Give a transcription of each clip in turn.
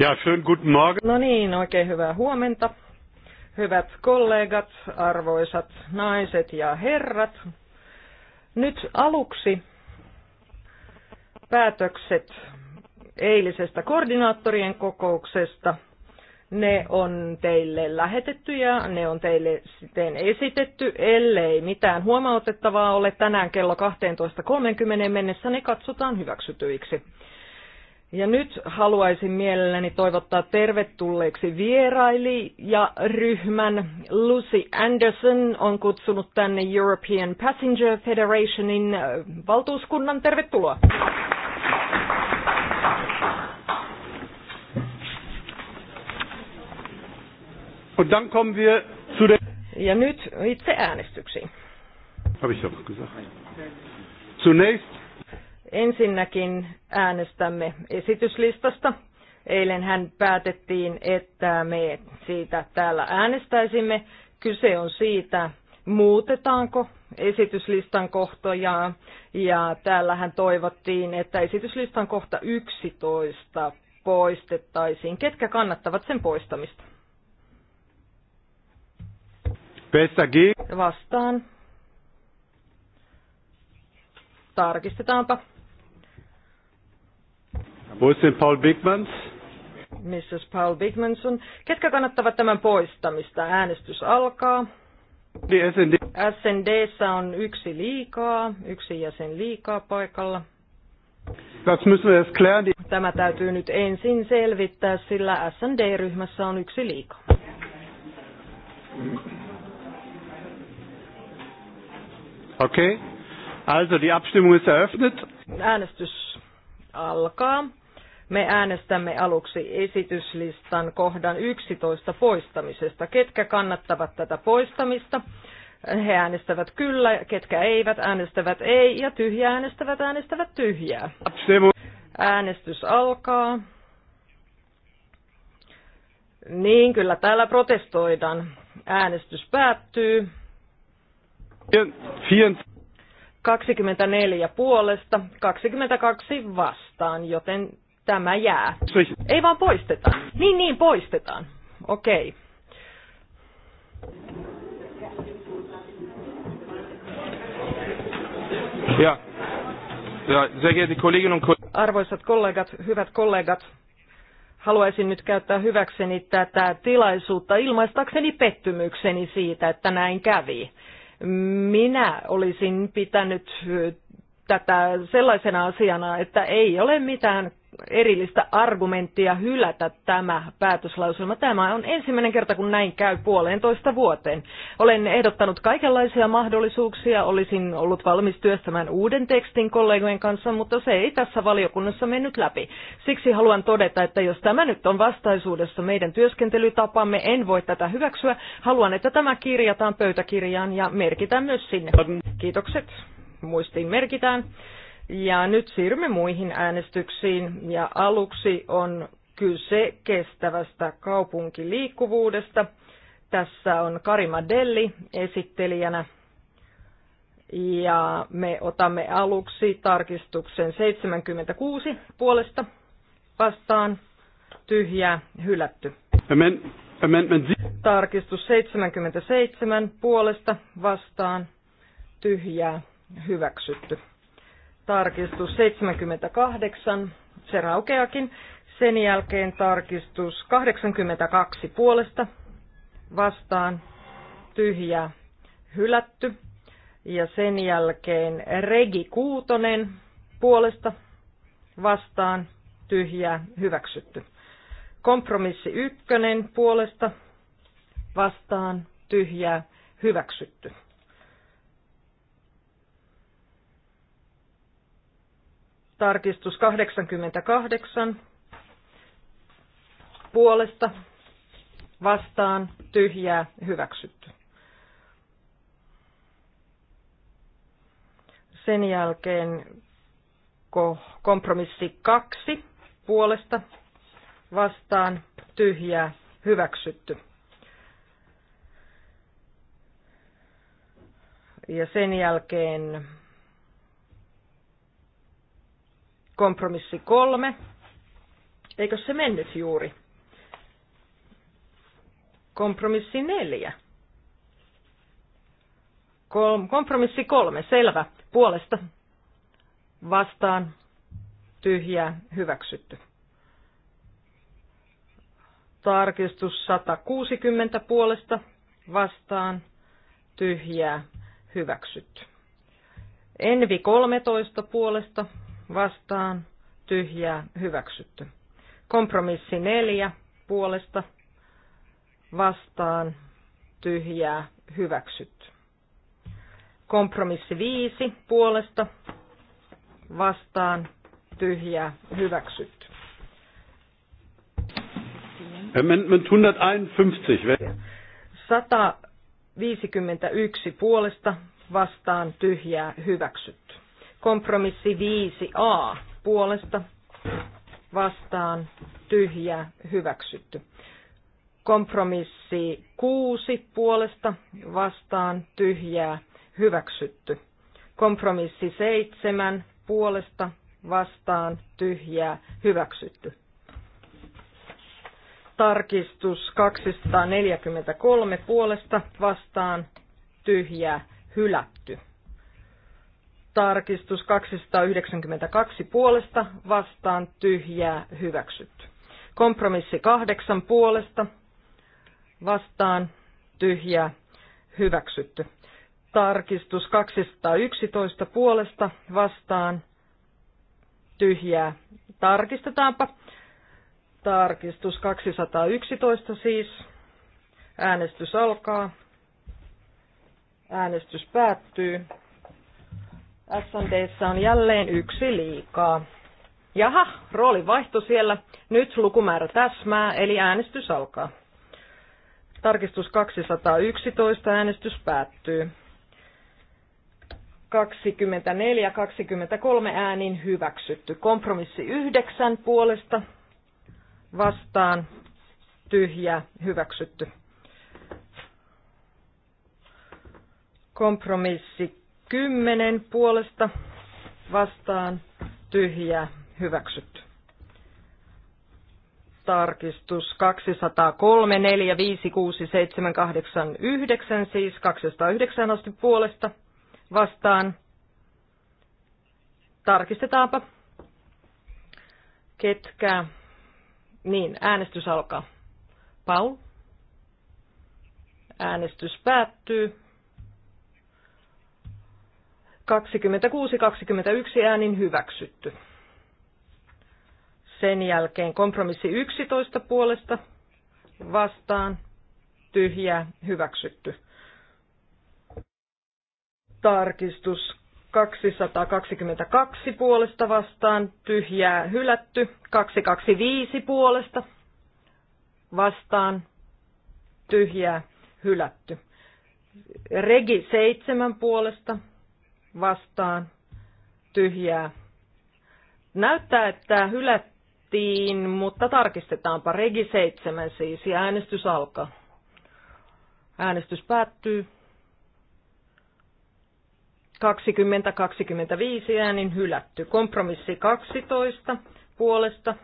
Ja, schönen guten Morgen. No niin, oikein hyvää huomenta. Hyvät kollegat, arvoisat naiset ja herrat. Nyt aluksi päätökset eilisestä koordinaattorien kokouksesta. Ne on teille lähetetty ja ne on teille sitten esitetty, ellei mitään huomautettavaa ole tänään kello 12.30 mennessä, ne katsotaan hyväksytyiksi. Ja nyt haluaisin mielelläni toivottaa tervetulleeksi vieraili ja ryhmän. Lucy Anderson on kutsunut tänne European Passenger Federationin äh, valtuuskunnan. Tervetuloa. Und dann kommen wir zu den ja nyt itse äänestyksiin. Habe ich gesagt. Zunächst Ensinnäkin äänestämme esityslistasta. Eilen hän päätettiin, että me siitä täällä äänestäisimme. Kyse on siitä, muutetaanko esityslistan kohtoja. Ja täällähän toivottiin, että esityslistan kohta 11 poistettaisiin. Ketkä kannattavat sen poistamista? Pessäkin. Vastaan. Tarkistetaanpa. Wo ist denn Paul Bigmans? Mrs. Paul Bigmanson. Ketkä kannattavat tämän poistamista? Äänestys alkaa. SNDssä on yksi liikaa, yksi jäsen liikaa paikalla. Tämä täytyy nyt ensin selvittää, sillä SND-ryhmässä on yksi liikaa. Okei. Okay. Also die Abstimmung ist eröffnet. Äänestys alkaa. Me äänestämme aluksi esityslistan kohdan 11 poistamisesta. Ketkä kannattavat tätä poistamista? He äänestävät kyllä, ketkä eivät, äänestävät ei, ja tyhjä äänestävät, äänestävät tyhjää. Äänestys alkaa. Niin, kyllä täällä protestoidaan. Äänestys päättyy. 24 puolesta, 22 vastaan, joten Tämä jää. Ei vaan poisteta. Niin, niin, poistetaan. Okei. Okay. Ja. Ja, sehr geehrte Kolleginnen und Kollegen. Arvoisat kollegat, hyvät kollegat, haluaisin nyt käyttää hyväkseni tätä tilaisuutta ilmaistakseni pettymykseni siitä, että näin kävi. Minä olisin pitänyt tätä sellaisena asiana, että ei ole mitään erillistä argumenttia hylätä tämä päätöslauselma. Tämä on ensimmäinen kerta, kun näin käy puolentoista vuoteen. Olen ehdottanut kaikenlaisia mahdollisuuksia, olisin ollut valmis työstämään uuden tekstin kollegojen kanssa, mutta se ei tässä valiokunnassa mennyt läpi. Siksi haluan todeta, että jos tämä nyt on vastaisuudessa meidän työskentelytapamme, en voi tätä hyväksyä. Haluan, että tämä kirjataan pöytäkirjaan ja merkitään myös sinne. Kiitokset. Muistiin merkitään. Ja nyt siirrymme muihin äänestyksiin ja aluksi on kyse kestävästä kaupunkiliikkuvuudesta. Tässä on Karima Delli esittelijänä ja me otamme aluksi tarkistuksen 76 puolesta vastaan tyhjää hylätty. Amen. Amendment. Tarkistus 77 puolesta vastaan tyhjää hyväksytty tarkistus 78, se raukeakin. Sen jälkeen tarkistus 82 puolesta vastaan tyhjä, hylätty. Ja sen jälkeen Regi Kuutonen puolesta vastaan tyhjä, hyväksytty. Kompromissi ykkönen puolesta vastaan tyhjä, hyväksytty. Tarkistus 88 puolesta vastaan tyhjää hyväksytty. Sen jälkeen kompromissi 2 puolesta vastaan tyhjää hyväksytty. Ja sen jälkeen kompromissi kolme. Eikö se mennyt juuri? Kompromissi neljä. Kol- kompromissi kolme, selvä. Puolesta vastaan tyhjää hyväksytty. Tarkistus 160 puolesta vastaan tyhjää hyväksytty. Envi 13 puolesta vastaan, tyhjää, hyväksytty. Kompromissi neljä puolesta vastaan, tyhjää, hyväksytty. Kompromissi viisi puolesta vastaan, tyhjää, hyväksytty. Amendment 151. 151 puolesta vastaan tyhjää hyväksytty. Kompromissi 5a puolesta vastaan tyhjää hyväksytty. Kompromissi 6 puolesta vastaan tyhjää hyväksytty. Kompromissi 7 puolesta vastaan tyhjää hyväksytty. Tarkistus 243 puolesta vastaan tyhjää hylätty. Tarkistus 292 puolesta vastaan tyhjää hyväksytty. Kompromissi kahdeksan puolesta vastaan tyhjää hyväksytty. Tarkistus 211 puolesta vastaan tyhjää. Tarkistetaanpa. Tarkistus 211 siis. Äänestys alkaa. Äänestys päättyy. S&Dssä on jälleen yksi liikaa. Jaha, rooli vaihto siellä. Nyt lukumäärä täsmää, eli äänestys alkaa. Tarkistus 211, äänestys päättyy. 24-23 äänin hyväksytty. Kompromissi 9 puolesta vastaan tyhjä hyväksytty. Kompromissi 10 puolesta vastaan tyhjä hyväksytty. Tarkistus 203, 4, 5, 6, 7, 8, 9, siis 209 asti puolesta vastaan. Tarkistetaanpa, ketkä. Niin, äänestys alkaa. Paul. Äänestys päättyy. 26-21 äänin hyväksytty. Sen jälkeen kompromissi 11 puolesta vastaan tyhjä hyväksytty. Tarkistus 222 puolesta vastaan tyhjää hylätty. 225 puolesta vastaan tyhjää hylätty. Regi 7 puolesta vastaan tyhjää. Näyttää, että hylättiin, mutta tarkistetaanpa. Regi 7 siis ja äänestys alkaa. Äänestys päättyy. 20-25 äänin hylätty. Kompromissi 12 puolesta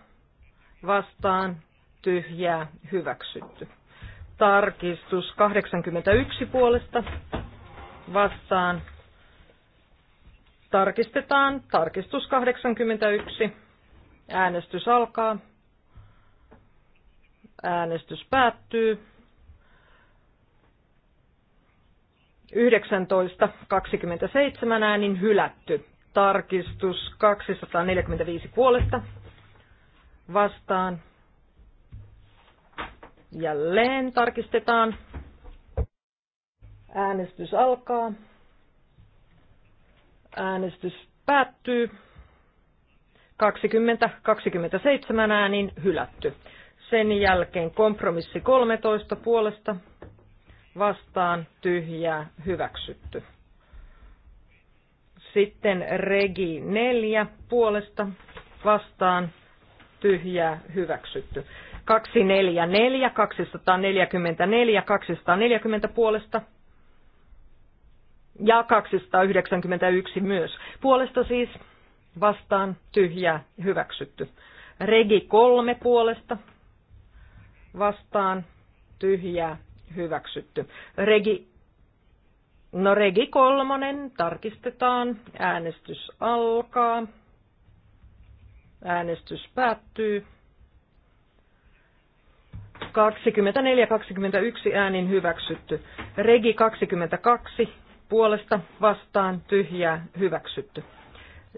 vastaan tyhjää hyväksytty. Tarkistus 81 puolesta vastaan Tarkistetaan. Tarkistus 81. Äänestys alkaa. Äänestys päättyy. 19.27 äänin hylätty. Tarkistus 245 puolesta. Vastaan. Jälleen tarkistetaan. Äänestys alkaa. Äänestys päättyy. 20-27 äänin hylätty. Sen jälkeen kompromissi 13 puolesta vastaan tyhjää hyväksytty. Sitten regi 4 puolesta vastaan tyhjää hyväksytty. 244, 244, 240 puolesta ja 291 myös. Puolesta siis vastaan tyhjää hyväksytty. Regi kolme puolesta vastaan tyhjää hyväksytty. Regi, no regi kolmonen tarkistetaan. Äänestys alkaa. Äänestys päättyy. 24-21 äänin hyväksytty. Regi 22 puolesta vastaan tyhjää hyväksytty.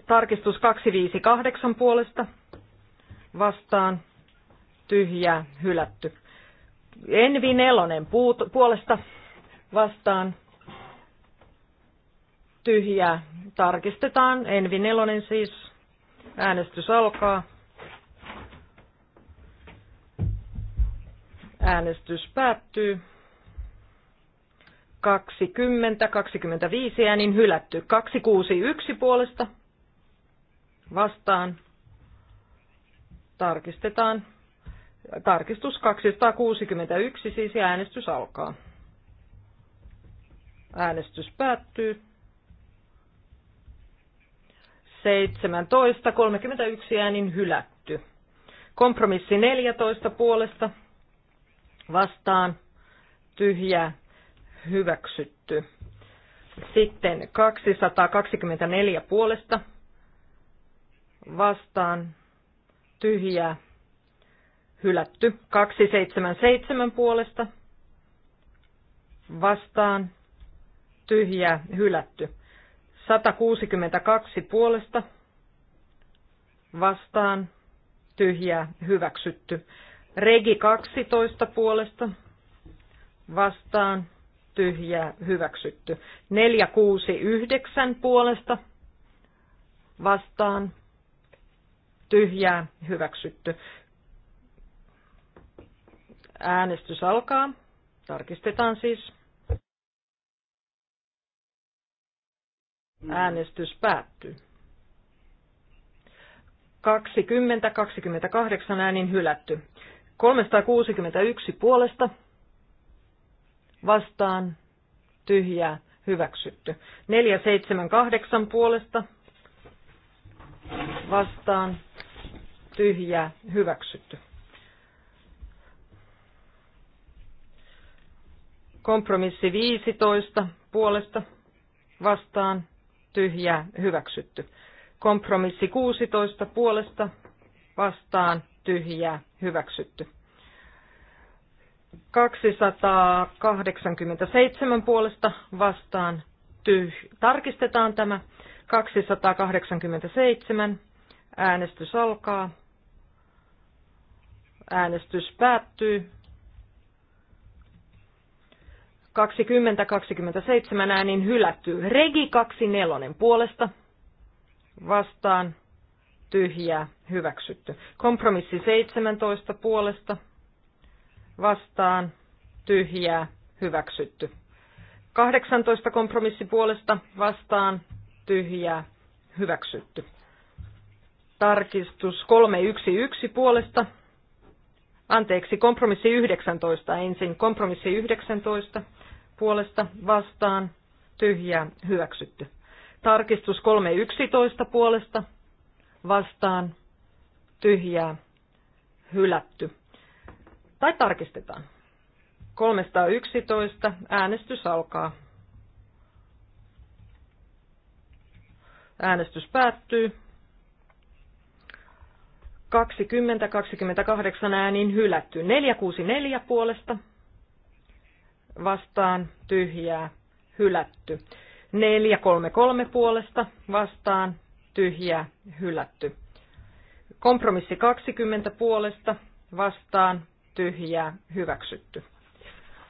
Tarkistus 258 puolesta vastaan tyhjää hylätty. Envi Nelonen puolesta vastaan tyhjää. Tarkistetaan. Envi Nelonen siis. Äänestys alkaa. Äänestys päättyy. 20, 25 äänin hylätty. 261 puolesta vastaan. Tarkistetaan. Tarkistus 261, siis äänestys alkaa. Äänestys päättyy. 17, 31 äänin hylätty. Kompromissi 14 puolesta vastaan tyhjä hyväksytty. Sitten 224 puolesta vastaan tyhjää hylätty. 277 puolesta vastaan tyhjää hylätty. 162 puolesta vastaan tyhjää hyväksytty. Regi 12 puolesta vastaan tyhjää hyväksytty. 469 puolesta vastaan tyhjää hyväksytty. Äänestys alkaa. Tarkistetaan siis. Äänestys päättyy. 20-28 äänin hylätty. 361 puolesta vastaan tyhjää hyväksytty. 478 puolesta vastaan tyhjää hyväksytty. Kompromissi 15 puolesta vastaan tyhjää hyväksytty. Kompromissi 16 puolesta vastaan tyhjää hyväksytty. 287 puolesta vastaan tyh... Tarkistetaan tämä. 287. Äänestys alkaa. Äänestys päättyy. 20-27 äänin hylätty. Regi 24 puolesta vastaan tyhjää hyväksytty. Kompromissi 17 puolesta vastaan tyhjää hyväksytty. 18 puolesta vastaan tyhjää hyväksytty. Tarkistus 311 puolesta. Anteeksi, kompromissi 19 ensin. Kompromissi 19 puolesta vastaan tyhjää hyväksytty. Tarkistus 311 puolesta vastaan tyhjää hylätty. Tai tarkistetaan. 311. Äänestys alkaa. Äänestys päättyy. 20-28 ääniin hylätty. 464 puolesta vastaan tyhjää hylätty. 433 puolesta vastaan tyhjää hylätty. Kompromissi 20 puolesta vastaan tyhjää hyväksytty.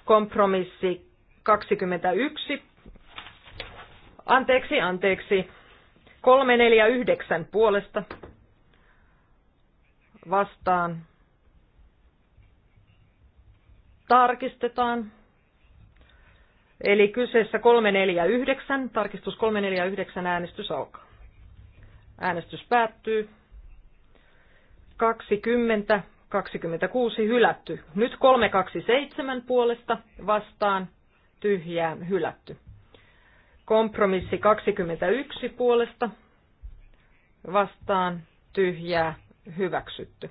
Kompromissi 21. Anteeksi, anteeksi. 349 puolesta vastaan. Tarkistetaan. Eli kyseessä 349, tarkistus 349 äänestys alkaa. Äänestys päättyy. 20 26 hylätty. Nyt 327 puolesta vastaan tyhjää hylätty. Kompromissi 21 puolesta vastaan tyhjää hyväksytty.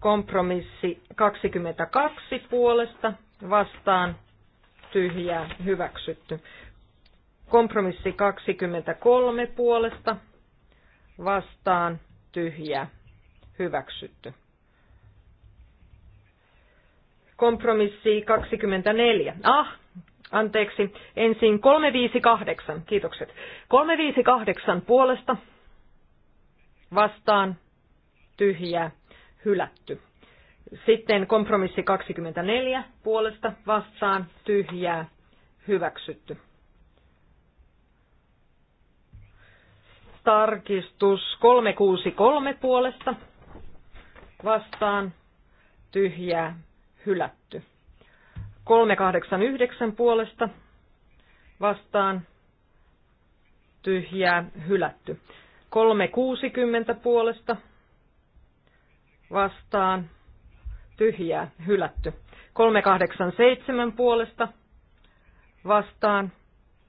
Kompromissi 22 puolesta vastaan tyhjää hyväksytty. Kompromissi 23 puolesta vastaan tyhjää hyväksytty. Kompromissi 24. Ah, anteeksi, ensin 358, kiitokset. 358 puolesta vastaan tyhjää hylätty. Sitten kompromissi 24 puolesta vastaan tyhjää hyväksytty. Tarkistus 363 puolesta vastaan tyhjää hylätty. 389 puolesta vastaan tyhjää hylätty. 360 puolesta vastaan tyhjää hylätty. 387 puolesta vastaan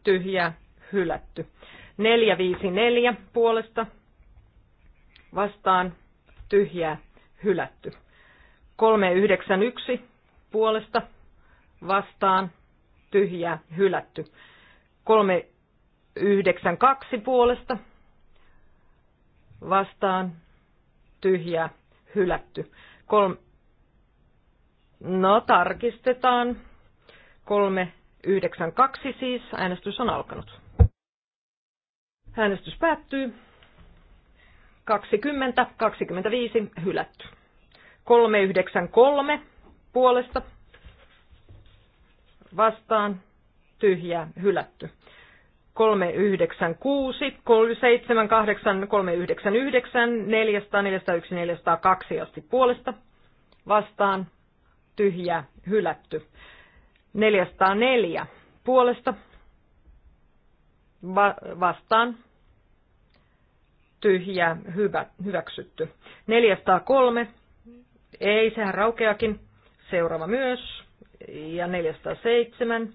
tyhjää hylätty. 454 puolesta vastaan tyhjää hylätty. 391 puolesta vastaan tyhjä hylätty. 392 puolesta vastaan tyhjä hylätty. Kol- no tarkistetaan. 392 siis. Äänestys on alkanut. Äänestys päättyy. 20, 25 hylätty. 393 puolesta vastaan tyhjää hylätty. 396, 378, 399, 400, 401, 402 asti puolesta vastaan tyhjää hylätty. 404 puolesta va- vastaan tyhjää hyvä, hyväksytty. 403 ei, sehän raukeakin. Seuraava myös. Ja 407.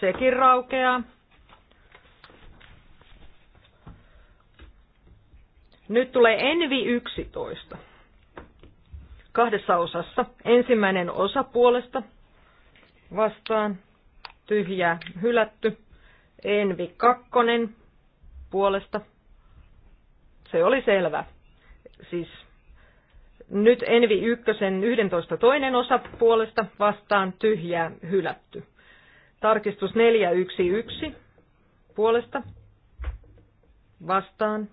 Sekin raukeaa. Nyt tulee Envi 11. Kahdessa osassa. Ensimmäinen osa puolesta vastaan. Tyhjää hylätty. Envi 2 puolesta. Se oli selvä siis nyt Envi 1, 11 toinen osa puolesta vastaan tyhjää hylätty. Tarkistus 411 puolesta vastaan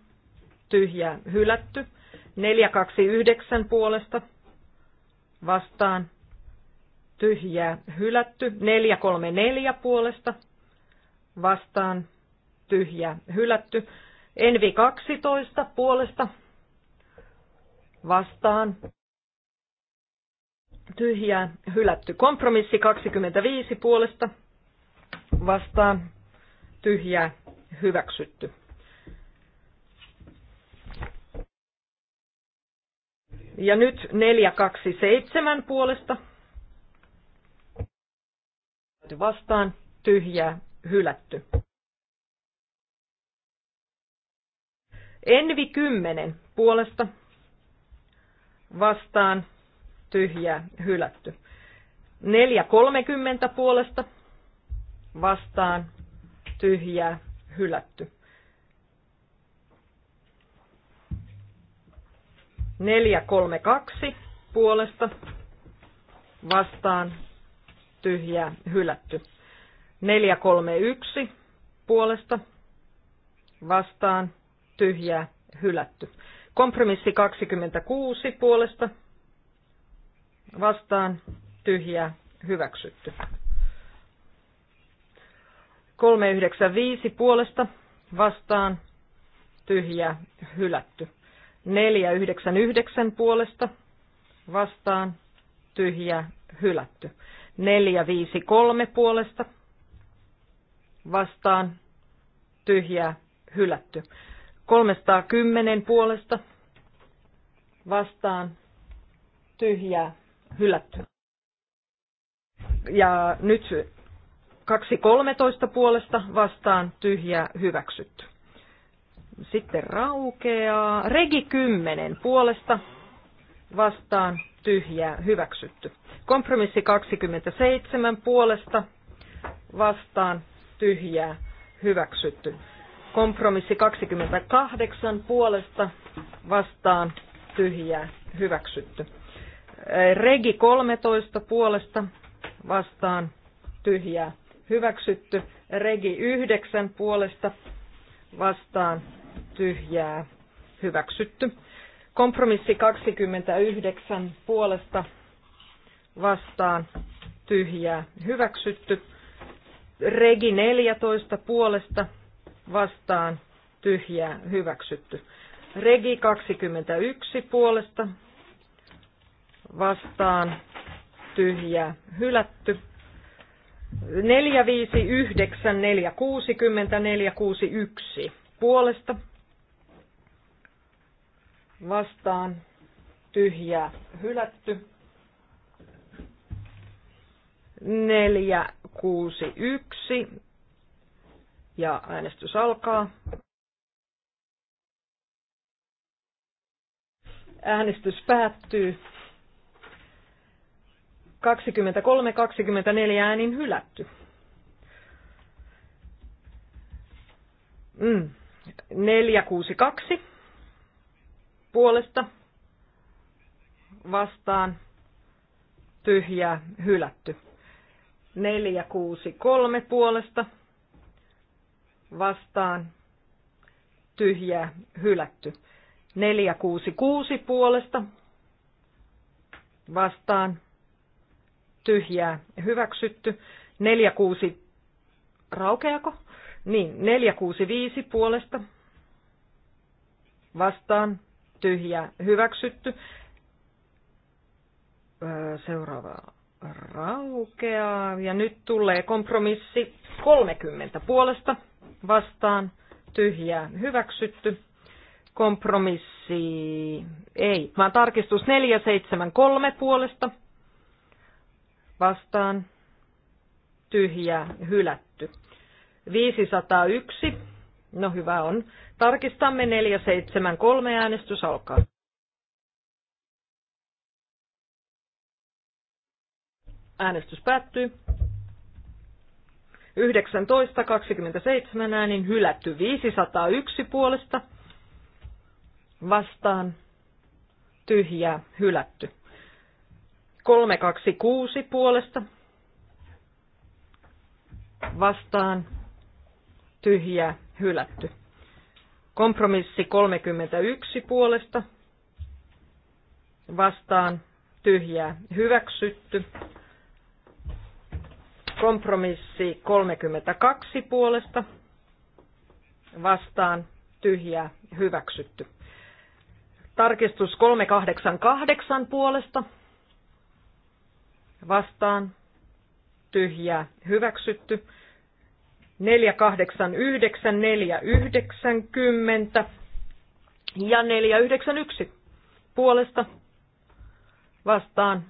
tyhjää hylätty. 429 puolesta vastaan tyhjää hylätty. 434 puolesta vastaan tyhjää hylätty. Envi 12 puolesta vastaan tyhjää hylätty. Kompromissi 25 puolesta vastaan tyhjää hyväksytty. Ja nyt 427 puolesta vastaan tyhjää hylätty. Envi 10 puolesta vastaan tyhjä hylätty. 4.30 puolesta vastaan tyhjä hylätty. 4.32 puolesta vastaan tyhjä hylätty. 4.31 puolesta vastaan tyhjä hylätty. Kompromissi 26 puolesta vastaan tyhjä hyväksytty. 395 puolesta vastaan tyhjä hylätty. 499 puolesta vastaan tyhjä hylätty. 453 puolesta vastaan tyhjä hylätty. 310 puolesta vastaan tyhjää hylättyä. Ja nyt 213 puolesta vastaan tyhjää hyväksytty. Sitten raukeaa. Regi 10 puolesta vastaan tyhjää hyväksytty. Kompromissi 27 puolesta vastaan tyhjää hyväksytty. Kompromissi 28 puolesta vastaan tyhjää hyväksytty. Regi 13 puolesta vastaan tyhjää hyväksytty. Regi 9 puolesta vastaan tyhjää hyväksytty. Kompromissi 29 puolesta vastaan tyhjää hyväksytty. Regi 14 puolesta vastaan tyhjää hyväksytty. Regi 21 puolesta vastaan tyhjää hylätty. 459, 460, 461 puolesta vastaan tyhjää hylätty. 461 ja äänestys alkaa. Äänestys päättyy. 23-24 äänin hylätty. Mm. 462 puolesta vastaan tyhjää hylätty. 463 puolesta vastaan tyhjää hylätty. 466 puolesta vastaan tyhjää hyväksytty. 46 raukeako? Niin, 465 puolesta vastaan tyhjää hyväksytty. Öö, seuraava raukeaa ja nyt tulee kompromissi 30 puolesta vastaan tyhjää hyväksytty. Kompromissi ei, vaan tarkistus 473 puolesta vastaan tyhjää hylätty. 501, no hyvä on. Tarkistamme 473 äänestys alkaa. Äänestys päättyy. 19, 27 äänin hylätty 501 puolesta vastaan tyhjää hylätty. 326 puolesta vastaan tyhjää hylätty. Kompromissi 31 puolesta vastaan tyhjää hyväksytty. Kompromissi 32 puolesta vastaan tyhjä hyväksytty. Tarkistus 388 puolesta vastaan tyhjä hyväksytty. 489, 490 ja 491 puolesta vastaan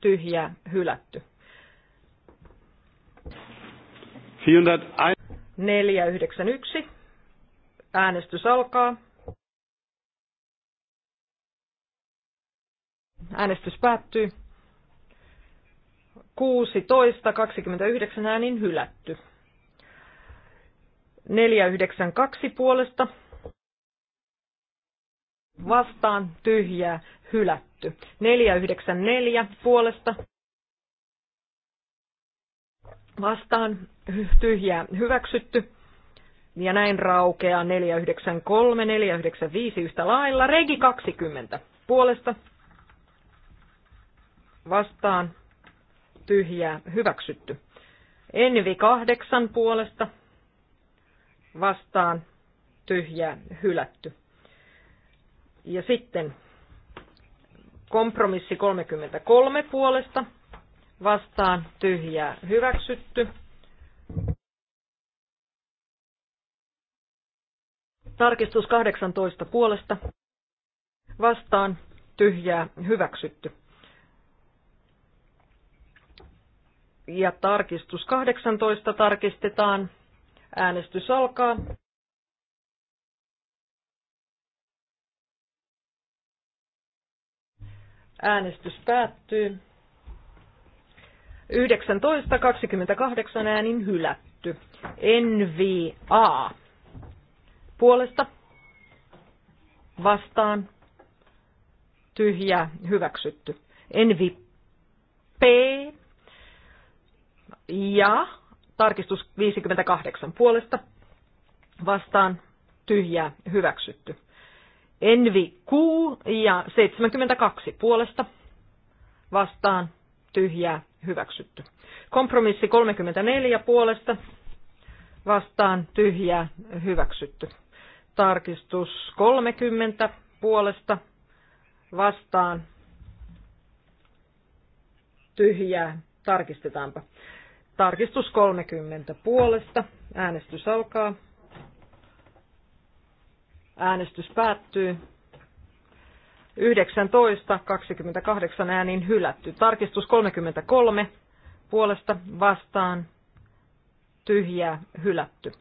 tyhjä hylätty. 491. Äänestys alkaa. Äänestys päättyy. 16.29 äänin hylätty. 492 puolesta vastaan tyhjää hylätty. 494 puolesta vastaan tyhjää hyväksytty. Ja näin raukeaa 493, 495 yhtä lailla. Regi 20 puolesta vastaan tyhjää hyväksytty. Envi 8 puolesta vastaan tyhjää hylätty. Ja sitten kompromissi 33 puolesta vastaan tyhjää hyväksytty. Tarkistus 18 puolesta vastaan tyhjää hyväksytty. Ja tarkistus 18 tarkistetaan. Äänestys alkaa. Äänestys päättyy. 19.28 äänin hylätty. NVA. Puolesta. Vastaan. Tyhjä. Hyväksytty. NVP. Ja tarkistus 58 puolesta. Vastaan. tyhjä Hyväksytty. Envi Q ja 72 puolesta vastaan tyhjää hyväksytty. Kompromissi 34 puolesta vastaan tyhjää hyväksytty. Tarkistus 30 puolesta vastaan tyhjää. Tarkistetaanpa. Tarkistus 30 puolesta. Äänestys alkaa. Äänestys päättyy. 19, 28 ääniin hylätty. Tarkistus 33 puolesta vastaan tyhjää hylätty.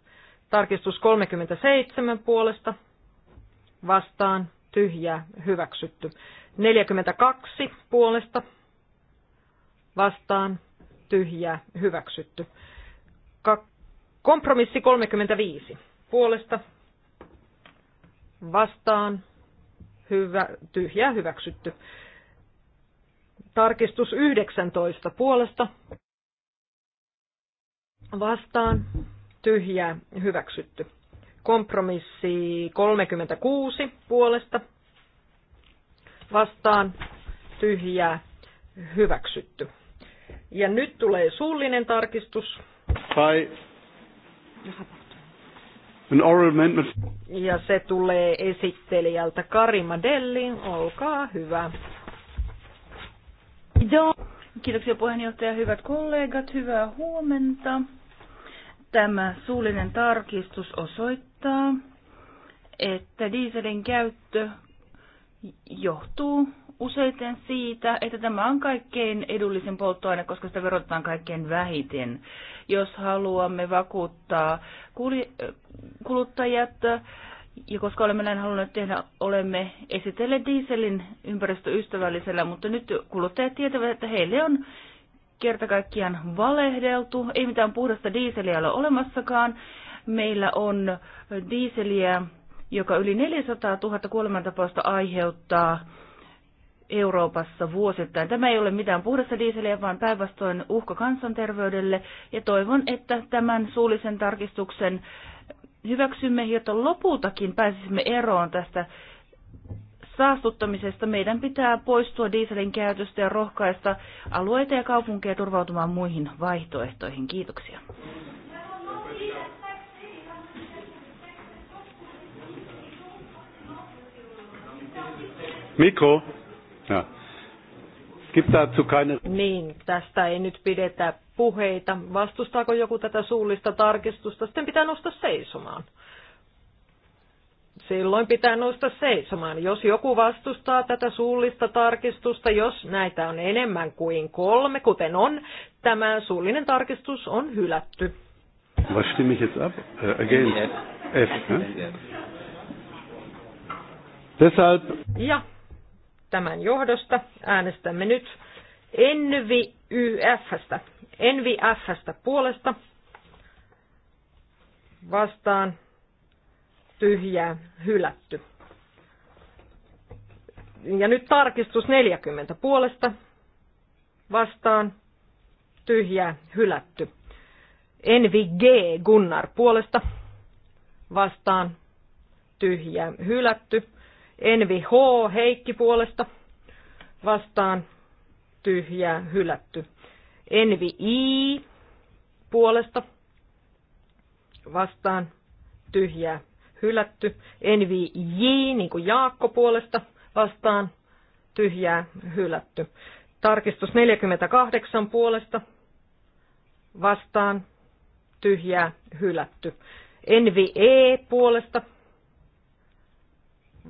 Tarkistus 37 puolesta vastaan tyhjää hyväksytty. 42 puolesta vastaan tyhjää hyväksytty. kompromissi 35 puolesta vastaan hyvä, tyhjää hyväksytty. Tarkistus 19 puolesta vastaan tyhjää hyväksytty. Kompromissi 36 puolesta vastaan tyhjää hyväksytty. Ja nyt tulee suullinen tarkistus. Jaha. An oral amendment. Ja se tulee esittelijältä Karima Delli. Olkaa hyvä. Kiitoksia puheenjohtaja, hyvät kollegat, hyvää huomenta. Tämä suullinen tarkistus osoittaa, että dieselin käyttö johtuu useiten siitä, että tämä on kaikkein edullisin polttoaine, koska sitä verotetaan kaikkein vähiten. Jos haluamme vakuuttaa kuluttajat, ja koska olemme näin halunneet tehdä, olemme esitelleet dieselin ympäristöystävällisellä, mutta nyt kuluttajat tietävät, että heille on kerta kaikkiaan valehdeltu. Ei mitään puhdasta dieseliä ole olemassakaan. Meillä on dieseliä, joka yli 400 000 kuolemantapausta aiheuttaa Euroopassa vuosittain. Tämä ei ole mitään puhdasta diiseliä, vaan päinvastoin uhka kansanterveydelle. Ja toivon, että tämän suullisen tarkistuksen hyväksymme, jotta lopultakin pääsisimme eroon tästä saastuttamisesta. Meidän pitää poistua dieselin käytöstä ja rohkaista alueita ja kaupunkeja turvautumaan muihin vaihtoehtoihin. Kiitoksia. Mikko. Niin, tästä ei nyt pidetä puheita. Vastustaako joku tätä suullista tarkistusta? Sitten pitää nousta seisomaan. Silloin pitää nousta seisomaan. Jos joku vastustaa tätä suullista tarkistusta, jos näitä on enemmän kuin kolme, kuten on, tämä suullinen tarkistus on hylätty. Äh, ja, tämän johdosta äänestämme nyt NVYFstä. NVFstä puolesta vastaan tyhjää hylätty. Ja nyt tarkistus 40 puolesta vastaan tyhjää hylätty. NVG Gunnar puolesta vastaan tyhjää hylätty. Envi H. Heikki puolesta vastaan tyhjää hylätty. Envi I puolesta vastaan tyhjää hylätty. Envi J niin kuin Jaakko puolesta vastaan tyhjää hylätty. Tarkistus 48 puolesta vastaan tyhjää hylätty. NVE puolesta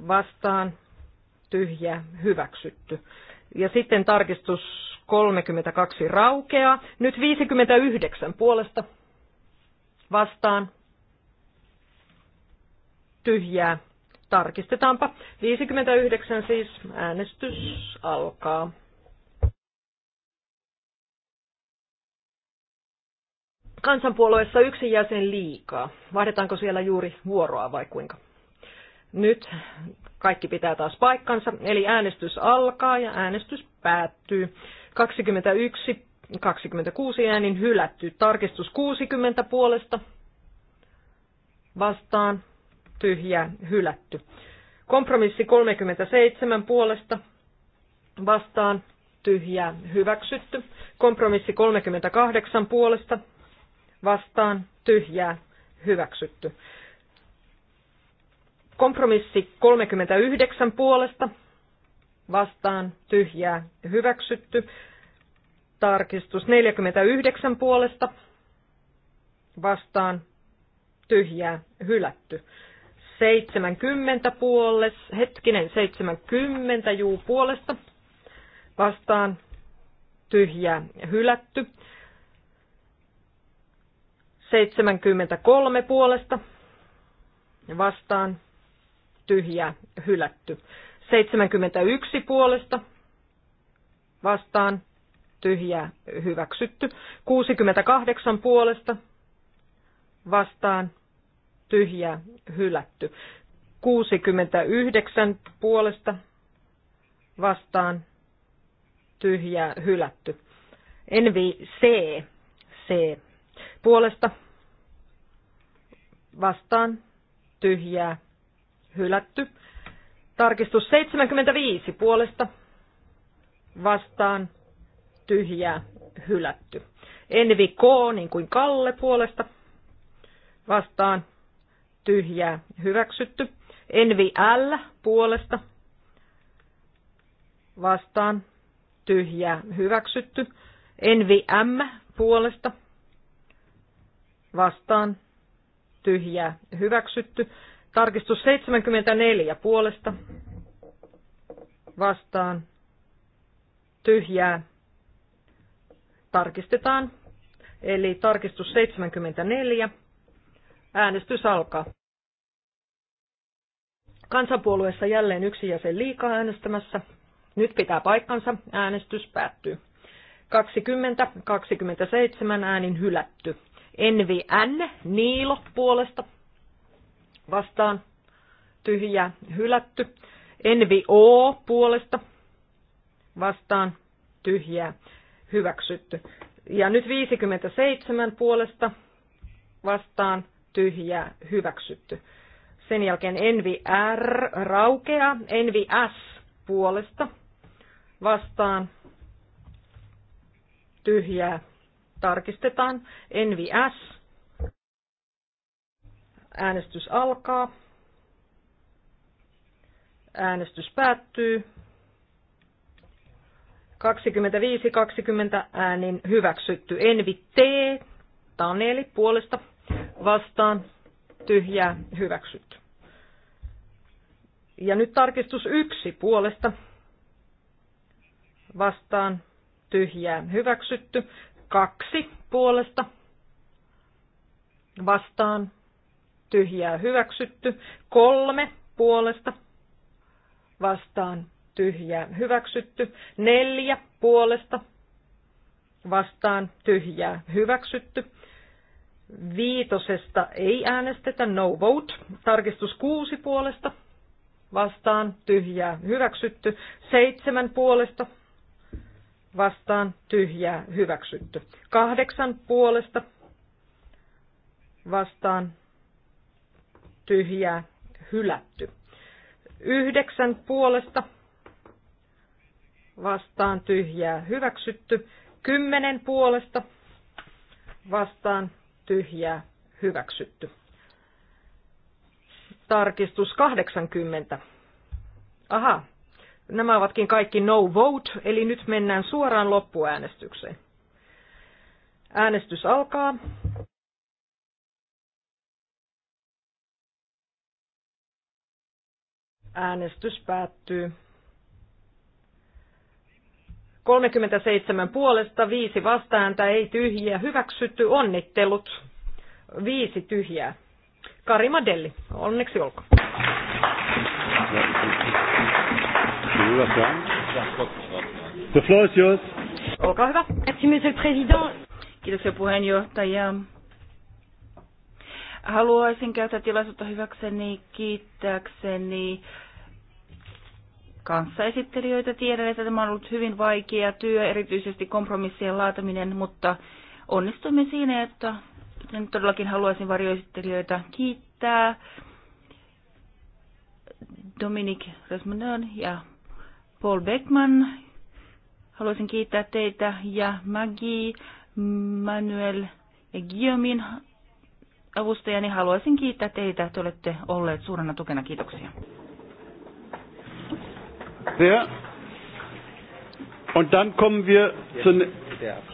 vastaan tyhjä hyväksytty. Ja sitten tarkistus 32 raukeaa. Nyt 59 puolesta vastaan tyhjää. Tarkistetaanpa. 59 siis äänestys alkaa. Kansanpuolueessa yksi jäsen liikaa. Vaihdetaanko siellä juuri vuoroa vai kuinka? Nyt kaikki pitää taas paikkansa, eli äänestys alkaa ja äänestys päättyy. 21, 26 äänin hylätty. Tarkistus 60 puolesta vastaan, tyhjää, hylätty. Kompromissi 37 puolesta vastaan, tyhjää, hyväksytty. Kompromissi 38 puolesta vastaan, tyhjää, hyväksytty. Kompromissi 39 puolesta vastaan tyhjää hyväksytty. Tarkistus 49 puolesta vastaan tyhjää hylätty. 70 puoles, hetkinen 70 juu puolesta vastaan tyhjää hylätty. 73 puolesta vastaan tyhjää hylätty. 71 puolesta vastaan tyhjää hyväksytty. 68 puolesta vastaan tyhjää hylätty. 69 puolesta vastaan tyhjää hylätty. Envi C. C. Puolesta vastaan tyhjää hylätty. Tarkistus 75 puolesta vastaan tyhjää hylätty. Envi K, niin kuin Kalle puolesta vastaan tyhjää hyväksytty. Envi L puolesta vastaan tyhjää hyväksytty. Envi M puolesta vastaan tyhjää hyväksytty. Tarkistus 74 puolesta vastaan tyhjää tarkistetaan. Eli tarkistus 74. Äänestys alkaa. Kansanpuolueessa jälleen yksi jäsen liikaa äänestämässä. Nyt pitää paikkansa. Äänestys päättyy. 20, 27 äänin hylätty. Envi N, Niilo puolesta vastaan tyhjää hylätty. NVO puolesta vastaan tyhjää hyväksytty. Ja nyt 57 puolesta vastaan tyhjää hyväksytty. Sen jälkeen NVR raukea, NVS puolesta vastaan tyhjää tarkistetaan. NVS Äänestys alkaa. Äänestys päättyy. 25-20 äänin hyväksytty. Envi T. Taneli puolesta vastaan tyhjää hyväksytty. Ja nyt tarkistus yksi puolesta vastaan tyhjää hyväksytty. Kaksi puolesta vastaan tyhjää hyväksytty. Kolme puolesta vastaan tyhjää hyväksytty. Neljä puolesta vastaan tyhjää hyväksytty. Viitosesta ei äänestetä, no vote. Tarkistus kuusi puolesta vastaan tyhjää hyväksytty. Seitsemän puolesta vastaan tyhjää hyväksytty. Kahdeksan puolesta vastaan tyhjää hylätty. Yhdeksän puolesta vastaan tyhjää hyväksytty. Kymmenen puolesta vastaan tyhjää hyväksytty. Tarkistus 80. Aha, nämä ovatkin kaikki no vote, eli nyt mennään suoraan loppuäänestykseen. Äänestys alkaa. Äänestys päättyy. 37 puolesta, 5 vastaääntä, ei tyhjiä, hyväksytty, onnittelut, 5 tyhjää. Kari Madelli, onneksi olkoon. The floor is yours. Olkaa hyvä. Merci, monsieur le président. Kiitoksia puheenjohtaja. Haluaisin käyttää tilaisuutta hyväkseni, kiittääkseni kanssaesittelijöitä. Tiedän, että tämä on ollut hyvin vaikea työ, erityisesti kompromissien laataminen, mutta onnistuimme siinä, että sen todellakin haluaisin varjoesittelijöitä kiittää. Dominik Resmanon ja Paul Beckman. Haluaisin kiittää teitä ja Maggie, Manuel ja Guillaumin avustajani. Niin haluaisin kiittää teitä. että olette olleet suurena tukena. Kiitoksia. Sehr. Und dann kommen wir zur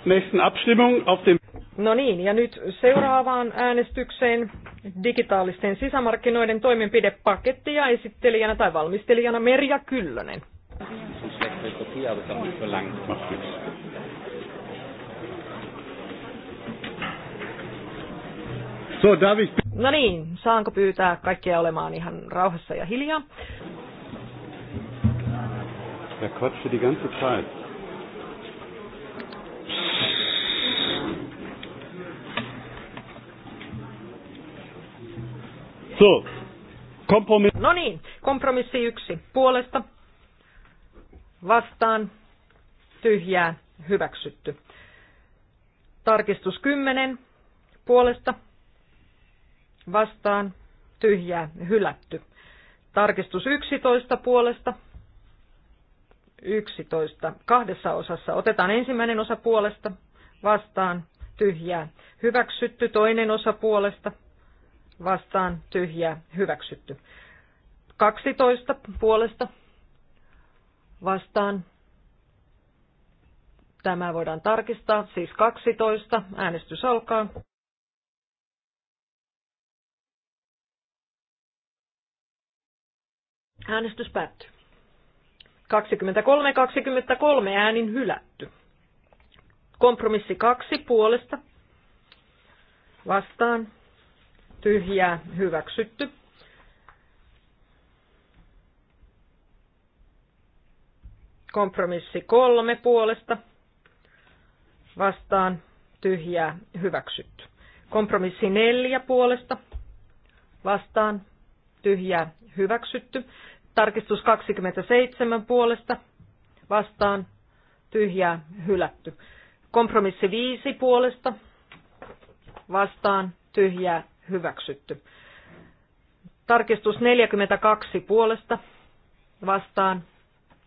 nächsten Abstimmung auf dem No niin, ja nyt seuraavaan äänestykseen digitaalisten sisämarkkinoiden toimenpidepaketti ja esittelijänä tai valmistelijana Merja Kyllönen. Ja. So, David. No niin, saanko pyytää kaikkia olemaan ihan rauhassa ja hiljaa? Er quatscht die ganze Zeit. So, kompromiss. No niin, kompromissi yksi. Puolesta, vastaan, tyhjää, hyväksytty. Tarkistus kymmenen Puolesta, vastaan tyhjää hylätty. Tarkistus 11 puolesta 11 kahdessa osassa. Otetaan ensimmäinen osa puolesta vastaan tyhjää hyväksytty, toinen osa puolesta vastaan tyhjää hyväksytty. 12 puolesta vastaan. Tämä voidaan tarkistaa, siis 12. Äänestys alkaa. Äänestys päättyy. 23-23 äänin hylätty. Kompromissi 2 puolesta. Vastaan. Tyhjää hyväksytty. Kompromissi 3 puolesta. Vastaan. Tyhjää hyväksytty. Kompromissi 4 puolesta. Vastaan. Tyhjää hyväksytty. Tarkistus 27 puolesta vastaan tyhjää hylätty. Kompromissi 5 puolesta vastaan tyhjää hyväksytty. Tarkistus 42 puolesta vastaan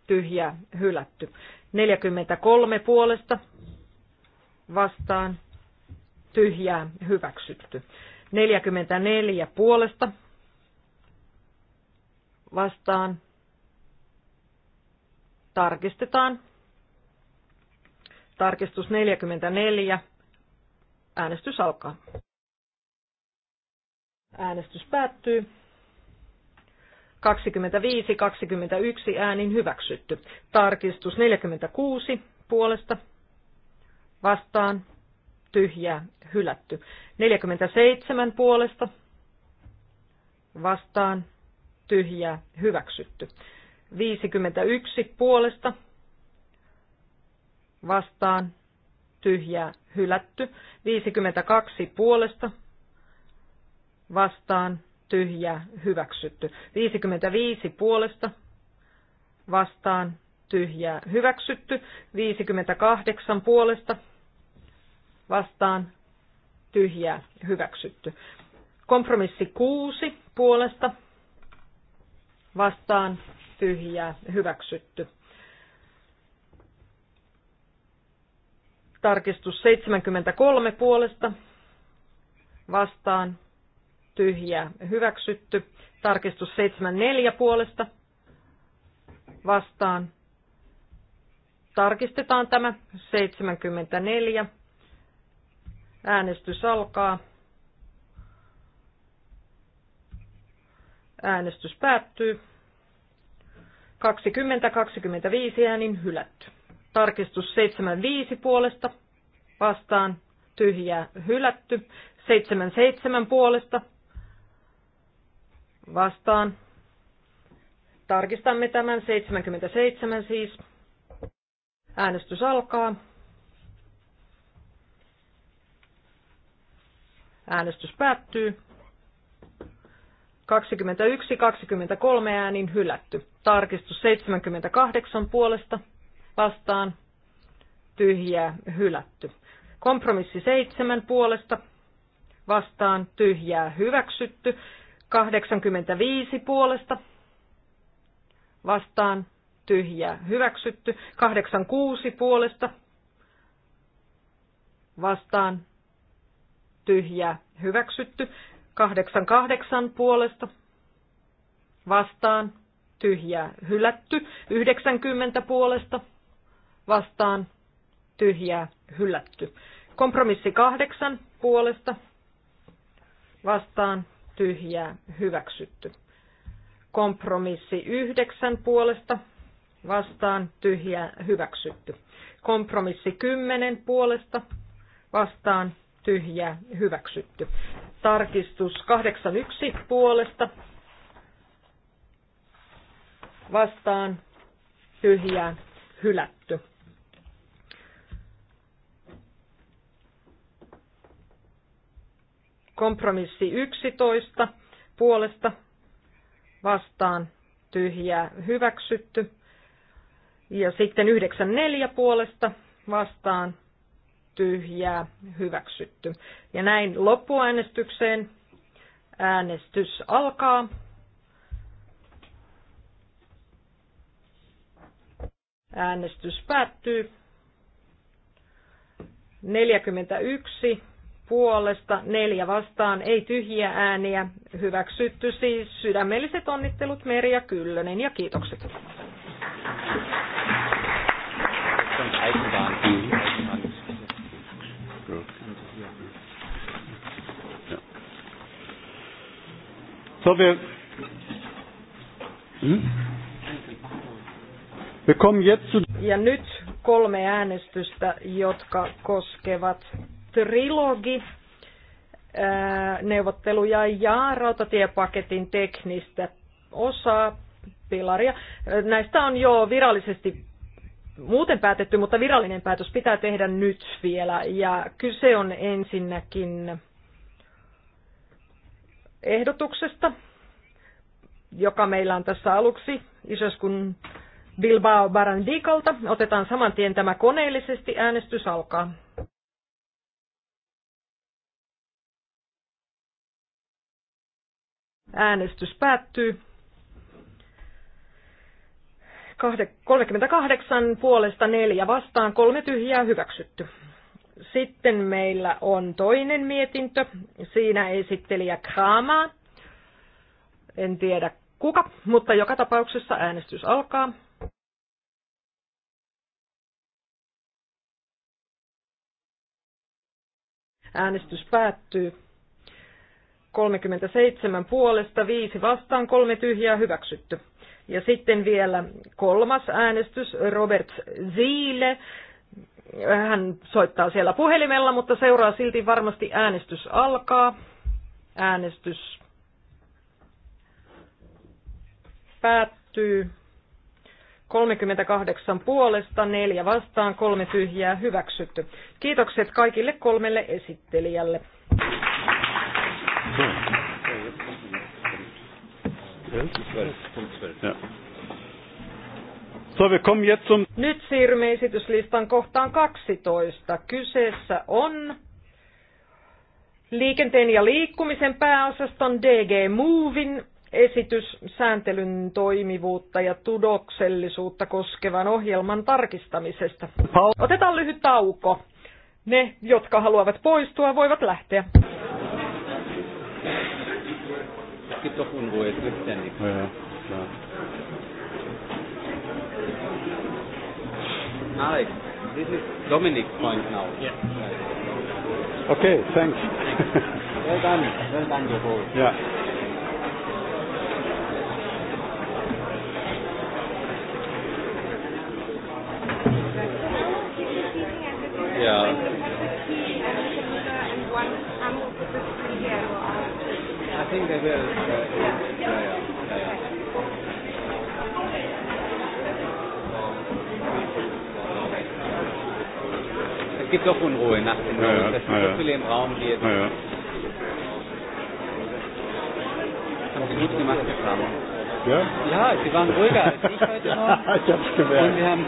tyhjää hylätty. 43 puolesta vastaan tyhjää hyväksytty. 44 puolesta vastaan tarkistetaan. Tarkistus 44. Äänestys alkaa. Äänestys päättyy. 25-21 äänin hyväksytty. Tarkistus 46 puolesta vastaan tyhjää hylätty. 47 puolesta vastaan tyhjää hyväksytty. 51 puolesta vastaan tyhjää hylätty. 52 puolesta vastaan tyhjää hyväksytty. 55 puolesta vastaan tyhjää hyväksytty. 58 puolesta vastaan tyhjää hyväksytty. Kompromissi 6 puolesta vastaan tyhjää hyväksytty. Tarkistus 73 puolesta vastaan tyhjää hyväksytty. Tarkistus 74 puolesta vastaan. Tarkistetaan tämä 74. Äänestys alkaa. Äänestys päättyy. 20-25 äänin hylätty. Tarkistus 75 puolesta vastaan tyhjää hylätty. 77 puolesta vastaan. Tarkistamme tämän 77 siis. Äänestys alkaa. Äänestys päättyy. 21, 23 äänin hylätty. Tarkistus 78 puolesta vastaan tyhjää hylätty. Kompromissi 7 puolesta vastaan tyhjää hyväksytty. 85 puolesta vastaan tyhjää hyväksytty. 86 puolesta vastaan tyhjää hyväksytty. 88 puolesta vastaan tyhjää hylätty. 90 puolesta vastaan tyhjää hylätty. Kompromissi 8 puolesta vastaan tyhjää hyväksytty. Kompromissi 9 puolesta vastaan tyhjää hyväksytty. Kompromissi 10 puolesta vastaan tyhjää hyväksytty. Tarkistus 81 puolesta. Vastaan tyhjään hylätty. Kompromissi 11 puolesta vastaan tyhjää hyväksytty. Ja sitten 94 puolesta vastaan tyhjää hyväksytty. Ja näin loppuäänestykseen äänestys alkaa. Äänestys päättyy. 41 puolesta, neljä vastaan, ei tyhjiä ääniä. Hyväksytty siis sydämelliset onnittelut Merja Kyllönen ja kiitokset. So, wir, hm? Mm. wir kommen jetzt zu... Ja nyt kolme äänestystä, jotka koskevat trilogi, neuvotteluja ja rautatiepaketin teknistä osaa, pilaria. Näistä on jo virallisesti muuten päätetty, mutta virallinen päätös pitää tehdä nyt vielä. Ja kyse on ensinnäkin ehdotuksesta, joka meillä on tässä aluksi isoskun Bilbao Barandikalta. Otetaan saman tien tämä koneellisesti. Äänestys alkaa. Äänestys päättyy. 38 puolesta 4 vastaan, kolme tyhjää hyväksytty. Sitten meillä on toinen mietintö. Siinä esittelijä Kramaa. En tiedä kuka, mutta joka tapauksessa äänestys alkaa. Äänestys päättyy. 37 puolesta, 5 vastaan, 3 tyhjää hyväksytty. Ja sitten vielä kolmas äänestys, Robert Ziile, hän soittaa siellä puhelimella, mutta seuraa silti varmasti äänestys alkaa. Äänestys päättyy. 38 puolesta, 4 vastaan, 3 tyhjää hyväksytty. Kiitokset kaikille kolmelle esittelijälle. Ja. So, wir kommen jetzt zum... Nyt siirrymme esityslistan kohtaan 12. Kyseessä on liikenteen ja liikkumisen pääosaston DG Movin esitys sääntelyn toimivuutta ja tudoksellisuutta koskevan ohjelman tarkistamisesta. Otetaan lyhyt tauko. Ne, jotka haluavat poistua, voivat lähteä. Kiitos, kun voit. ja, Alex, this is Dominic's point now. Yeah. Okay, thanks. well done. Well done, your both. Yeah. Yeah. I think they will. Uh, es gibt doch Unruhe nach den Notes. Ja, ja, das sind ja, so viele im Raum, die jetzt. Ja, ja. Haben Sie gut gemacht, Herr Kramer. Ja? Ja, Sie waren ruhiger als ich heute Morgen. ich hab's gemerkt. Und wir haben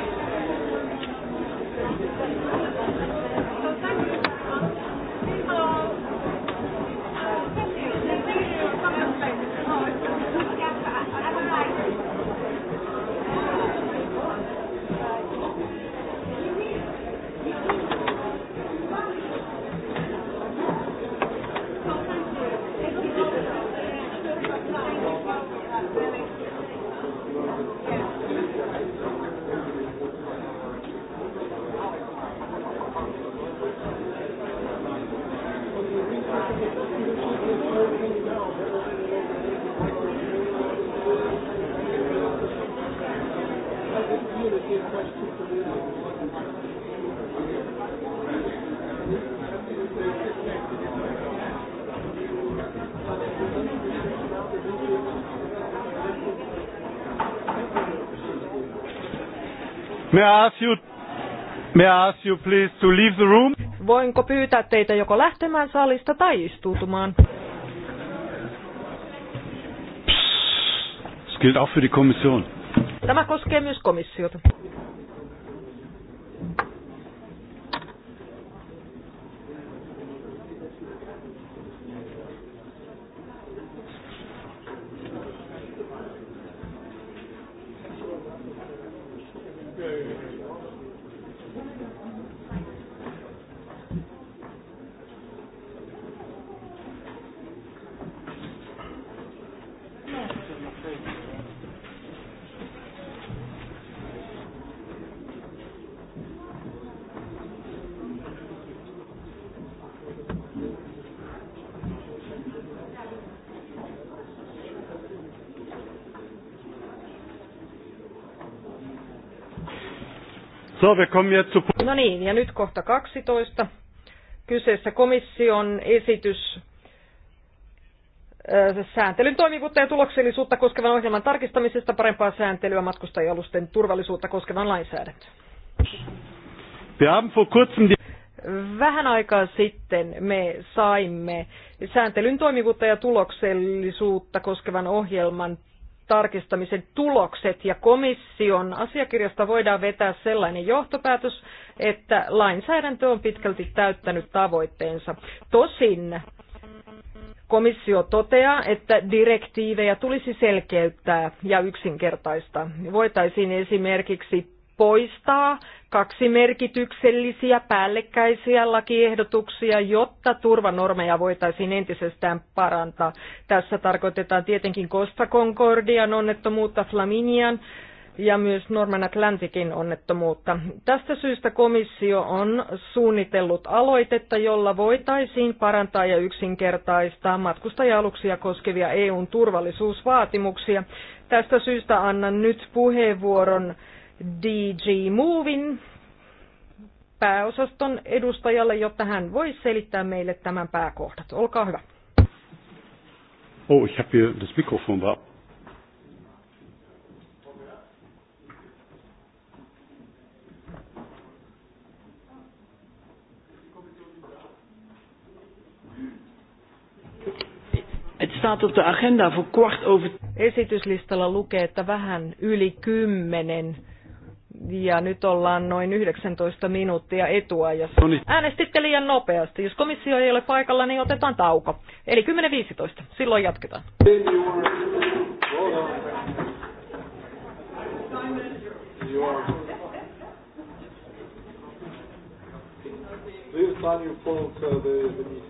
May I ask you, may I ask you please to leave the room? Voinko pyytää teitä joko lähtemään salista tai istuutumaan? Psst, das gilt auch für die Kommission. Tämä koskee myös komissiota. No, wir kommen jetzt zu... No niin, ja nyt kohta 12. Kyseessä komission esitys sääntelyn toimivuutta ja tuloksellisuutta koskevan ohjelman tarkistamisesta parempaa sääntelyä matkustajalusten turvallisuutta koskevan lainsäädäntöön. Vähän aikaa sitten me saimme sääntelyn toimivuutta ja tuloksellisuutta koskevan ohjelman tarkistamisen tulokset ja komission asiakirjasta voidaan vetää sellainen johtopäätös, että lainsäädäntö on pitkälti täyttänyt tavoitteensa. Tosin Komissio toteaa, että direktiivejä tulisi selkeyttää ja yksinkertaistaa. Voitaisiin esimerkiksi poistaa kaksi merkityksellisiä päällekkäisiä lakiehdotuksia, jotta turvanormeja voitaisiin entisestään parantaa. Tässä tarkoitetaan tietenkin Costa Concordian onnettomuutta Flaminian ja myös Norman Atlantikin onnettomuutta. Tästä syystä komissio on suunnitellut aloitetta, jolla voitaisiin parantaa ja yksinkertaistaa matkustaja-aluksia koskevia EUn turvallisuusvaatimuksia. Tästä syystä annan nyt puheenvuoron DG Movin pääosaston edustajalle, jotta hän voi selittää meille tämän pääkohdat. Olkaa hyvä. Oh, ich habe hier das Mikrofon war. Het staat op de agenda voor kwart over... Esityslistalla lukee, että vähän yli kymmenen ja nyt ollaan noin 19 minuuttia etuajassa. No niin. Äänestitte liian nopeasti. Jos komissio ei ole paikalla, niin otetaan tauko. Eli 10.15. Silloin jatketaan. Please sign your phone uh, to the meeting.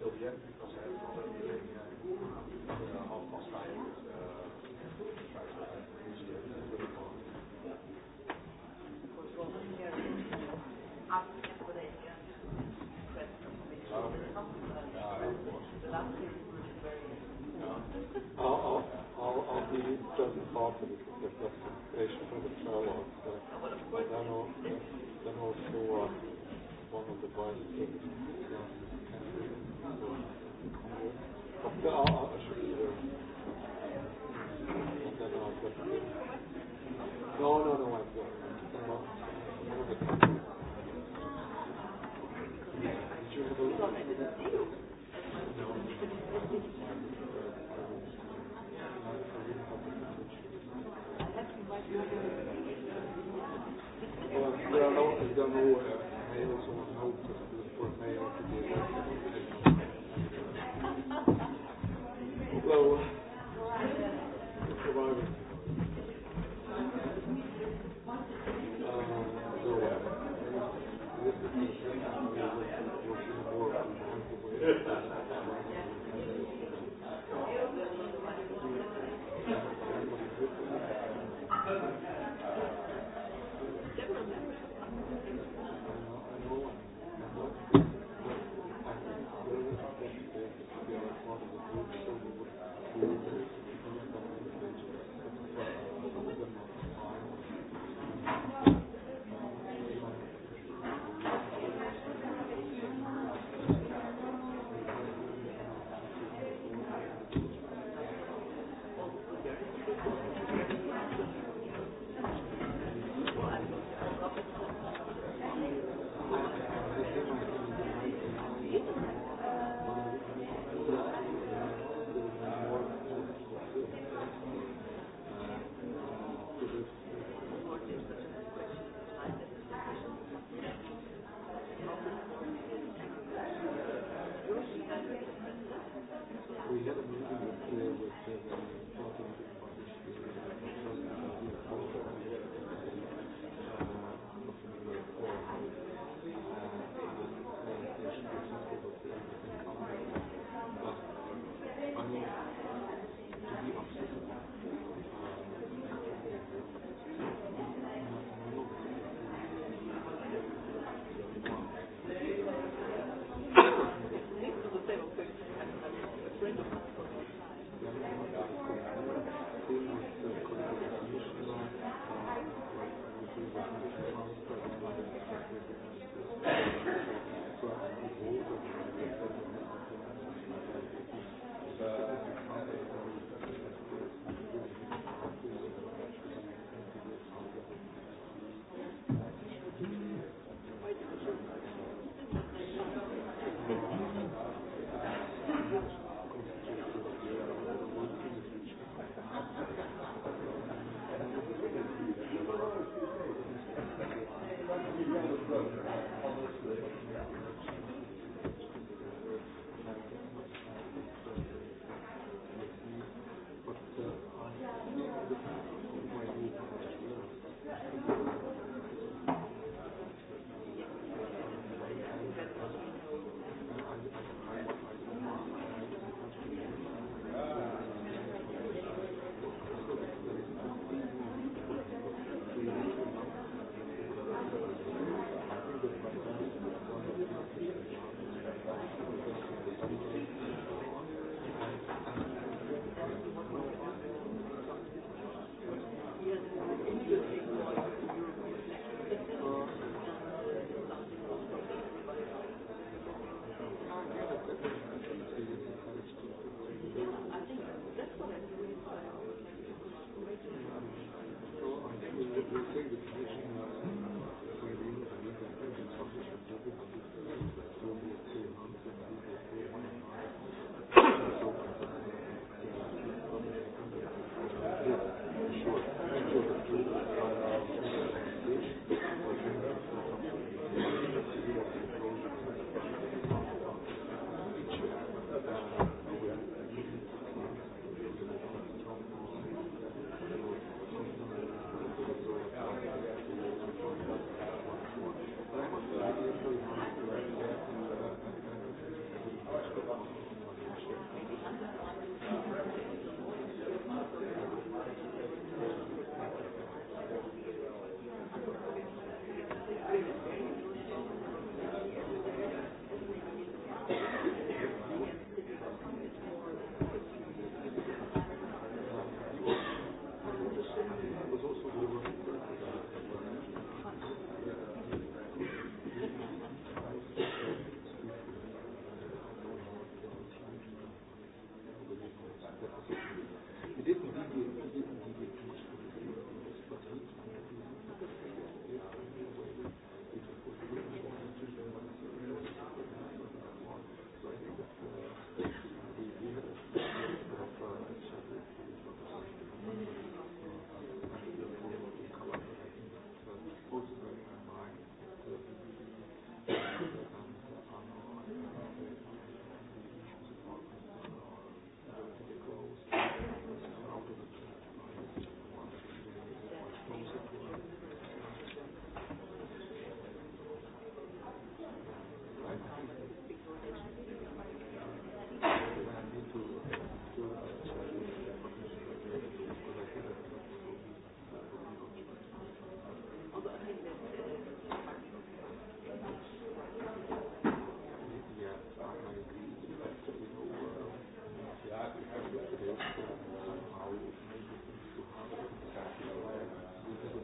still yet because I have already taken uh, half past five. I'll, I'll, I'll be just part of it, the presentation for the travel. But then also, then also uh, one of the vice presidents. Yeah. No, no, no.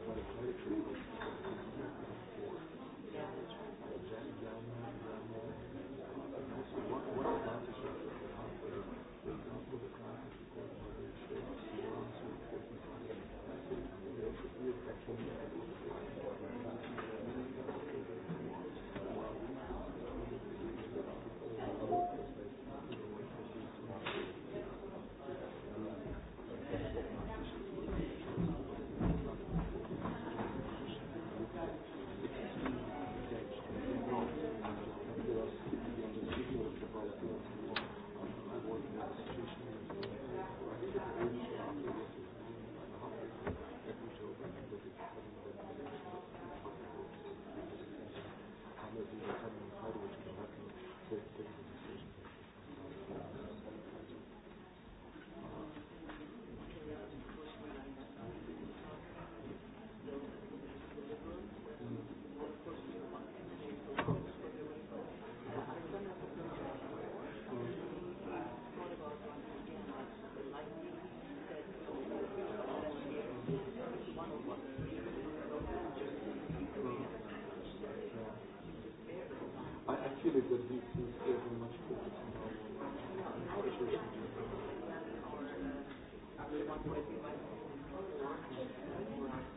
Gracias. feel it that this is very much focused on our situation. Thank you.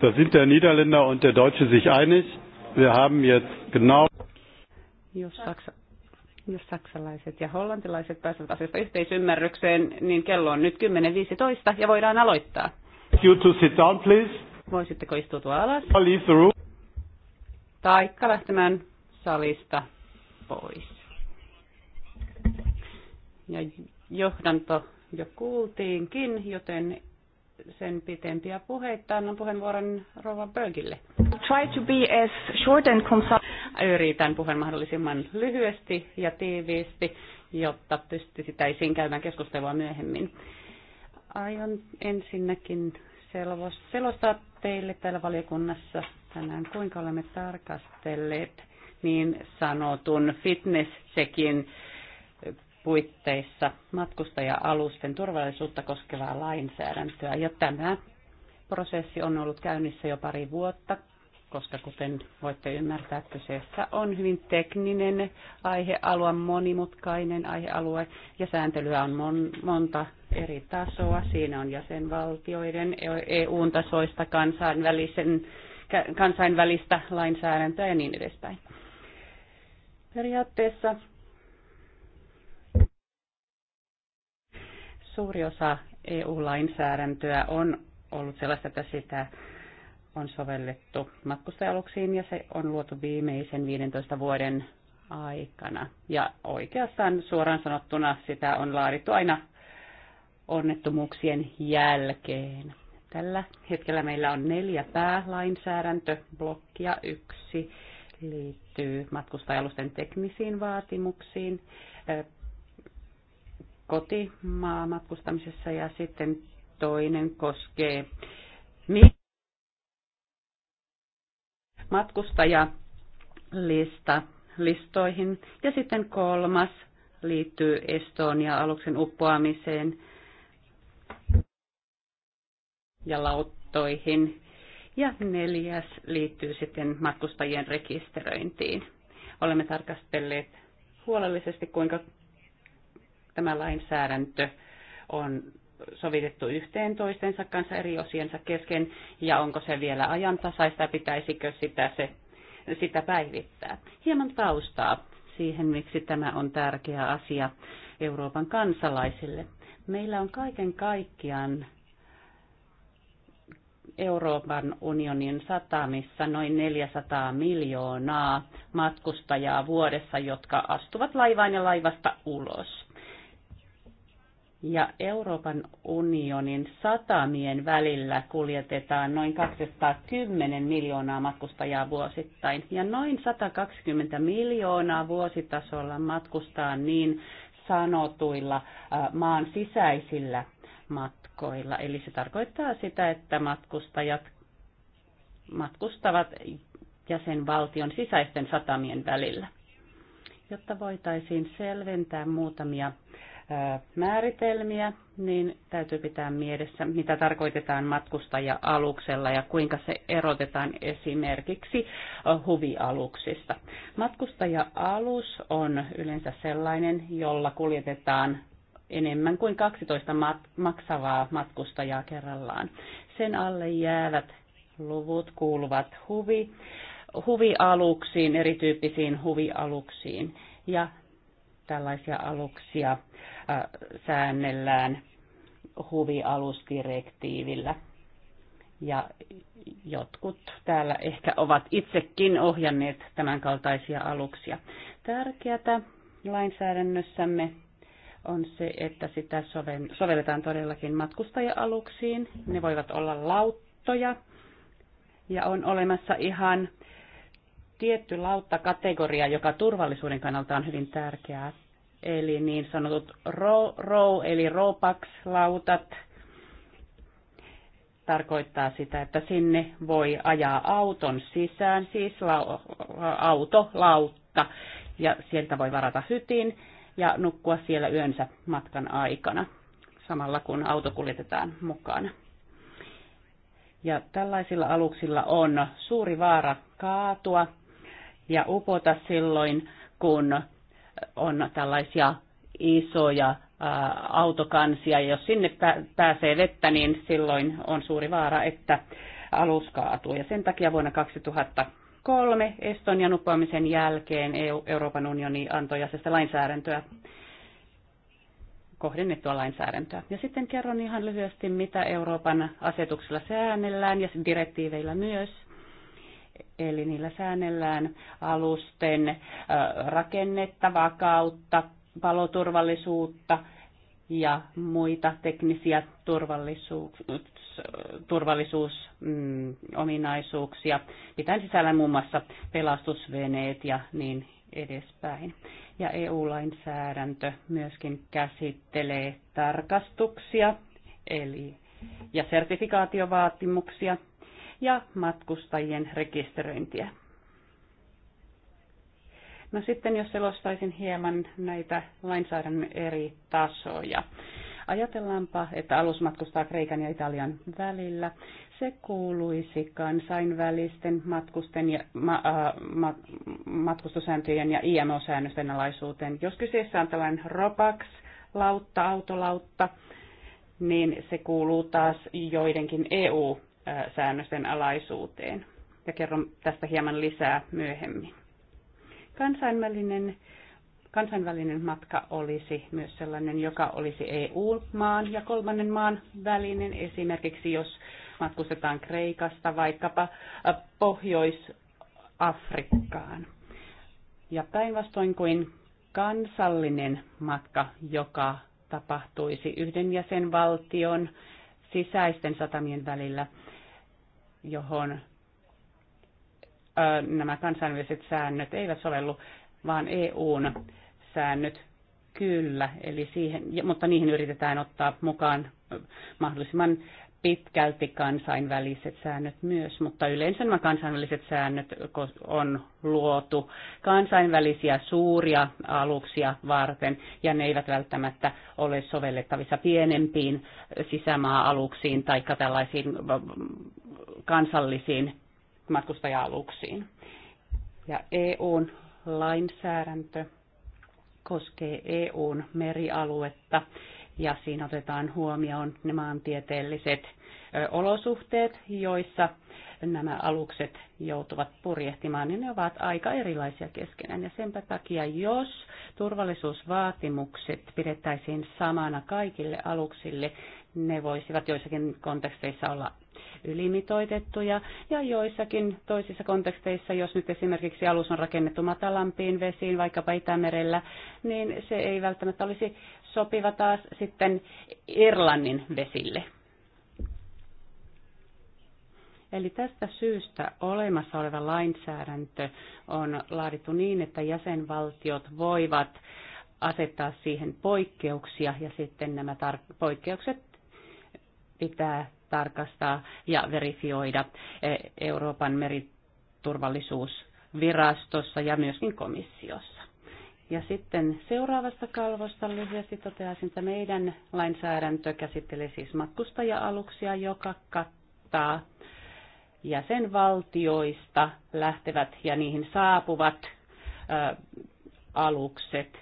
Da sind der Niederländer und der Deutsche sich einig. Wir haben jetzt genau. Jos, Saksa, jos saksalaiset ja hollantilaiset pääsevät asiasta yhteisymmärrykseen, niin kello on nyt 10.15 ja voidaan aloittaa. You to sit down, please. Voisitteko istutua alas? I'll leave the room. Taikka lähtemään salista pois. Ja johdanto jo kuultiinkin, joten sen pitempiä puheita. Annan puheenvuoron Rova Bögille. Try to be as short and concise. Yritän puheen mahdollisimman lyhyesti ja tiiviisti, jotta pystyttäisiin käymään keskustelua myöhemmin. Aion ensinnäkin selostaa teille täällä valiokunnassa tänään, kuinka olemme tarkastelleet niin sanotun fitness-sekin puitteissa matkustaja-alusten turvallisuutta koskevaa lainsäädäntöä. Ja tämä prosessi on ollut käynnissä jo pari vuotta, koska kuten voitte ymmärtää, kyseessä on hyvin tekninen aihealue, monimutkainen aihealue ja sääntelyä on mon- monta eri tasoa. Siinä on jäsenvaltioiden, EU-tasoista, kansainvälisen, kansainvälistä lainsäädäntöä ja niin edespäin. Periaatteessa Suuri osa EU-lainsäädäntöä on ollut sellaista, että sitä on sovellettu matkustajaluksiin ja se on luotu viimeisen 15 vuoden aikana. Ja oikeastaan suoraan sanottuna sitä on laadittu aina onnettomuuksien jälkeen. Tällä hetkellä meillä on neljä päälainsäädäntöblokkia. Yksi liittyy matkustajalusten teknisiin vaatimuksiin, kotimaan matkustamisessa ja sitten toinen koskee matkustajalista listoihin ja sitten kolmas liittyy Estonia-aluksen uppoamiseen ja lauttoihin ja neljäs liittyy sitten matkustajien rekisteröintiin. Olemme tarkastelleet huolellisesti, kuinka tämä lainsäädäntö on sovitettu yhteen toistensa kanssa eri osiensa kesken ja onko se vielä ajantasaista pitäisikö sitä, se, sitä päivittää. Hieman taustaa siihen, miksi tämä on tärkeä asia Euroopan kansalaisille. Meillä on kaiken kaikkiaan Euroopan unionin satamissa noin 400 miljoonaa matkustajaa vuodessa, jotka astuvat laivaan ja laivasta ulos ja Euroopan unionin satamien välillä kuljetetaan noin 210 miljoonaa matkustajaa vuosittain. Ja noin 120 miljoonaa vuositasolla matkustaa niin sanotuilla äh, maan sisäisillä matkoilla. Eli se tarkoittaa sitä, että matkustajat matkustavat jäsenvaltion sisäisten satamien välillä. Jotta voitaisiin selventää muutamia määritelmiä, niin täytyy pitää mielessä, mitä tarkoitetaan matkustaja-aluksella ja kuinka se erotetaan esimerkiksi huvialuksista. Matkustaja-alus on yleensä sellainen, jolla kuljetetaan enemmän kuin 12 mat- maksavaa matkustajaa kerrallaan. Sen alle jäävät luvut kuuluvat huvi, huvialuksiin, erityyppisiin huvialuksiin. Ja tällaisia aluksia äh, säännellään huvialusdirektiivillä. Ja jotkut täällä ehkä ovat itsekin ohjanneet tämänkaltaisia aluksia. Tärkeätä lainsäädännössämme on se, että sitä sovelletaan todellakin matkustaja-aluksiin. Ne voivat olla lauttoja ja on olemassa ihan tietty lauttakategoria, joka turvallisuuden kannalta on hyvin tärkeää eli niin sanotut row, row eli ropax-lautat, tarkoittaa sitä, että sinne voi ajaa auton sisään, siis lau, auto, lautta, ja sieltä voi varata hytin ja nukkua siellä yönsä matkan aikana, samalla kun auto kuljetetaan mukana. Ja tällaisilla aluksilla on suuri vaara kaatua ja upota silloin, kun on tällaisia isoja autokansia. Jos sinne pääsee vettä, niin silloin on suuri vaara, että alus kaatuu. Ja sen takia vuonna 2003 Estonian uppoamisen jälkeen EU, Euroopan unioni antoi asiasta lainsäädäntöä, kohdennettua lainsäädäntöä. Ja sitten kerron ihan lyhyesti, mitä Euroopan asetuksilla säännellään ja direktiiveillä myös – Eli niillä säännellään alusten rakennetta, vakautta, paloturvallisuutta ja muita teknisiä turvallisuus, turvallisuusominaisuuksia, mm, pitäen sisällä muun muassa pelastusveneet ja niin edespäin. Ja EU-lainsäädäntö myöskin käsittelee tarkastuksia eli, ja sertifikaatiovaatimuksia ja matkustajien rekisteröintiä. No sitten jos selostaisin hieman näitä lainsäädännön eri tasoja. Ajatellaanpa, että alus matkustaa Kreikan ja Italian välillä. Se kuuluisi kansainvälisten matkusten ja, ma, ä, mat, matkustusääntöjen ja IMO-säännösten alaisuuteen. Jos kyseessä on tällainen ROPAX, lautta, autolautta, niin se kuuluu taas joidenkin EU- säännösten alaisuuteen. Ja kerron tästä hieman lisää myöhemmin. Kansainvälinen, kansainvälinen matka olisi myös sellainen, joka olisi EU-maan ja kolmannen maan välinen. Esimerkiksi jos matkustetaan Kreikasta vaikkapa Pohjois-Afrikkaan. Ja päinvastoin kuin kansallinen matka, joka tapahtuisi yhden jäsenvaltion sisäisten satamien välillä, johon nämä kansainväliset säännöt eivät sovellu, vaan EUn säännöt kyllä, eli siihen, mutta niihin yritetään ottaa mukaan mahdollisimman pitkälti kansainväliset säännöt myös, mutta yleensä nämä kansainväliset säännöt on luotu kansainvälisiä suuria aluksia varten, ja ne eivät välttämättä ole sovellettavissa pienempiin sisämaa-aluksiin tai tällaisiin kansallisiin matkustaja-aluksiin. Ja EUn lainsäädäntö koskee EUn merialuetta ja siinä otetaan huomioon ne maantieteelliset olosuhteet, joissa nämä alukset joutuvat purjehtimaan, niin ne ovat aika erilaisia keskenään. Ja senpä takia, jos turvallisuusvaatimukset pidettäisiin samana kaikille aluksille, ne voisivat joissakin konteksteissa olla ylimitoitettuja ja joissakin toisissa konteksteissa, jos nyt esimerkiksi alus on rakennettu matalampiin vesiin, vaikkapa Itämerellä, niin se ei välttämättä olisi sopiva taas sitten Irlannin vesille. Eli tästä syystä olemassa oleva lainsäädäntö on laadittu niin, että jäsenvaltiot voivat asettaa siihen poikkeuksia ja sitten nämä tar- poikkeukset pitää tarkastaa ja verifioida eh, Euroopan meriturvallisuusvirastossa ja myöskin komissiossa. Ja sitten seuraavasta kalvosta lyhyesti toteaisin, että meidän lainsäädäntö käsittelee siis matkustaja-aluksia, joka kattaa jäsenvaltioista lähtevät ja niihin saapuvat ö, alukset.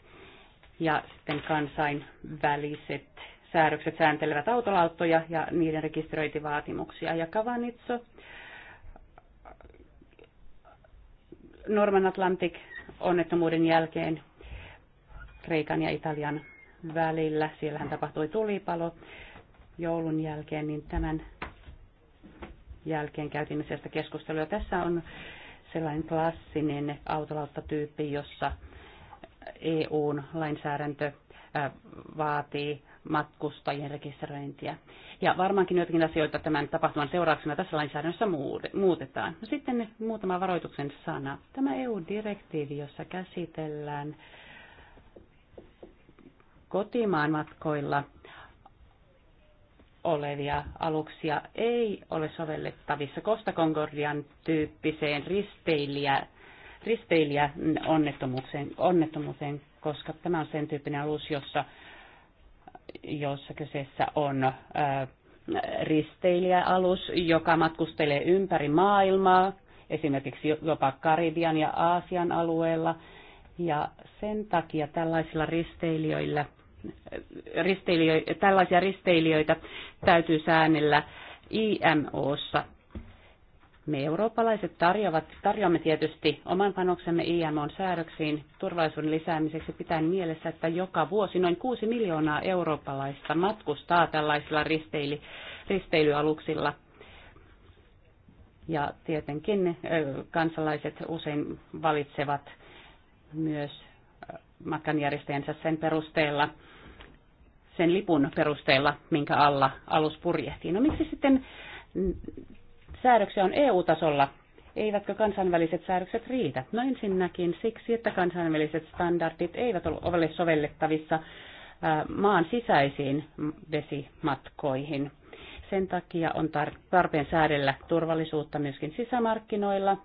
Ja sitten kansainväliset säädökset sääntelevät autolauttoja ja niiden rekisteröintivaatimuksia. Ja Kavanitso, Norman Atlantic onnettomuuden jälkeen Kreikan ja Italian välillä. Siellähän tapahtui tulipalo joulun jälkeen, niin tämän jälkeen käytiin sieltä keskustelua. Tässä on sellainen klassinen autolauttatyyppi, jossa eu lainsäädäntö vaatii matkustajien rekisteröintiä. Ja varmaankin joitakin asioita tämän tapahtuman seurauksena tässä lainsäädännössä muutetaan. No sitten muutama varoituksen sana. Tämä EU-direktiivi, jossa käsitellään äh, kotimaan matkoilla olevia aluksia ei ole sovellettavissa Costa Concordian tyyppiseen risteilijä, risteilijä onnettomuuteen, onnettomuuteen, koska tämä on sen tyyppinen alus, jossa, jossa kyseessä on ää, risteilijäalus, joka matkustelee ympäri maailmaa, esimerkiksi jopa Karibian ja Aasian alueella. Ja sen takia tällaisilla risteilijöillä – risteilijöitä, tällaisia risteilijöitä täytyy säännellä IMOssa. Me eurooppalaiset tarjoavat, tarjoamme tietysti oman panoksemme IMOn säädöksiin turvallisuuden lisäämiseksi pitäen mielessä, että joka vuosi noin 6 miljoonaa eurooppalaista matkustaa tällaisilla risteily, risteilyaluksilla. Ja tietenkin kansalaiset usein valitsevat myös matkanjärjestäjänsä sen perusteella, sen lipun perusteella, minkä alla alus purjehtii. No miksi sitten säädöksiä on EU-tasolla eivätkö kansainväliset säädökset riitä? No ensinnäkin siksi, että kansainväliset standardit eivät ole sovellettavissa äh, maan sisäisiin vesimatkoihin. Sen takia on tarpeen säädellä turvallisuutta myöskin sisämarkkinoilla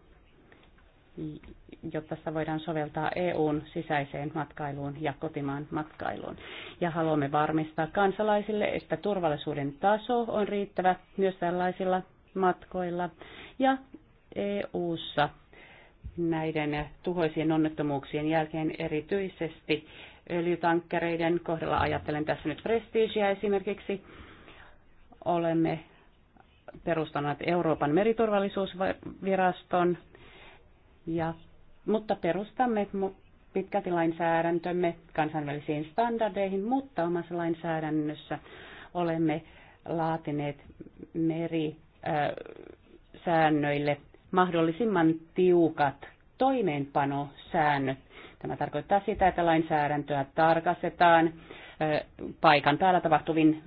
jotta sitä voidaan soveltaa EUn sisäiseen matkailuun ja kotimaan matkailuun. Ja haluamme varmistaa kansalaisille, että turvallisuuden taso on riittävä myös tällaisilla matkoilla. Ja EUssa näiden tuhoisien onnettomuuksien jälkeen erityisesti öljytankkereiden kohdalla ajattelen tässä nyt prestiisiä esimerkiksi. Olemme perustaneet Euroopan meriturvallisuusviraston ja mutta perustamme pitkälti lainsäädäntömme kansainvälisiin standardeihin, mutta omassa lainsäädännössä olemme laatineet merisäännöille mahdollisimman tiukat toimeenpanosäännöt. Tämä tarkoittaa sitä, että lainsäädäntöä tarkastetaan paikan päällä tapahtuvin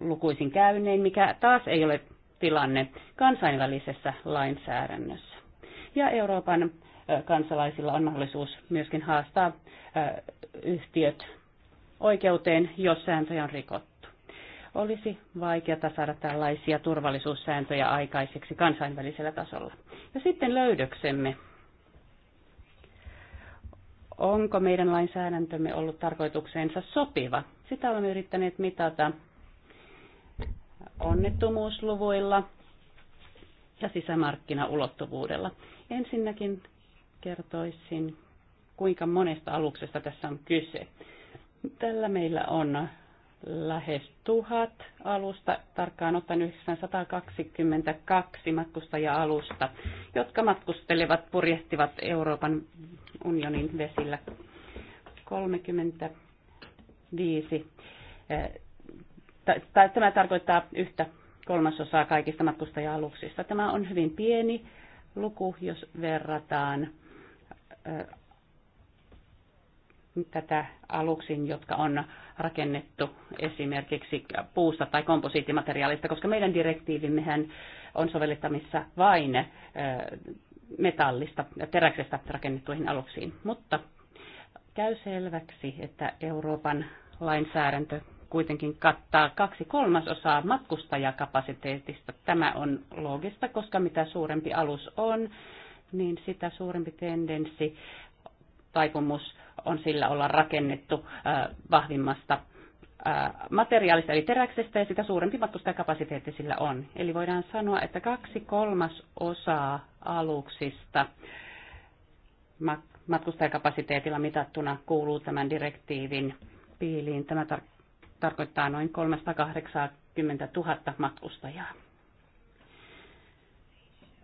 lukuisin käynnein, mikä taas ei ole tilanne kansainvälisessä lainsäädännössä. Ja Euroopan kansalaisilla on mahdollisuus myöskin haastaa yhtiöt oikeuteen, jos sääntöjä on rikottu. Olisi vaikeata saada tällaisia turvallisuussääntöjä aikaiseksi kansainvälisellä tasolla. Ja sitten löydöksemme. Onko meidän lainsäädäntömme ollut tarkoitukseensa sopiva? Sitä olemme yrittäneet mitata onnettomuusluvuilla ja sisämarkkinaulottuvuudella. Ensinnäkin kertoisin, kuinka monesta aluksesta tässä on kyse. Tällä meillä on lähes tuhat alusta, tarkkaan ottaen 922 matkustaja-alusta, jotka matkustelevat, purjehtivat Euroopan unionin vesillä 35. Eh, tämä tarkoittaa yhtä kolmasosaa kaikista matkustaja-aluksista. Tämä on hyvin pieni luku, jos verrataan tätä aluksin, jotka on rakennettu esimerkiksi puusta tai komposiittimateriaalista, koska meidän direktiivimmehän on sovellettavissa vain metallista ja teräksestä rakennettuihin aluksiin. Mutta käy selväksi, että Euroopan lainsäädäntö kuitenkin kattaa kaksi kolmasosaa matkustajakapasiteetista. Tämä on loogista, koska mitä suurempi alus on, niin sitä suurempi tendenssi, taipumus on sillä olla rakennettu äh, vahvimmasta äh, materiaalista eli teräksestä ja sitä suurempi matkustajakapasiteetti sillä on. Eli voidaan sanoa, että kaksi kolmas osaa aluksista matkustajakapasiteetilla mitattuna kuuluu tämän direktiivin piiliin. Tämä tar- tarkoittaa noin 380 000 matkustajaa.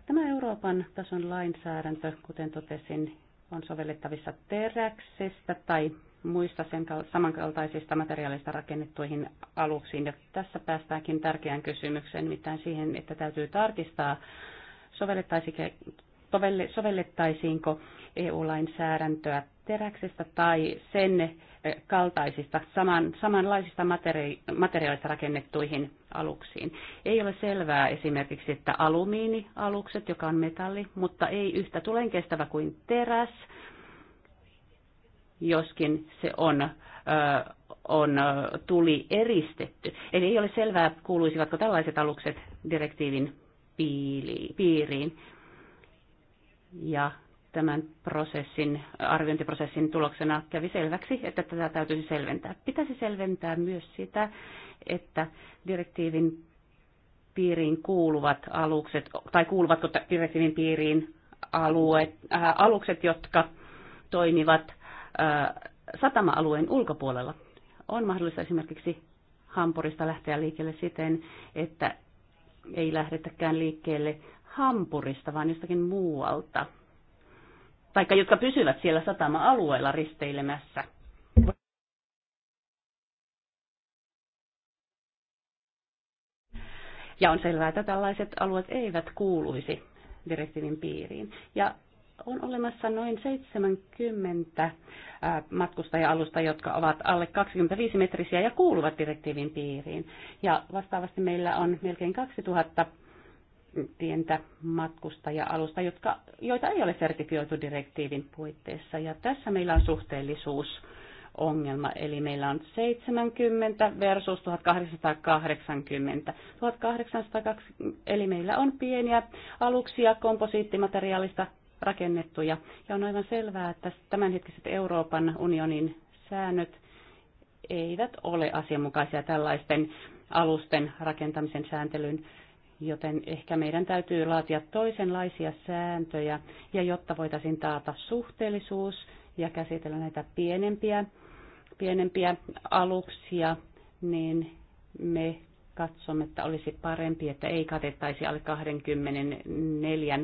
Tämä Euroopan tason lainsäädäntö, kuten totesin, on sovellettavissa teräksestä tai muista sen samankaltaisista materiaaleista rakennettuihin aluksiin. Ja tässä päästäänkin tärkeään kysymykseen, nimittäin siihen, että täytyy tarkistaa, sovellettaisiinko EU-lainsäädäntöä teräksestä tai sen eh, kaltaisista saman, samanlaisista materi- materiaaleista rakennettuihin aluksiin. Ei ole selvää esimerkiksi, että alumiinialukset, joka on metalli, mutta ei yhtä tulen kestävä kuin teräs, joskin se on, ö, on tuli eristetty. Eli ei ole selvää, kuuluisivatko tällaiset alukset direktiivin piiriin. Ja tämän prosessin, arviointiprosessin tuloksena kävi selväksi, että tätä täytyisi selventää. Pitäisi selventää myös sitä, että direktiivin piiriin kuuluvat alukset, tai kuuluvatko direktiivin piiriin alueet, äh, alukset, jotka toimivat äh, satama-alueen ulkopuolella. On mahdollista esimerkiksi Hampurista lähteä liikkeelle siten, että ei lähdetäkään liikkeelle Hampurista, vaan jostakin muualta tai jotka pysyvät siellä satama-alueella risteilemässä. Ja on selvää, että tällaiset alueet eivät kuuluisi direktiivin piiriin. Ja on olemassa noin 70 matkustaja-alusta, jotka ovat alle 25 metrisiä ja kuuluvat direktiivin piiriin. Ja vastaavasti meillä on melkein 2000 pientä matkustaja-alusta, jotka, joita ei ole sertifioitu direktiivin puitteissa. Ja tässä meillä on suhteellisuusongelma, eli meillä on 70 versus 1880. 1820, eli meillä on pieniä aluksia komposiittimateriaalista rakennettuja, ja on aivan selvää, että tämänhetkiset Euroopan unionin säännöt eivät ole asianmukaisia tällaisten alusten rakentamisen sääntelyn joten ehkä meidän täytyy laatia toisenlaisia sääntöjä, ja jotta voitaisiin taata suhteellisuus ja käsitellä näitä pienempiä, pienempiä aluksia, niin me katsomme, että olisi parempi, että ei katettaisi alle 24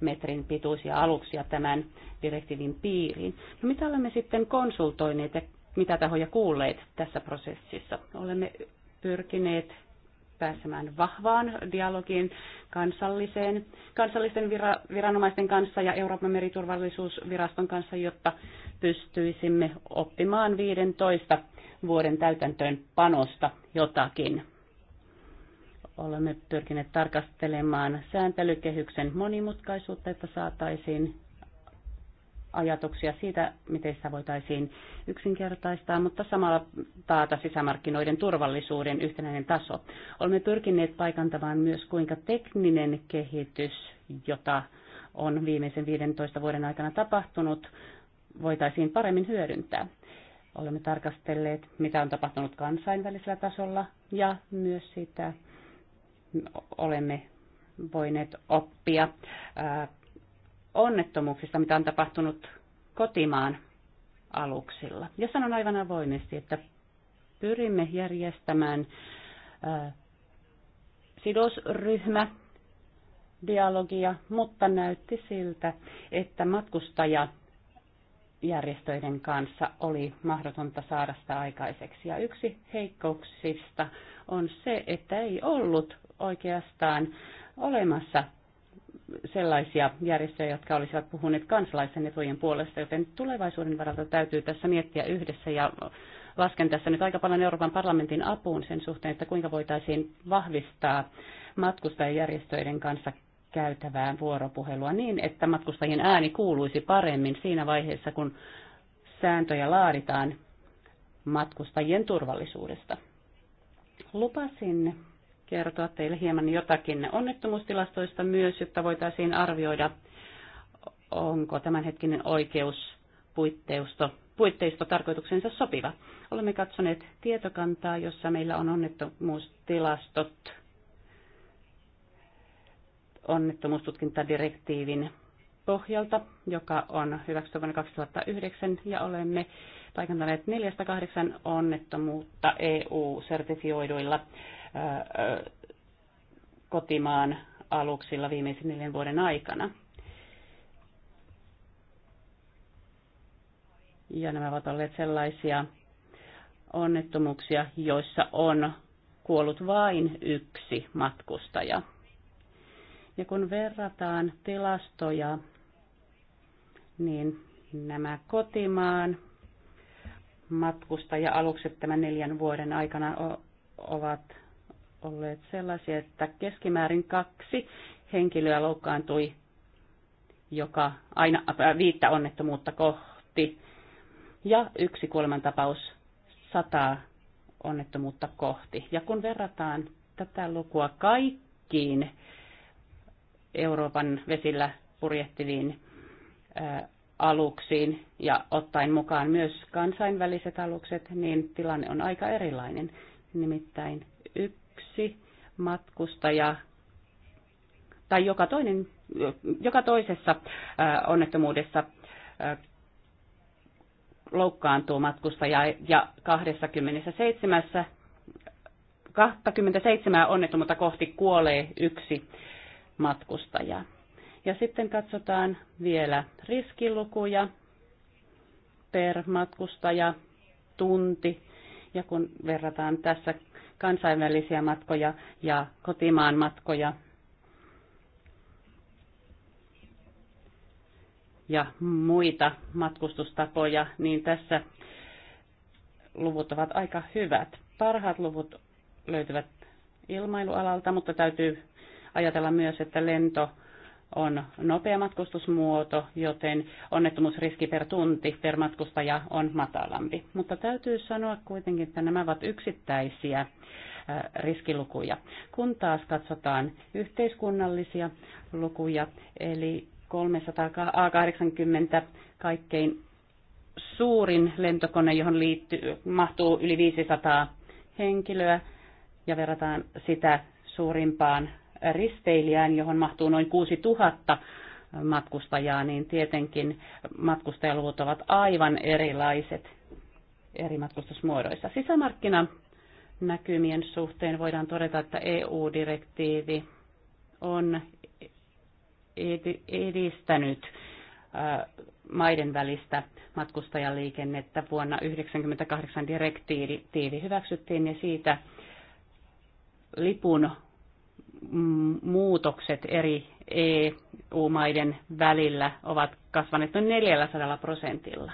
metrin pituisia aluksia tämän direktiivin piiriin. No mitä olemme sitten konsultoineet ja mitä tahoja kuulleet tässä prosessissa? Olemme pyrkineet pääsemään vahvaan dialogiin kansalliseen, kansallisten vira, viranomaisten kanssa ja Euroopan meriturvallisuusviraston kanssa, jotta pystyisimme oppimaan 15 vuoden täytäntöön panosta jotakin. Olemme pyrkineet tarkastelemaan sääntelykehyksen monimutkaisuutta, että saataisiin ajatuksia siitä, miten sitä voitaisiin yksinkertaistaa, mutta samalla taata sisämarkkinoiden turvallisuuden yhtenäinen taso. Olemme pyrkineet paikantamaan myös, kuinka tekninen kehitys, jota on viimeisen 15 vuoden aikana tapahtunut, voitaisiin paremmin hyödyntää. Olemme tarkastelleet, mitä on tapahtunut kansainvälisellä tasolla ja myös sitä olemme voineet oppia onnettomuuksista, mitä on tapahtunut kotimaan aluksilla. Ja sanon aivan avoimesti, että pyrimme järjestämään sidosryhmä dialogia, mutta näytti siltä, että matkustaja järjestöiden kanssa oli mahdotonta saada sitä aikaiseksi. Ja yksi heikkouksista on se, että ei ollut oikeastaan olemassa sellaisia järjestöjä, jotka olisivat puhuneet kansalaisten etujen puolesta, joten tulevaisuuden varalta täytyy tässä miettiä yhdessä ja lasken tässä nyt aika paljon Euroopan parlamentin apuun sen suhteen, että kuinka voitaisiin vahvistaa matkustajajärjestöiden kanssa käytävää vuoropuhelua niin, että matkustajien ääni kuuluisi paremmin siinä vaiheessa, kun sääntöjä laaditaan matkustajien turvallisuudesta. Lupasin kertoa teille hieman jotakin onnettomuustilastoista myös, jotta voitaisiin arvioida, onko tämänhetkinen oikeus puitteisto tarkoituksensa sopiva. Olemme katsoneet tietokantaa, jossa meillä on onnettomuustilastot onnettomuustutkintadirektiivin pohjalta, joka on hyväksytty vuonna 2009, ja olemme paikantaneet 4 onnettomuutta EU-sertifioiduilla kotimaan aluksilla viimeisen neljän vuoden aikana. Ja nämä ovat olleet sellaisia onnettomuuksia, joissa on kuollut vain yksi matkustaja. Ja kun verrataan tilastoja, niin nämä kotimaan matkustaja-alukset tämän neljän vuoden aikana ovat olleet sellaisia, että keskimäärin kaksi henkilöä loukkaantui joka aina äh, viittä onnettomuutta kohti ja yksi kuolemantapaus sataa onnettomuutta kohti. Ja kun verrataan tätä lukua kaikkiin Euroopan vesillä purjehtiviin äh, aluksiin ja ottaen mukaan myös kansainväliset alukset, niin tilanne on aika erilainen. Nimittäin yksi yksi matkustaja tai joka, toinen, joka toisessa äh, onnettomuudessa äh, loukkaantuu matkustaja ja 27, 27 onnettomuutta kohti kuolee yksi matkustaja. Ja sitten katsotaan vielä riskilukuja per matkustaja tunti. Ja kun verrataan tässä kansainvälisiä matkoja ja kotimaan matkoja. ja muita matkustustapoja, niin tässä luvut ovat aika hyvät. Parhaat luvut löytyvät ilmailualalta, mutta täytyy ajatella myös, että lento- on nopea matkustusmuoto, joten onnettomuusriski per tunti per matkustaja on matalampi. Mutta täytyy sanoa kuitenkin, että nämä ovat yksittäisiä äh, riskilukuja. Kun taas katsotaan yhteiskunnallisia lukuja, eli 380 kaikkein suurin lentokone, johon liittyy, mahtuu yli 500 henkilöä, ja verrataan sitä suurimpaan risteilijään, johon mahtuu noin 6000 matkustajaa, niin tietenkin matkustajaluvut ovat aivan erilaiset eri matkustusmuodoissa. Sisämarkkina näkymien suhteen voidaan todeta, että EU-direktiivi on edistänyt maiden välistä matkustajaliikennettä. Vuonna 1998 direktiivi hyväksyttiin ja siitä lipun Mm, muutokset eri EU-maiden välillä ovat kasvaneet noin 400 prosentilla.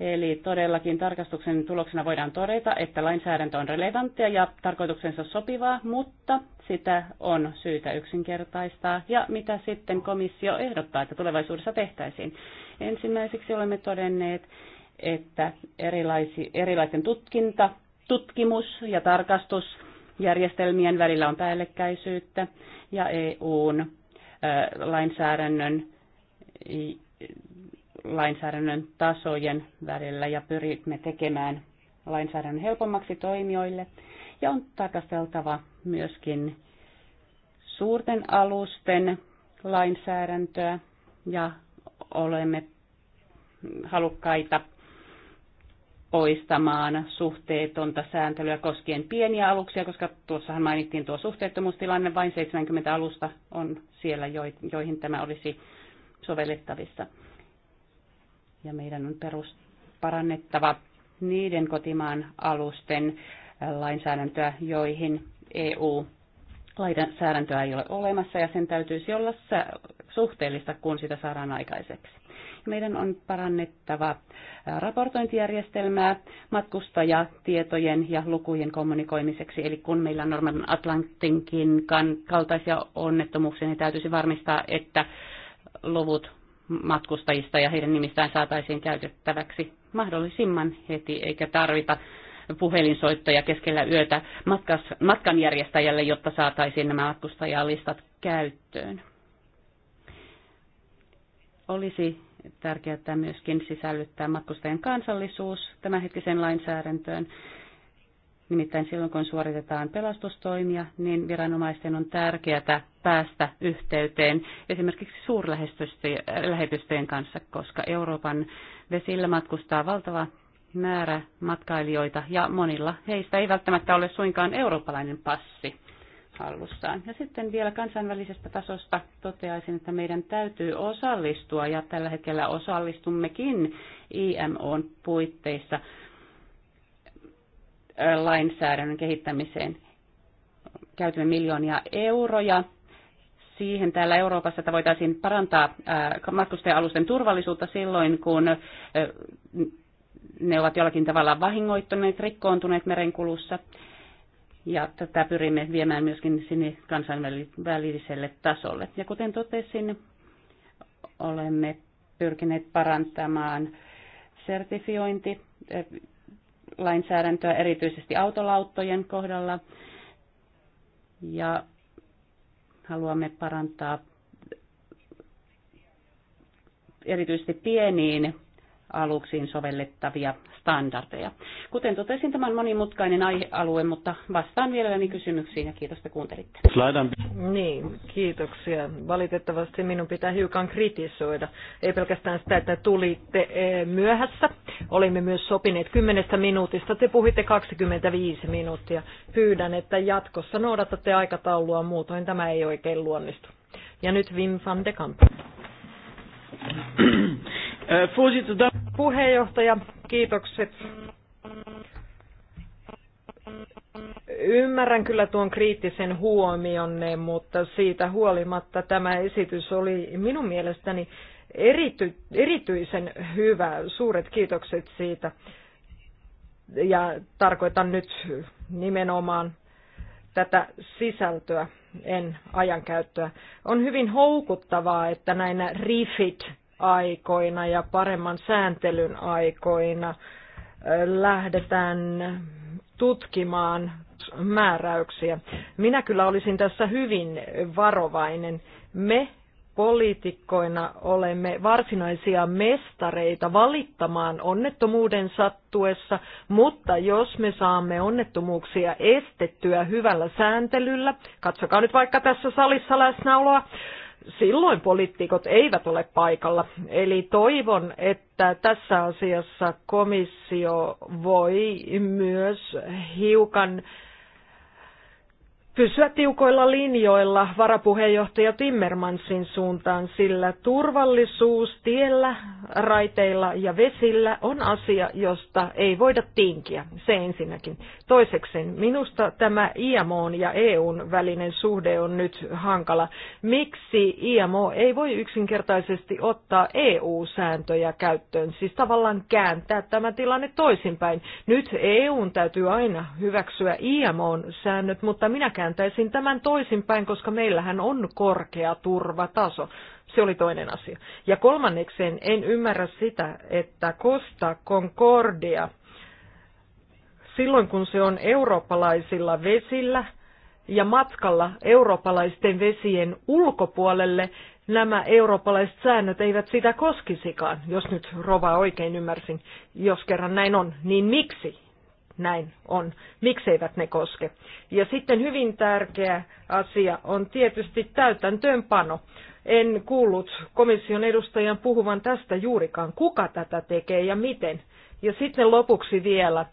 Eli todellakin tarkastuksen tuloksena voidaan todeta, että lainsäädäntö on relevanttia ja tarkoituksensa sopivaa, mutta sitä on syytä yksinkertaistaa. Ja mitä sitten komissio ehdottaa, että tulevaisuudessa tehtäisiin? Ensimmäiseksi olemme todenneet, että erilaisi, erilaisten tutkinta, tutkimus ja tarkastus järjestelmien välillä on päällekkäisyyttä ja EUn lainsäädännön, lainsäädännön tasojen välillä ja pyrimme tekemään lainsäädännön helpommaksi toimijoille. Ja on tarkasteltava myöskin suurten alusten lainsäädäntöä ja olemme halukkaita poistamaan suhteetonta sääntelyä koskien pieniä aluksia, koska tuossahan mainittiin tuo suhteettomuustilanne, vain 70 alusta on siellä, joihin tämä olisi sovellettavissa. Ja meidän on perus parannettava niiden kotimaan alusten äh, lainsäädäntöä, joihin EU lainsäädäntöä ei ole olemassa ja sen täytyisi olla suhteellista, kun sitä saadaan aikaiseksi meidän on parannettava äh, raportointijärjestelmää matkustajatietojen ja lukujen kommunikoimiseksi. Eli kun meillä on Norman Atlantinkin kaltaisia onnettomuuksia, niin täytyisi varmistaa, että luvut matkustajista ja heidän nimistään saataisiin käytettäväksi mahdollisimman heti, eikä tarvita puhelinsoittoja keskellä yötä matkas, matkanjärjestäjälle, jotta saataisiin nämä matkustajalistat käyttöön. Olisi tärkeää myöskin sisällyttää matkustajien kansallisuus tämänhetkiseen lainsäädäntöön. Nimittäin silloin, kun suoritetaan pelastustoimia, niin viranomaisten on tärkeää päästä yhteyteen esimerkiksi suurlähetystöjen kanssa, koska Euroopan vesillä matkustaa valtava määrä matkailijoita ja monilla heistä ei välttämättä ole suinkaan eurooppalainen passi hallussaan. Ja sitten vielä kansainvälisestä tasosta toteaisin, että meidän täytyy osallistua ja tällä hetkellä osallistummekin IMOn puitteissa lainsäädännön kehittämiseen. Käytämme miljoonia euroja siihen täällä Euroopassa, että voitaisiin parantaa matkustaja-alusten turvallisuutta silloin, kun ne ovat jollakin tavalla vahingoittuneet, rikkoontuneet merenkulussa. Ja tätä pyrimme viemään myöskin sinne kansainväliselle tasolle. Ja kuten totesin, olemme pyrkineet parantamaan sertifiointi eh, lainsäädäntöä erityisesti autolauttojen kohdalla ja haluamme parantaa erityisesti pieniin aluksiin sovellettavia standardeja. Kuten totesin, tämä on monimutkainen aihealue, mutta vastaan mielelläni kysymyksiin ja kiitos, että kuuntelitte. Niin, kiitoksia. Valitettavasti minun pitää hiukan kritisoida. Ei pelkästään sitä, että tulitte eh, myöhässä. Olimme myös sopineet 10 minuutista. Te puhuitte 25 minuuttia. Pyydän, että jatkossa noudatatte aikataulua, muutoin tämä ei oikein luonnistu. Ja nyt Wim van de Kamp. Eh, Puheenjohtaja, kiitokset. Ymmärrän kyllä tuon kriittisen huomionne, mutta siitä huolimatta tämä esitys oli minun mielestäni erity, erityisen hyvä. Suuret kiitokset siitä. Ja tarkoitan nyt nimenomaan tätä sisältöä, en ajankäyttöä. On hyvin houkuttavaa, että näinä refit aikoina ja paremman sääntelyn aikoina lähdetään tutkimaan määräyksiä. Minä kyllä olisin tässä hyvin varovainen. Me poliitikkoina olemme varsinaisia mestareita valittamaan onnettomuuden sattuessa, mutta jos me saamme onnettomuuksia estettyä hyvällä sääntelyllä, katsokaa nyt vaikka tässä salissa läsnäoloa, silloin poliitikot eivät ole paikalla. Eli toivon, että tässä asiassa komissio voi myös hiukan äh, pysyä tiukoilla linjoilla varapuheenjohtaja Timmermansin suuntaan, sillä turvallisuus tiellä, raiteilla ja vesillä on asia, josta ei voida tinkiä. Se ensinnäkin. Toiseksi, minusta tämä IMO ja EUn välinen suhde on nyt hankala. Miksi IMO ei voi yksinkertaisesti ottaa EU-sääntöjä käyttöön, siis tavallaan kääntää tämä tilanne toisinpäin? Nyt EUn täytyy aina hyväksyä imo säännöt, mutta minäkään kääntäisin tämän toisinpäin, koska meillähän on korkea turvataso. Se oli toinen asia. Ja kolmannekseen en ymmärrä sitä, että Costa Concordia, silloin kun se on eurooppalaisilla vesillä ja matkalla eurooppalaisten vesien ulkopuolelle, nämä eurooppalaiset säännöt eivät sitä koskisikaan, jos nyt Rova oikein ymmärsin, jos kerran näin on, niin miksi näin on, mikseivät ne koske. Ja sitten hyvin tärkeä asia on tietysti täytäntöönpano. En kuullut komission edustajan puhuvan tästä juurikaan, kuka tätä tekee ja miten. Ja sitten lopuksi vielä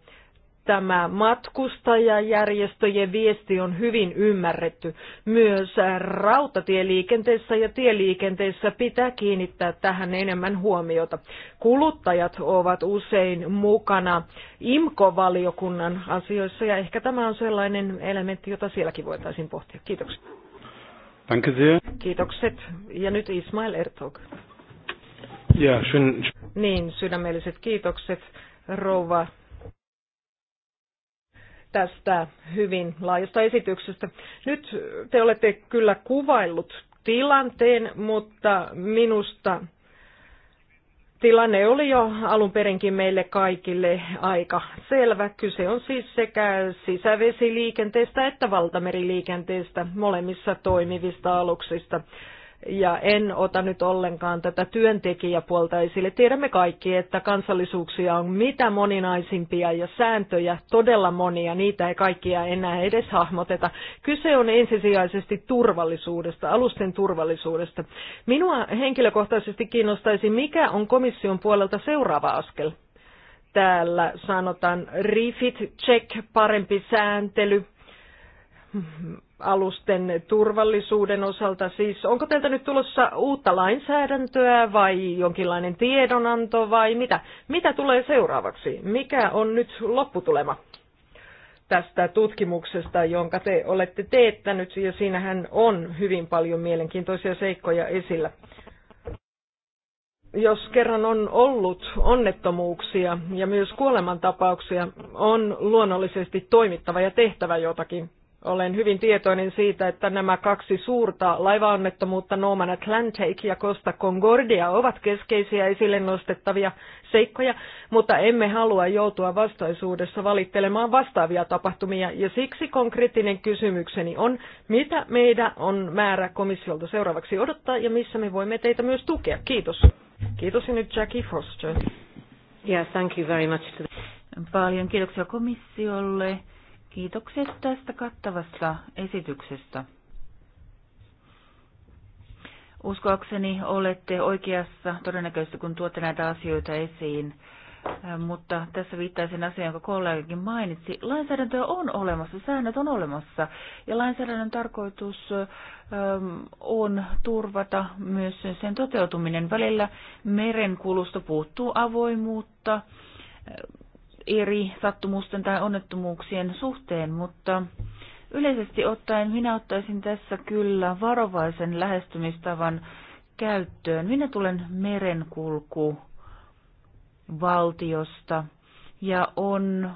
tämä matkustajajärjestöjen viesti on hyvin ymmärretty. Myös äh, rautatieliikenteessä ja tieliikenteessä pitää kiinnittää tähän enemmän huomiota. Kuluttajat ovat usein mukana IMKO-valiokunnan asioissa ja ehkä tämä on sellainen elementti, jota sielläkin voitaisiin pohtia. Kiitoksia. Danke sehr. Kiitokset. Ja nyt Ismail Ertog. Ja, schön. Niin, sydämelliset kiitokset, rouva tästä hyvin laajasta esityksestä. Nyt te olette kyllä kuvaillut tilanteen, mutta minusta tilanne oli jo alun perinkin meille kaikille aika selvä. Kyse on siis sekä sisävesiliikenteestä että valtameriliikenteestä molemmissa toimivista aluksista ja en ota nyt ollenkaan tätä työntekijäpuolta esille. Tiedämme kaikki, että kansallisuuksia on mitä moninaisimpia ja sääntöjä todella monia, niitä ei kaikkia enää edes hahmoteta. Kyse on ensisijaisesti turvallisuudesta, alusten turvallisuudesta. Minua henkilökohtaisesti kiinnostaisi, mikä on komission puolelta seuraava askel. Täällä sanotaan refit, check, parempi sääntely, alusten turvallisuuden osalta. Siis onko teiltä nyt tulossa uutta lainsäädäntöä vai jonkinlainen tiedonanto vai mitä? Mitä tulee seuraavaksi? Mikä on nyt lopputulema tästä tutkimuksesta, jonka te olette teettänyt ja siinähän on hyvin paljon mielenkiintoisia seikkoja esillä jos kerran on ollut onnettomuuksia ja myös kuolemantapauksia, on luonnollisesti toimittava ja tehtävä jotakin. Olen hyvin tietoinen siitä, että nämä kaksi suurta laivaonnettomuutta Norman Atlantic ja Costa Concordia ovat keskeisiä esille nostettavia seikkoja, mutta emme halua joutua vastaisuudessa valittelemaan vastaavia tapahtumia. Ja siksi konkreettinen kysymykseni on, mitä meidän on määrä komissiolta seuraavaksi odottaa ja missä me voimme teitä myös tukea. Kiitos. Kiitos ja nyt Jackie Foster. Yeah, thank you very much. Paljon kiitoksia komissiolle Kiitokset tästä kattavasta esityksestä. Uskoakseni olette oikeassa todennäköisesti, kun tuotte näitä asioita esiin, mutta tässä viittaisin asiaan, jonka kollegakin mainitsi. Lainsäädäntöä on olemassa, säännöt on olemassa, ja lainsäädännön tarkoitus on turvata myös sen toteutuminen. Välillä merenkulusta puuttuu avoimuutta, eri sattumusten tai onnettomuuksien suhteen, mutta yleisesti ottaen minä ottaisin tässä kyllä varovaisen lähestymistavan käyttöön. Minä tulen merenkulku valtiosta ja on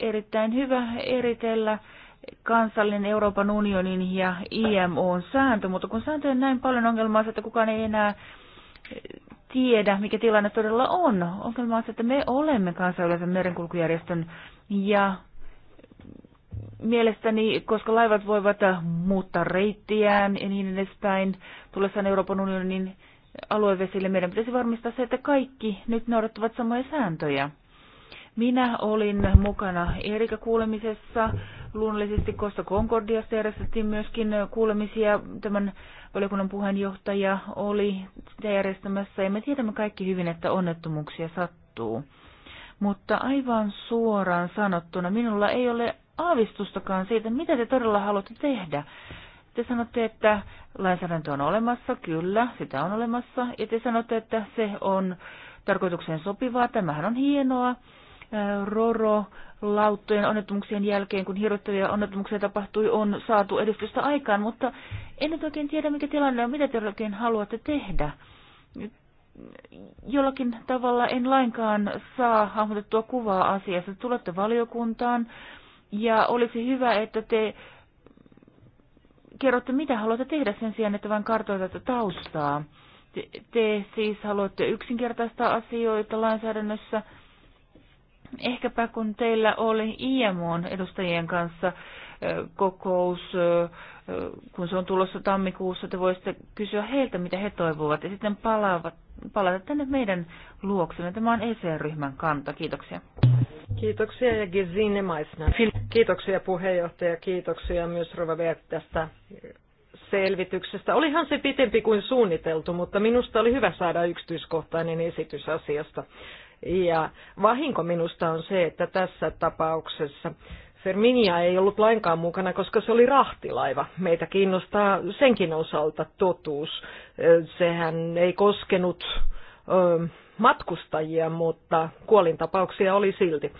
erittäin hyvä eritellä kansallinen Euroopan unionin ja IMOn sääntö, mutta kun sääntöjä on näin paljon ongelmaa, että kukaan ei enää tiedä, mikä tilanne todella on. Ongelma on se, että me olemme kansainvälisen merenkulkujärjestön ja mielestäni, koska laivat voivat muuttaa reittiään ja niin edespäin tullessaan Euroopan unionin aluevesille, meidän pitäisi varmistaa se, että kaikki nyt noudattavat samoja sääntöjä. Minä olin mukana Erika kuulemisessa. Luonnollisesti Kosta Concordiassa järjestettiin myöskin kuulemisia. Tämän valiokunnan puheenjohtaja oli sitä järjestämässä ja me tiedämme kaikki hyvin, että onnettomuuksia sattuu. Mutta aivan suoraan sanottuna minulla ei ole aavistustakaan siitä, mitä te todella haluatte tehdä. Te sanotte, että lainsäädäntö on olemassa, kyllä, sitä on olemassa, ja te sanotte, että se on tarkoitukseen sopivaa, tämähän on hienoa, Roro lauttojen onnettomuuksien jälkeen, kun hirvittäviä onnettomuuksia tapahtui, on saatu edistystä aikaan, mutta en nyt oikein tiedä, mikä tilanne on, mitä te oikein haluatte tehdä. Jollakin tavalla en lainkaan saa hahmotettua kuvaa asiasta. Tulette valiokuntaan ja olisi hyvä, että te kerrotte, mitä haluatte tehdä sen sijaan, että vain kartoitatte taustaa. Te, te siis haluatte yksinkertaistaa asioita lainsäädännössä – ehkäpä kun teillä oli imo edustajien kanssa kokous, kun se on tulossa tammikuussa, te voisitte kysyä heiltä, mitä he toivovat, ja sitten palaavat, palata tänne meidän luoksemme. Tämä on ECR-ryhmän kanta. Kiitoksia. Kiitoksia ja Gesine Maisner. Kiitoksia puheenjohtaja, kiitoksia myös Rova Berg tästä selvityksestä. Olihan se pitempi kuin suunniteltu, mutta minusta oli hyvä saada yksityiskohtainen esitys asiasta. Ja vahinko minusta on se, että tässä tapauksessa Ferminia ei ollut lainkaan mukana, koska se oli rahtilaiva. Meitä kiinnostaa senkin osalta totuus. Sehän ei koskenut matkustajia, mutta kuolintapauksia oli silti.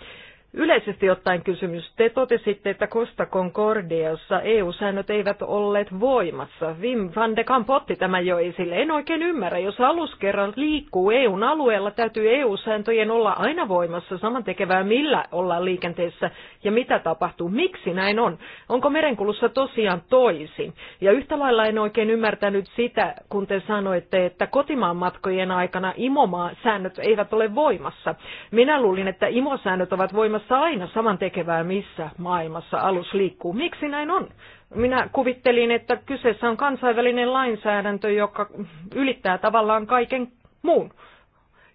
Yleisesti ottaen kysymys. Te totesitte, että Costa Concordiassa EU-säännöt eivät olleet voimassa. Wim van de Kamp otti tämä jo esille. En oikein ymmärrä. Jos alus kerran liikkuu EUn alueella, täytyy EU-sääntöjen olla aina voimassa samantekevää, millä ollaan liikenteessä ja mitä tapahtuu. Miksi näin on? Onko merenkulussa tosiaan toisin? Ja yhtä lailla en oikein ymmärtänyt sitä, kun te sanoitte, että kotimaan matkojen aikana imomaa säännöt eivät ole voimassa. Minä luulin, että imosäännöt ovat voimassa asiassa aina saman tekevää missä maailmassa alus liikkuu. Miksi näin on? Minä kuvittelin, että kyseessä on kansainvälinen lainsäädäntö, joka ylittää tavallaan kaiken muun.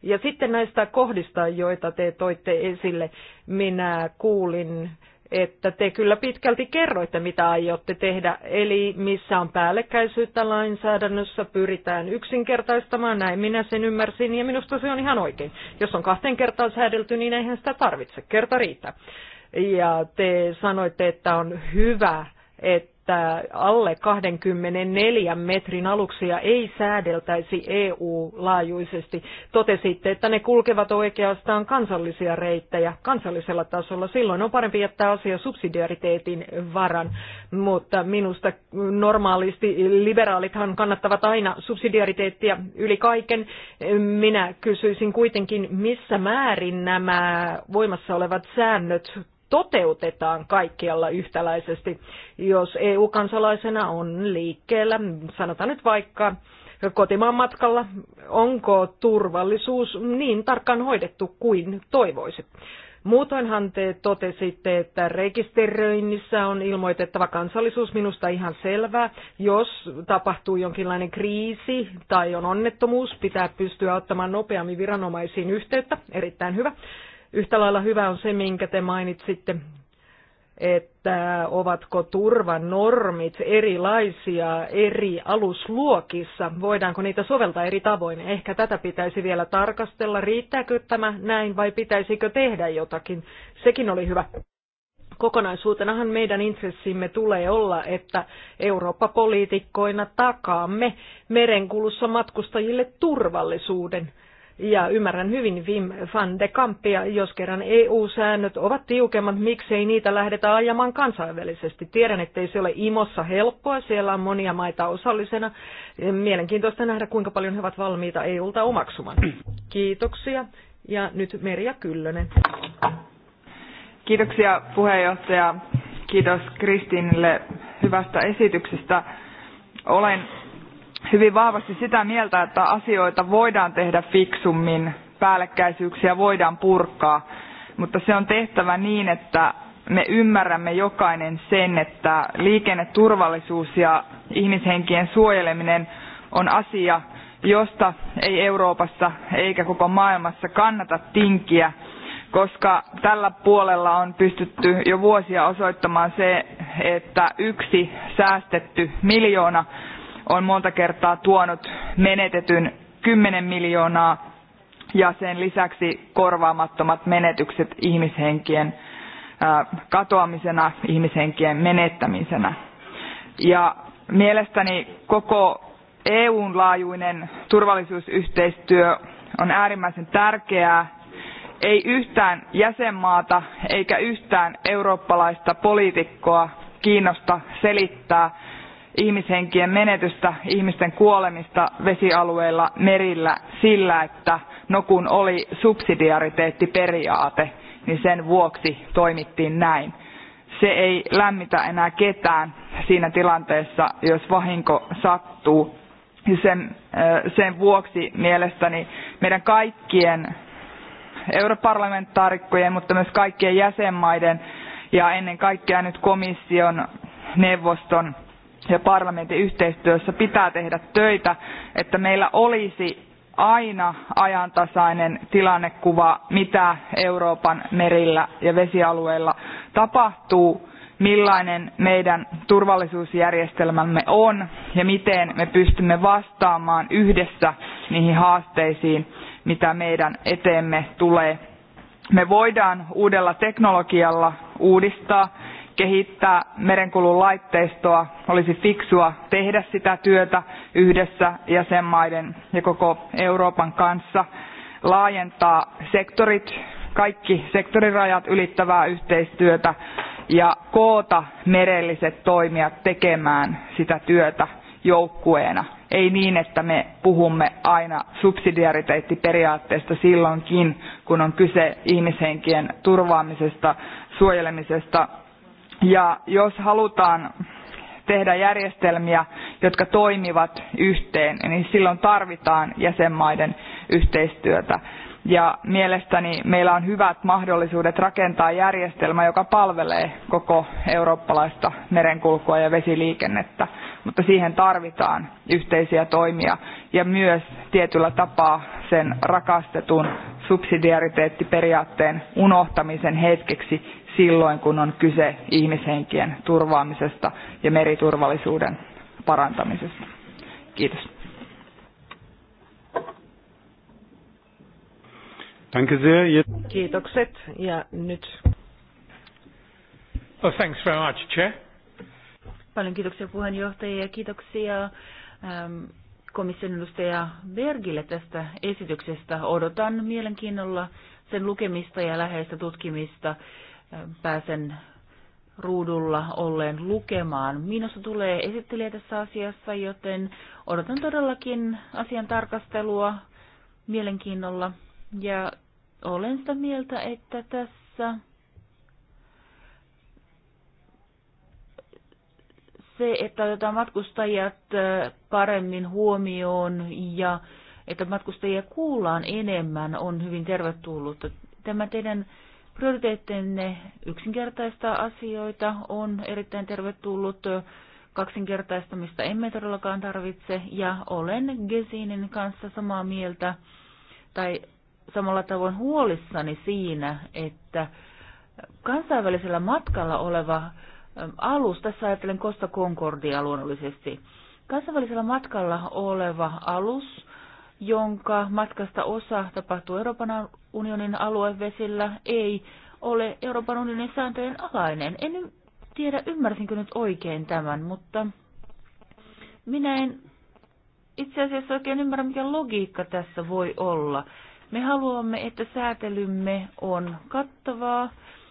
Ja sitten näistä kohdista, joita te toitte esille, minä kuulin että te kyllä pitkälti kerroitte, mitä aiotte tehdä. Eli missä on päällekkäisyyttä lainsäädännössä, pyritään yksinkertaistamaan, näin minä sen ymmärsin, ja minusta se on ihan oikein. Jos on kahteen kertaan säädelty, niin eihän sitä tarvitse, kerta riittää. Ja te sanoitte, että on hyvä, että että alle 24 metrin aluksia ei säädeltäisi EU-laajuisesti. Totesitte, että ne kulkevat oikeastaan kansallisia reittejä kansallisella tasolla. Silloin on parempi jättää asia subsidiariteetin varan, mutta minusta normaalisti liberaalithan kannattavat aina subsidiariteettia yli kaiken. Minä kysyisin kuitenkin, missä määrin nämä voimassa olevat säännöt toteutetaan kaikkialla yhtäläisesti. Jos EU-kansalaisena on liikkeellä, sanotaan nyt vaikka kotimaan matkalla, onko turvallisuus niin tarkkaan hoidettu kuin toivoisi. Muutoinhan te totesitte, että rekisteröinnissä on ilmoitettava kansallisuus minusta ihan selvää. Jos tapahtuu jonkinlainen kriisi tai on onnettomuus, pitää pystyä ottamaan nopeammin viranomaisiin yhteyttä. Erittäin hyvä. Yhtä lailla hyvä on se, minkä te mainitsitte, että ovatko turvanormit erilaisia eri alusluokissa, voidaanko niitä soveltaa eri tavoin. Ehkä tätä pitäisi vielä tarkastella, riittääkö tämä näin vai pitäisikö tehdä jotakin. Sekin oli hyvä. Kokonaisuutenahan meidän intressimme tulee olla, että Eurooppa-poliitikkoina takaamme merenkulussa matkustajille turvallisuuden – ja ymmärrän hyvin Wim van de Kampia, jos kerran EU-säännöt ovat tiukemmat, miksei niitä lähdetä ajamaan kansainvälisesti. Tiedän, ettei se ole imossa helppoa, siellä on monia maita osallisena. Mielenkiintoista nähdä, kuinka paljon he ovat valmiita EUlta omaksumaan. Kiitoksia. Ja nyt Merja Kyllönen. Kiitoksia puheenjohtaja. Kiitos Kristiinille hyvästä esityksestä. Olen hyvin vahvasti sitä mieltä, että asioita voidaan tehdä fiksummin, päällekkäisyyksiä voidaan purkaa, mutta se on tehtävä niin, että me ymmärrämme jokainen sen, että liikenneturvallisuus ja ihmishenkien suojeleminen on asia, josta ei Euroopassa eikä koko maailmassa kannata tinkiä, koska tällä puolella on pystytty jo vuosia osoittamaan se, että yksi säästetty miljoona on monta kertaa tuonut menetetyn 10 miljoonaa ja sen lisäksi korvaamattomat menetykset ihmishenkien katoamisena, ihmishenkien menettämisenä. Ja mielestäni koko EUn laajuinen turvallisuusyhteistyö on äärimmäisen tärkeää. Ei yhtään jäsenmaata eikä yhtään eurooppalaista poliitikkoa kiinnosta selittää, ihmishenkien menetystä, ihmisten kuolemista vesialueilla, merillä sillä, että no kun oli subsidiariteettiperiaate, niin sen vuoksi toimittiin näin. Se ei lämmitä enää ketään siinä tilanteessa, jos vahinko sattuu. Sen, sen vuoksi mielestäni meidän kaikkien europarlamentaarikkojen, mutta myös kaikkien jäsenmaiden ja ennen kaikkea nyt komission, neuvoston ja parlamentin yhteistyössä pitää tehdä töitä, että meillä olisi aina ajantasainen tilannekuva, mitä Euroopan merillä ja vesialueilla tapahtuu, millainen meidän turvallisuusjärjestelmämme on ja miten me pystymme vastaamaan yhdessä niihin haasteisiin, mitä meidän eteemme tulee. Me voidaan uudella teknologialla uudistaa kehittää merenkulun laitteistoa. Olisi fiksua tehdä sitä työtä yhdessä jäsenmaiden ja koko Euroopan kanssa, laajentaa sektorit, kaikki sektorirajat ylittävää yhteistyötä ja koota merelliset toimijat tekemään sitä työtä joukkueena. Ei niin, että me puhumme aina subsidiariteettiperiaatteesta silloinkin, kun on kyse ihmishenkien turvaamisesta, suojelemisesta ja jos halutaan tehdä järjestelmiä, jotka toimivat yhteen, niin silloin tarvitaan jäsenmaiden yhteistyötä. Ja mielestäni meillä on hyvät mahdollisuudet rakentaa järjestelmä, joka palvelee koko eurooppalaista merenkulkua ja vesiliikennettä. Mutta siihen tarvitaan yhteisiä toimia ja myös tietyllä tapaa sen rakastetun subsidiariteettiperiaatteen unohtamisen hetkeksi silloin, kun on kyse ihmishenkien turvaamisesta ja meriturvallisuuden parantamisesta. Kiitos. Danke sehr. Kiitokset ja nyt. Oh, thanks very much, Chair. Paljon kiitoksia puheenjohtaja ja kiitoksia ähm, komission edustaja Bergille tästä esityksestä. Odotan mielenkiinnolla sen lukemista ja läheistä tutkimista pääsen ruudulla olleen lukemaan. Minusta tulee esittelijä tässä asiassa, joten odotan todellakin asian tarkastelua mielenkiinnolla. Ja olen sitä mieltä, että tässä se, että otetaan matkustajat paremmin huomioon ja että matkustajia kuullaan enemmän, on hyvin tervetullut. Tämä teidän prioriteettinne yksinkertaistaa asioita on erittäin tervetullut. Kaksinkertaistamista emme todellakaan tarvitse ja olen Gesinin kanssa samaa mieltä tai samalla tavoin huolissani siinä, että kansainvälisellä matkalla oleva alus, tässä ajattelen Costa Concordia luonnollisesti, kansainvälisellä matkalla oleva alus jonka matkasta osa tapahtuu Euroopan unionin aluevesillä, ei ole Euroopan unionin sääntöjen alainen. En tiedä, ymmärsinkö nyt oikein tämän, mutta minä en itse asiassa oikein ymmärrä, mikä logiikka tässä voi olla. Me haluamme, että säätelymme on kattavaa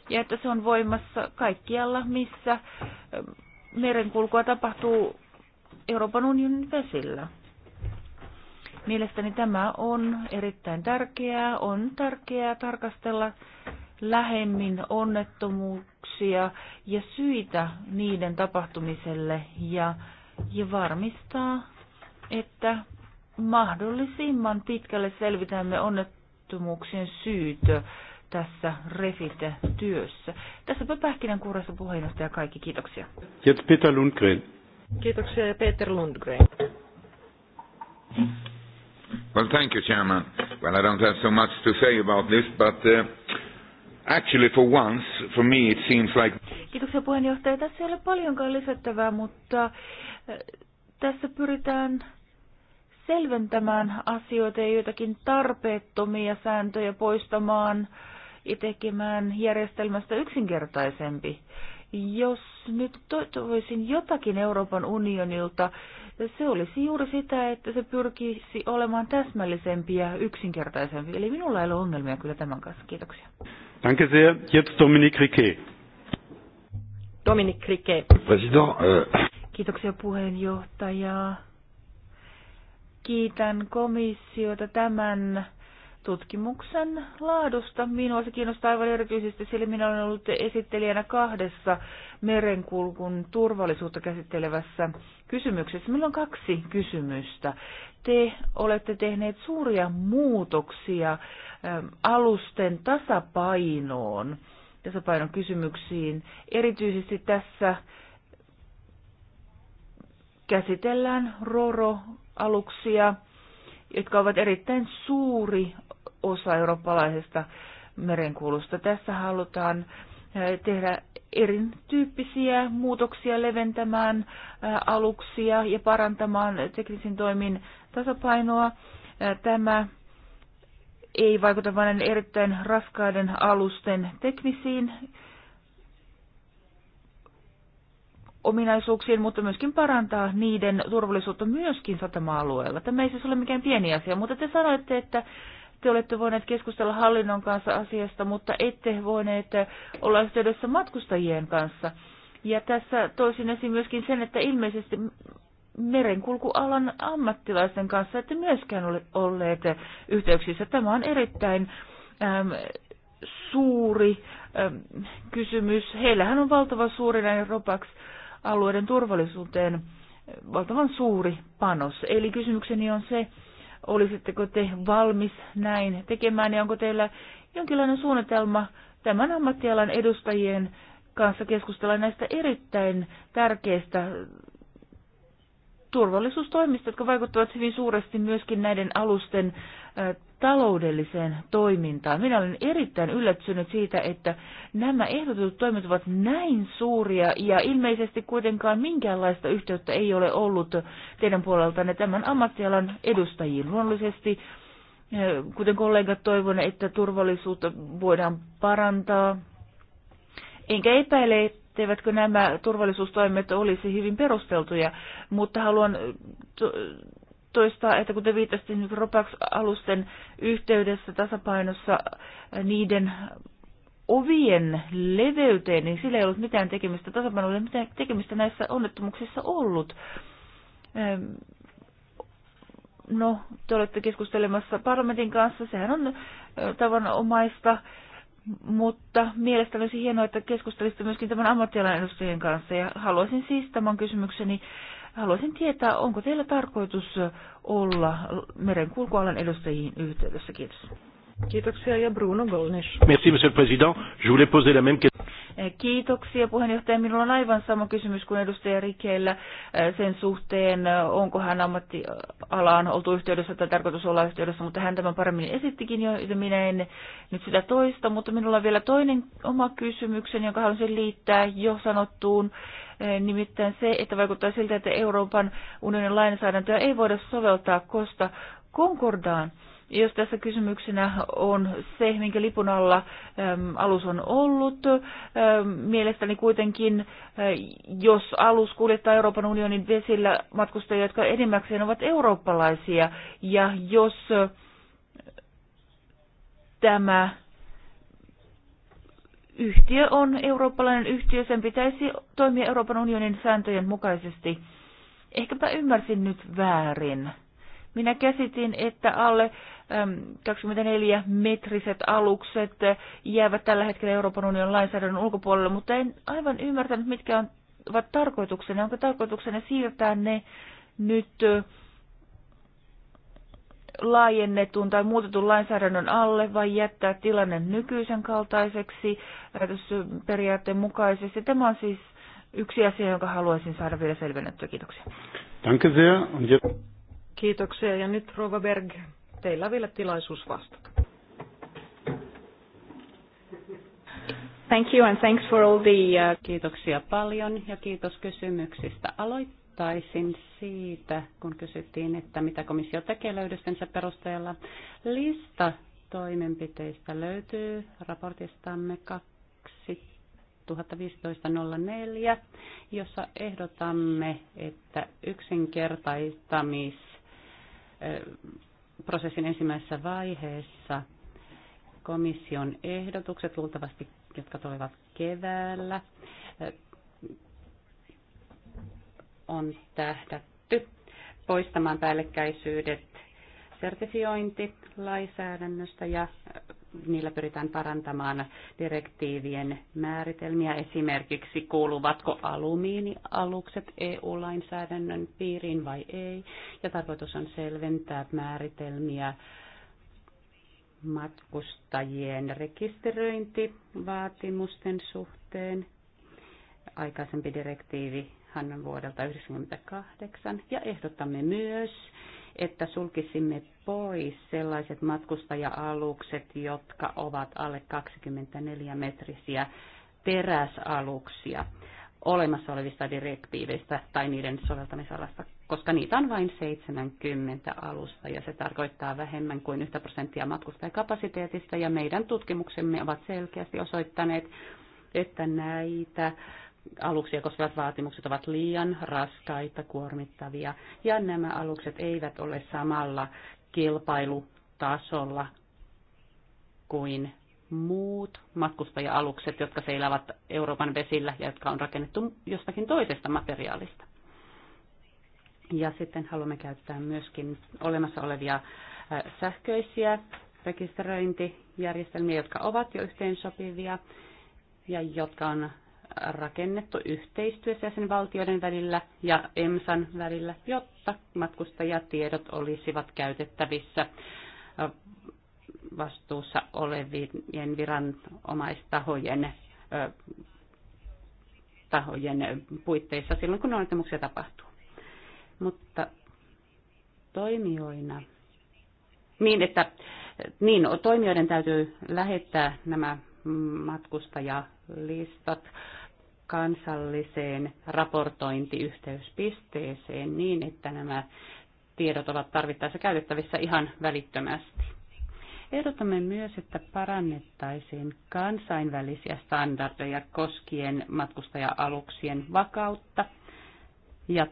ja että se on voimassa kaikkialla, missä merenkulkua tapahtuu Euroopan unionin vesillä. Mielestäni tämä on erittäin tärkeää. On tärkeää tarkastella lähemmin onnettomuuksia ja syitä niiden tapahtumiselle ja, ja varmistaa, että mahdollisimman pitkälle selvitämme onnettomuuksien syyt tässä refite työssä Tässäpä pähkinänkuurassa puheenjohtaja kaikki. Kiitoksia. Kiitos Peter Lundgren. Kiitoksia ja Peter Lundgren. Well, thank you, Chairman. Well, I don't have so much to say about this, but uh, actually for once, for me it seems like... Kiitoksia puheenjohtaja. Tässä ei ole paljonkaan lisättävää, mutta tässä pyritään selventämään asioita ja joitakin tarpeettomia sääntöjä poistamaan ja tekemään järjestelmästä yksinkertaisempi. Jos nyt toivoisin jotakin Euroopan unionilta, se olisi juuri sitä, että se pyrkisi olemaan täsmällisempi ja yksinkertaisempi. Eli minulla ei ole ongelmia kyllä tämän kanssa. Kiitoksia. Danke sehr. Jetzt Dominik Riquet. Dominik Riquet. President, äh... Euh, Kiitoksia puheenjohtaja. Kiitän komissiota tämän tutkimuksen laadusta. Minua se kiinnostaa aivan erityisesti, sillä minä olen ollut esittelijänä kahdessa merenkulkun turvallisuutta käsittelevässä kysymyksessä. Minulla on kaksi kysymystä. Te olette tehneet suuria muutoksia ähm, alusten tasapainoon, tasapainon kysymyksiin. Erityisesti tässä käsitellään roro-aluksia, jotka ovat erittäin suuri osa eurooppalaisesta merenkulusta. Tässä halutaan tehdä erityyppisiä muutoksia leventämään aluksia ja parantamaan teknisin toimin tasapainoa. Tämä ei vaikuta vain erittäin raskaiden alusten teknisiin ominaisuuksiin, mutta myöskin parantaa niiden turvallisuutta myöskin satama-alueella. Tämä ei siis ole mikään pieni asia, mutta te sanoitte, että te olette voineet keskustella hallinnon kanssa asiasta, mutta ette voineet olla yhteydessä matkustajien kanssa. Ja tässä toisin esiin myöskin sen, että ilmeisesti merenkulkualan ammattilaisten kanssa ette myöskään ole olleet yhteyksissä. Tämä on erittäin äm, suuri äm, kysymys. Heillähän on valtava suuri näin ropaks alueiden turvallisuuteen valtavan suuri panos. Eli kysymykseni on se, Olisitteko te valmis näin tekemään ja onko teillä jonkinlainen suunnitelma tämän ammattialan edustajien kanssa keskustella näistä erittäin tärkeistä turvallisuustoimista, jotka vaikuttavat hyvin suuresti myöskin näiden alusten äh, taloudelliseen toimintaan. Minä olen erittäin yllättynyt siitä, että nämä ehdotetut toimet ovat näin suuria ja ilmeisesti kuitenkaan minkäänlaista yhteyttä ei ole ollut teidän puoleltanne tämän ammattialan edustajiin. Luonnollisesti, eh, kuten kollegat toivon, että turvallisuutta voidaan parantaa. Enkä epäile, etteivätkö nämä turvallisuustoimet olisi hyvin perusteltuja, mutta haluan toistaa, että kun viittasitte viittasin Ropax-alusten yhteydessä tasapainossa äh, niiden ovien leveyteen, niin sillä ei ollut mitään tekemistä tasapainolle, mitään tekemistä näissä onnettomuuksissa ollut. Ähm, no, te olette keskustelemassa parlamentin kanssa, sehän on äh, tavanomaista, mutta mielestäni olisi hienoa, että keskustelisitte myöskin tämän ammattialan edustajien kanssa, ja haluaisin siis tämän kysymykseni Haluaisin tietää, onko teillä tarkoitus olla merenkulkualan edustajiin yhteydessä. Kiitos. Kiitoksia ja Bruno Golnish. Merci, monsieur le président. Je voulais poser la même question. Kiitoksia puheenjohtaja. Minulla on aivan sama kysymys kuin edustaja Rikeillä eh, sen suhteen, eh, onko hän ammattialaan oltu yhteydessä tai tarkoitus olla yhteydessä, mutta hän tämän paremmin esittikin jo, joten minä en nyt sitä toista, mutta minulla on vielä toinen oma kysymyksen, jonka haluaisin liittää jo sanottuun nimittäin se, että vaikuttaa siltä, että Euroopan unionin lainsäädäntöä ei voida soveltaa kosta Concordaan. Jos tässä kysymyksenä on se, minkä lipun alla äm, alus on ollut, äm, mielestäni kuitenkin, jos alus kuljettaa Euroopan unionin vesillä matkustajia, jotka enimmäkseen ovat eurooppalaisia, ja jos tämä yhtiö on eurooppalainen yhtiö, sen pitäisi toimia Euroopan unionin sääntöjen mukaisesti. Ehkäpä ymmärsin nyt väärin. Minä käsitin, että alle 24 metriset alukset jäävät tällä hetkellä Euroopan unionin lainsäädännön ulkopuolelle, mutta en aivan ymmärtänyt, mitkä ovat tarkoituksena. Onko tarkoituksena siirtää ne nyt laajennetun tai muutetun lainsäädännön alle vai jättää tilanne nykyisen kaltaiseksi periaatteen mukaisesti. Tämä on siis yksi asia, jonka haluaisin saada vielä selvennettyä. Kiitoksia. Kiitoksia. Ja nyt Rova Berg, teillä on vielä tilaisuus vastata. Thank you and thanks for all the... Uh, Kiitoksia paljon ja kiitos kysymyksistä. aloit muistuttaisin siitä, kun kysyttiin, että mitä komissio tekee löydöstensä perusteella. Lista toimenpiteistä löytyy raportistamme 2015-04, jossa ehdotamme, että yksinkertaistamisprosessin ensimmäisessä vaiheessa komission ehdotukset luultavasti, jotka tulevat keväällä, on tähdätty poistamaan päällekkäisyydet sertifiointilainsäädännöstä ja niillä pyritään parantamaan direktiivien määritelmiä, esimerkiksi kuuluvatko alumiinialukset EU-lainsäädännön piiriin vai ei. Ja tarkoitus on selventää määritelmiä matkustajien rekisteröintivaatimusten suhteen. Aikaisempi direktiivi hän on vuodelta 1998, ja ehdottamme myös, että sulkisimme pois sellaiset matkustaja-alukset, jotka ovat alle 24 metrisiä teräsaluksia olemassa olevista direktiiveistä tai niiden soveltamisalasta, koska niitä on vain 70 alusta ja se tarkoittaa vähemmän kuin 1 prosenttia matkustajakapasiteetista ja meidän tutkimuksemme ovat selkeästi osoittaneet, että näitä aluksia koskevat vaatimukset ovat liian raskaita, kuormittavia ja nämä alukset eivät ole samalla kilpailutasolla kuin muut matkustaja-alukset, jotka seilaavat Euroopan vesillä ja jotka on rakennettu jostakin toisesta materiaalista. Ja sitten haluamme käyttää myöskin olemassa olevia sähköisiä rekisteröintijärjestelmiä, jotka ovat jo yhteensopivia ja jotka on rakennettu yhteistyössä jäsenvaltioiden välillä ja EMSAn välillä, jotta matkustajatiedot olisivat käytettävissä vastuussa olevien viranomaistahojen tahojen puitteissa silloin, kun onnettomuuksia tapahtuu. Mutta toimijoina, niin että niin, toimijoiden täytyy lähettää nämä matkustajat listat kansalliseen raportointiyhteyspisteeseen niin, että nämä tiedot ovat tarvittaessa käytettävissä ihan välittömästi. Ehdotamme myös, että parannettaisiin kansainvälisiä standardeja koskien matkustaja-aluksien vakautta ja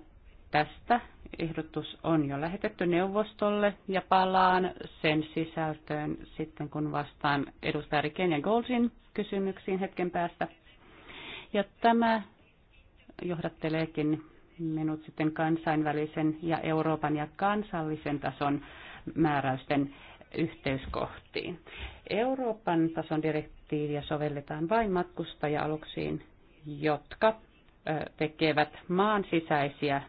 tästä ehdotus on jo lähetetty neuvostolle ja palaan sen sisältöön sitten, kun vastaan edustaja Riken ja Goldsin kysymyksiin hetken päästä. Ja tämä johdatteleekin minut sitten kansainvälisen ja Euroopan ja kansallisen tason määräysten yhteyskohtiin. Euroopan tason direktiiviä sovelletaan vain matkustaja-aluksiin, jotka tekevät maan sisäisiä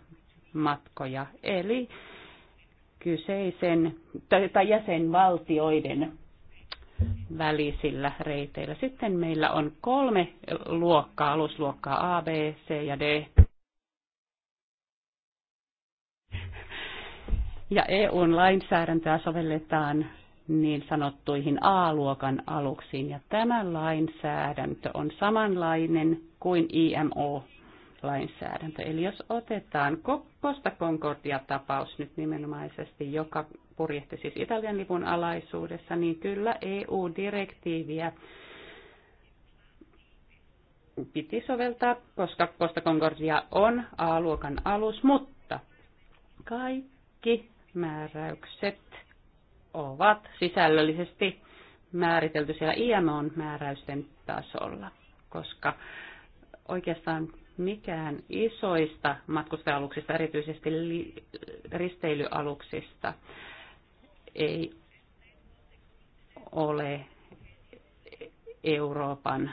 matkoja, eli kyseisen tai, tai jäsenvaltioiden välisillä reiteillä. Sitten meillä on kolme luokkaa, alusluokkaa A, B, C ja D. Ja EUn lainsäädäntöä sovelletaan niin sanottuihin A-luokan aluksiin. Ja tämä lainsäädäntö on samanlainen kuin IMO lainsäädäntö. Eli jos otetaan Costa Concordia-tapaus nyt nimenomaisesti, joka purjehti siis Italian lipun alaisuudessa, niin kyllä EU-direktiiviä piti soveltaa, koska Costa Concordia on A-luokan alus, mutta kaikki määräykset ovat sisällöllisesti määritelty siellä imo määräysten tasolla, koska oikeastaan mikään isoista matkustajaluksista, erityisesti risteilyaluksista, ei ole Euroopan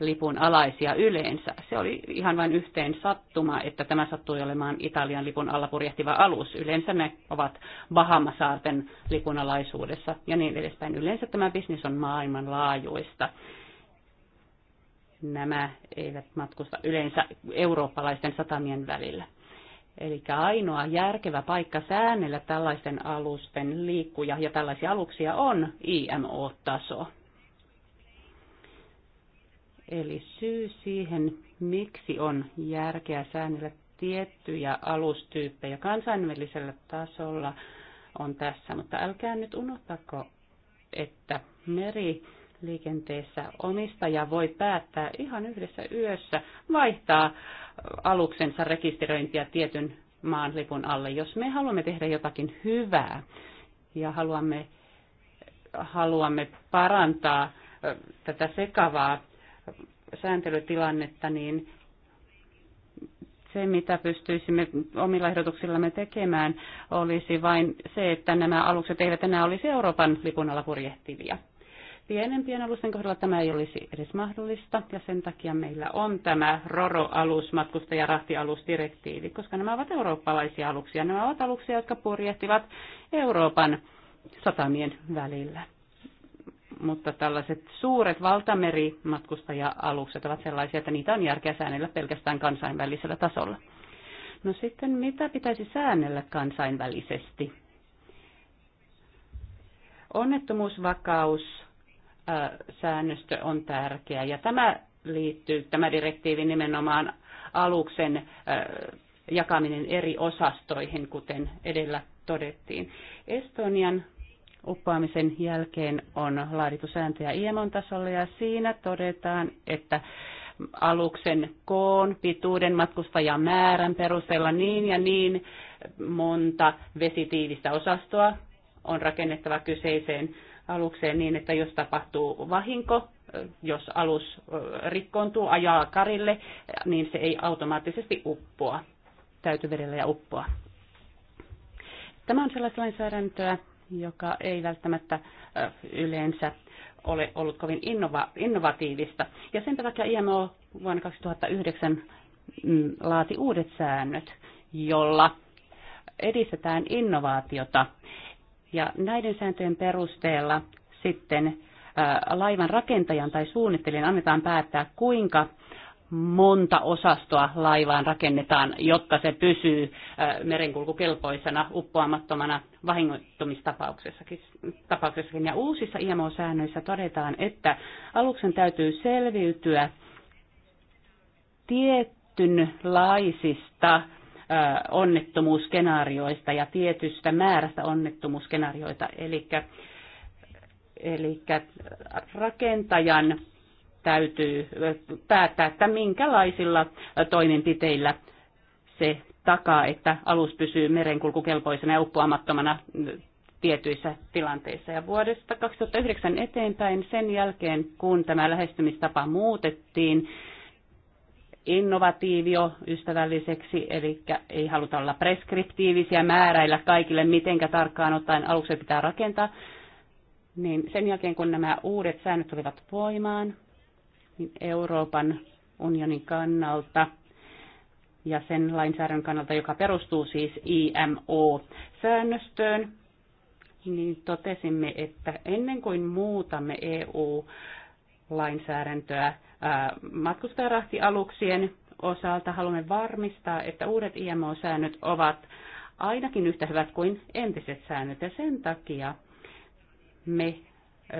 lipun alaisia yleensä. Se oli ihan vain yhteen sattuma, että tämä sattui olemaan Italian lipun alla purjehtiva alus. Yleensä ne ovat Bahamasaarten lipun alaisuudessa ja niin edespäin. Yleensä tämä bisnes on maailmanlaajuista nämä eivät matkusta yleensä eurooppalaisten satamien välillä. Eli ainoa järkevä paikka säännellä tällaisten alusten liikkuja ja tällaisia aluksia on IMO-taso. Eli syy siihen, miksi on järkeä säännellä tiettyjä alustyyppejä kansainvälisellä tasolla, on tässä. Mutta älkää nyt unohtako, että meri liikenteessä omistaja voi päättää ihan yhdessä yössä vaihtaa aluksensa rekisteröintiä tietyn maan lipun alle. Jos me haluamme tehdä jotakin hyvää ja haluamme, haluamme parantaa tätä sekavaa sääntelytilannetta, niin se, mitä pystyisimme omilla ehdotuksillamme tekemään, olisi vain se, että nämä alukset eivät enää olisi Euroopan lipun alla purjehtivia. Pienempien alusten kohdalla tämä ei olisi edes mahdollista ja sen takia meillä on tämä RORO-alus, matkustajarahtialusdirektiivi, koska nämä ovat eurooppalaisia aluksia. Nämä ovat aluksia, jotka purjehtivat Euroopan satamien välillä. Mutta tällaiset suuret valtamerimatkustaja-alukset ovat sellaisia, että niitä on järkeä säännellä pelkästään kansainvälisellä tasolla. No sitten mitä pitäisi säännellä kansainvälisesti? Onnettomuusvakaus säännöstö on tärkeä. Ja tämä liittyy, tämä direktiivi nimenomaan aluksen jakaminen eri osastoihin, kuten edellä todettiin. Estonian uppoamisen jälkeen on laadittu sääntöjä IEMOn tasolla ja siinä todetaan, että aluksen koon, pituuden, matkustajamäärän perusteella niin ja niin monta vesitiivistä osastoa on rakennettava kyseiseen alukseen niin, että jos tapahtuu vahinko, jos alus rikkoontuu, ajaa karille, niin se ei automaattisesti uppoa täytyvedellä ja uppoa. Tämä on sellaista lainsäädäntöä, joka ei välttämättä yleensä ole ollut kovin innova, innovatiivista. Ja sen takia IMO vuonna 2009 mm, laati uudet säännöt, jolla edistetään innovaatiota ja näiden sääntöjen perusteella sitten laivan rakentajan tai suunnittelijan annetaan päättää, kuinka monta osastoa laivaan rakennetaan, jotta se pysyy merenkulkukelpoisena, uppoamattomana vahingoittumistapauksessakin. Ja uusissa IMO-säännöissä todetaan, että aluksen täytyy selviytyä tiettynlaisista onnettomuusskenaarioista ja tietystä määrästä onnettomuusskenaarioita. Eli, eli rakentajan täytyy päättää, että minkälaisilla toimenpiteillä se takaa, että alus pysyy merenkulkukelpoisena ja uppoamattomana tietyissä tilanteissa. Ja vuodesta 2009 eteenpäin sen jälkeen, kun tämä lähestymistapa muutettiin, innovatiivio ystävälliseksi, eli ei haluta olla preskriptiivisiä, määräillä kaikille, mitenkä tarkkaan ottaen aluksi pitää rakentaa, niin sen jälkeen kun nämä uudet säännöt tulivat voimaan, niin Euroopan unionin kannalta ja sen lainsäädännön kannalta, joka perustuu siis IMO-säännöstöön, niin totesimme, että ennen kuin muutamme EU-lainsäädäntöä, matkustajarahtialuksien osalta haluamme varmistaa, että uudet IMO-säännöt ovat ainakin yhtä hyvät kuin entiset säännöt. Ja sen takia me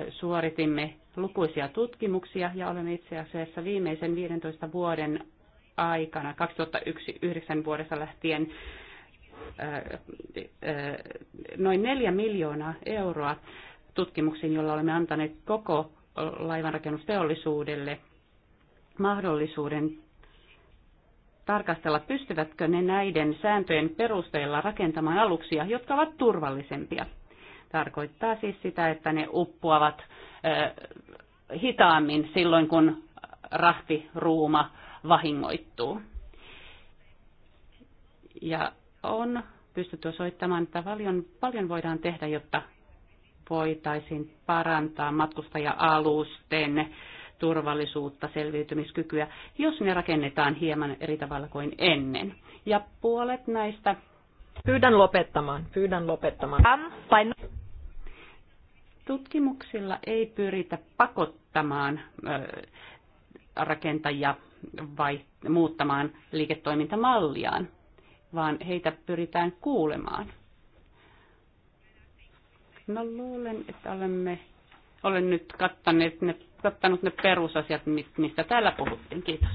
suoritimme lukuisia tutkimuksia ja olemme itse asiassa viimeisen 15 vuoden aikana, 2009 vuodesta lähtien, noin 4 miljoonaa euroa tutkimuksiin, jolla olemme antaneet koko laivanrakennusteollisuudelle mahdollisuuden tarkastella, pystyvätkö ne näiden sääntöjen perusteella rakentamaan aluksia, jotka ovat turvallisempia. Tarkoittaa siis sitä, että ne uppuavat hitaammin silloin, kun rahtiruuma vahingoittuu. Ja on pystytty osoittamaan, että paljon, paljon voidaan tehdä, jotta voitaisiin parantaa matkustaja-alusten turvallisuutta, selviytymiskykyä, jos ne rakennetaan hieman eri tavalla kuin ennen. Ja puolet näistä... Pyydän lopettamaan, pyydän lopettamaan. No- Tutkimuksilla ei pyritä pakottamaan rakentajia vai muuttamaan liiketoimintamalliaan, vaan heitä pyritään kuulemaan. No luulen, että olemme, olen nyt kattaneet ne kattanut ne perusasiat, mistä täällä puhuttiin. Kiitos.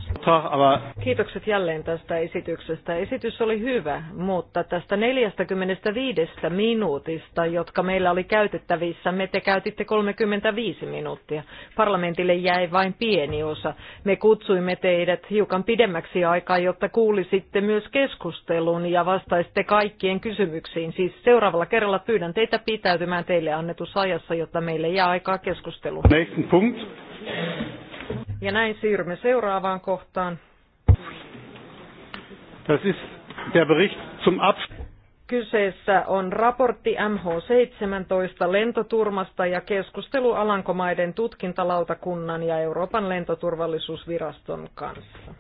Kiitokset jälleen tästä esityksestä. Esitys oli hyvä, mutta tästä 45 minuutista, jotka meillä oli käytettävissä, me te käytitte 35 minuuttia. Parlamentille jäi vain pieni osa. Me kutsuimme teidät hiukan pidemmäksi aikaa, jotta kuulisitte myös keskustelun ja vastaisitte kaikkien kysymyksiin. Siis seuraavalla kerralla pyydän teitä pitäytymään teille annetussa ajassa, jotta meille jää aikaa keskusteluun. Nächsten Punkt. Ja näin siirrymme seuraavaan kohtaan. Das ist der Bericht zum Kyseessä on raportti MH17 lentoturmasta ja keskustelu Alankomaiden tutkintalautakunnan ja Euroopan lentoturvallisuusviraston kanssa.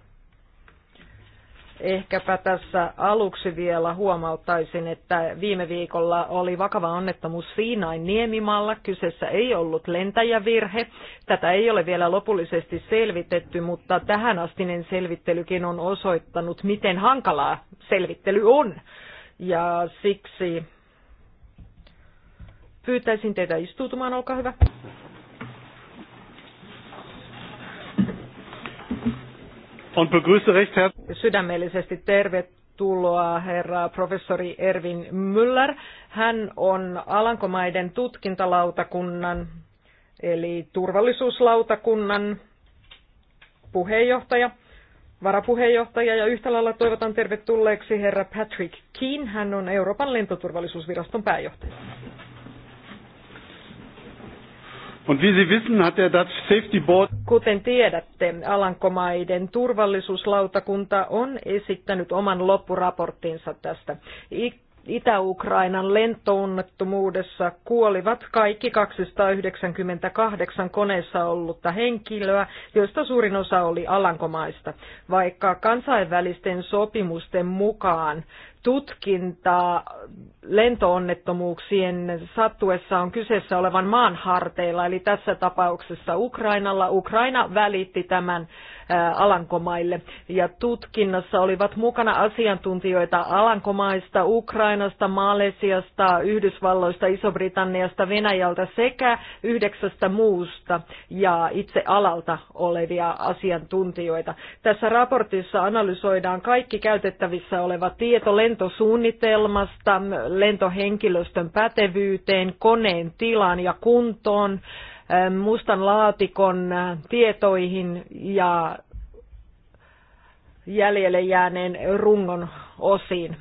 Ehkäpä tässä aluksi vielä huomauttaisin, että viime viikolla oli vakava onnettomuus Siinain niemimalla. Kyseessä ei ollut lentäjävirhe. Tätä ei ole vielä lopullisesti selvitetty, mutta tähän astinen selvittelykin on osoittanut, miten hankalaa selvittely on. Ja siksi pyytäisin teitä istuutumaan, olkaa hyvä. und begrüße recht herzlich. Sydämellisesti tervetuloa herra professori Ervin Müller. Hän on Alankomaiden tutkintalautakunnan eli turvallisuuslautakunnan puheenjohtaja, varapuheenjohtaja ja yhtä lailla toivotan tervetulleeksi herra Patrick Keen. Hän on Euroopan lentoturvallisuusviraston pääjohtaja. Kuten tiedätte, Alankomaiden turvallisuuslautakunta on esittänyt oman loppuraporttinsa tästä. Itä-Ukrainan lentounnettomuudessa kuolivat kaikki 298 koneessa ollutta henkilöä, joista suurin osa oli alankomaista. Vaikka kansainvälisten sopimusten mukaan tutkintaa lentoonnettomuuksien sattuessa on kyseessä olevan maan harteilla, eli tässä tapauksessa Ukrainalla. Ukraina välitti tämän Alankomaille. Ja tutkinnassa olivat mukana asiantuntijoita Alankomaista, Ukrainasta, Malesiasta, Yhdysvalloista, Iso-Britanniasta, Venäjältä sekä yhdeksästä muusta ja itse alalta olevia asiantuntijoita. Tässä raportissa analysoidaan kaikki käytettävissä oleva tieto lentosuunnitelmasta, lentohenkilöstön pätevyyteen, koneen tilaan ja kuntoon, mustan laatikon tietoihin ja jäljelle jääneen rungon osiin.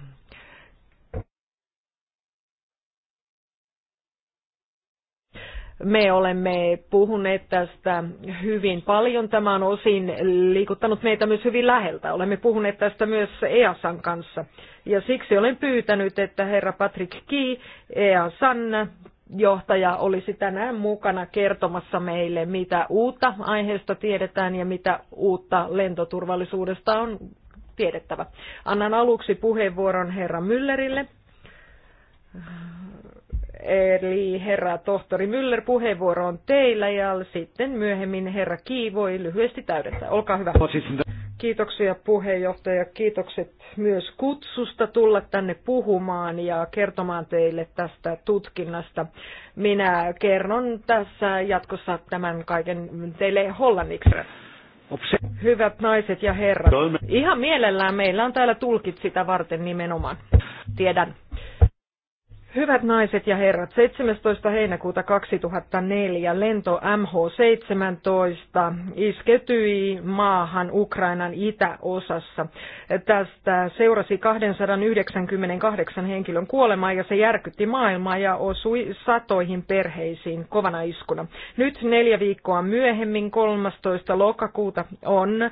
Me olemme puhuneet tästä hyvin paljon. Tämä on osin liikuttanut meitä myös hyvin läheltä. Olemme puhuneet tästä myös EASan kanssa. Ja siksi olen pyytänyt, että herra Patrick Ki EASan johtaja olisi tänään mukana kertomassa meille, mitä uutta aiheesta tiedetään ja mitä uutta lentoturvallisuudesta on tiedettävä. Annan aluksi puheenvuoron herra Müllerille. Eli herra tohtori Müller, puheenvuoro on teillä ja sitten myöhemmin herra Kiivoi lyhyesti täydentää. Olkaa hyvä. Kiitoksia puheenjohtaja. Kiitokset myös kutsusta tulla tänne puhumaan ja kertomaan teille tästä tutkinnasta. Minä kerron tässä jatkossa tämän kaiken teille hollanniksi. Hyvät naiset ja herrat, ihan mielellään meillä on täällä tulkit sitä varten nimenomaan. Tiedän. Hyvät naiset ja herrat, 17. heinäkuuta 2004 lento MH17 iskeytyi maahan Ukrainan itäosassa. Tästä seurasi 298 henkilön kuolema ja se järkytti maailmaa ja osui satoihin perheisiin kovana iskuna. Nyt neljä viikkoa myöhemmin 13. lokakuuta on eh,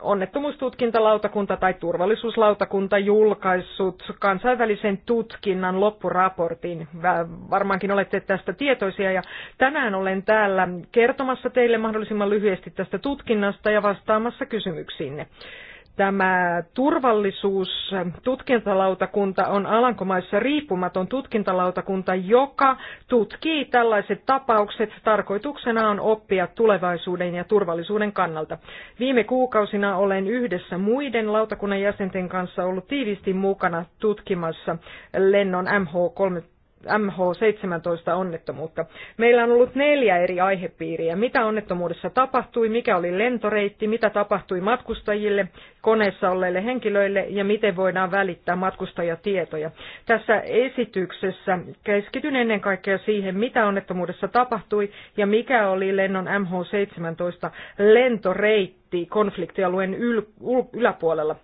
onnettomuustutkintalautakunta tai turvallisuuslautakunta julkaissut kansainvälisen tutkinnan loppuraportin raportin. Varmaankin olette tästä tietoisia ja tänään olen täällä kertomassa teille mahdollisimman lyhyesti tästä tutkinnasta ja vastaamassa kysymyksiinne tämä turvallisuus tutkintalautakunta on Alankomaissa riippumaton tutkintalautakunta, joka tutkii tällaiset tapaukset. Tarkoituksena on oppia tulevaisuuden ja turvallisuuden kannalta. Viime kuukausina olen yhdessä muiden lautakunnan jäsenten kanssa ollut tiiviisti mukana tutkimassa lennon MH3 MH17-onnettomuutta. Meillä on ollut neljä eri aihepiiriä. Mitä onnettomuudessa tapahtui, mikä oli lentoreitti, mitä tapahtui matkustajille, koneessa olleille henkilöille ja miten voidaan välittää matkustajatietoja. Tässä esityksessä keskityn ennen kaikkea siihen, mitä onnettomuudessa tapahtui ja mikä oli lennon MH17 lentoreitti konfliktialueen yl- yläpuolella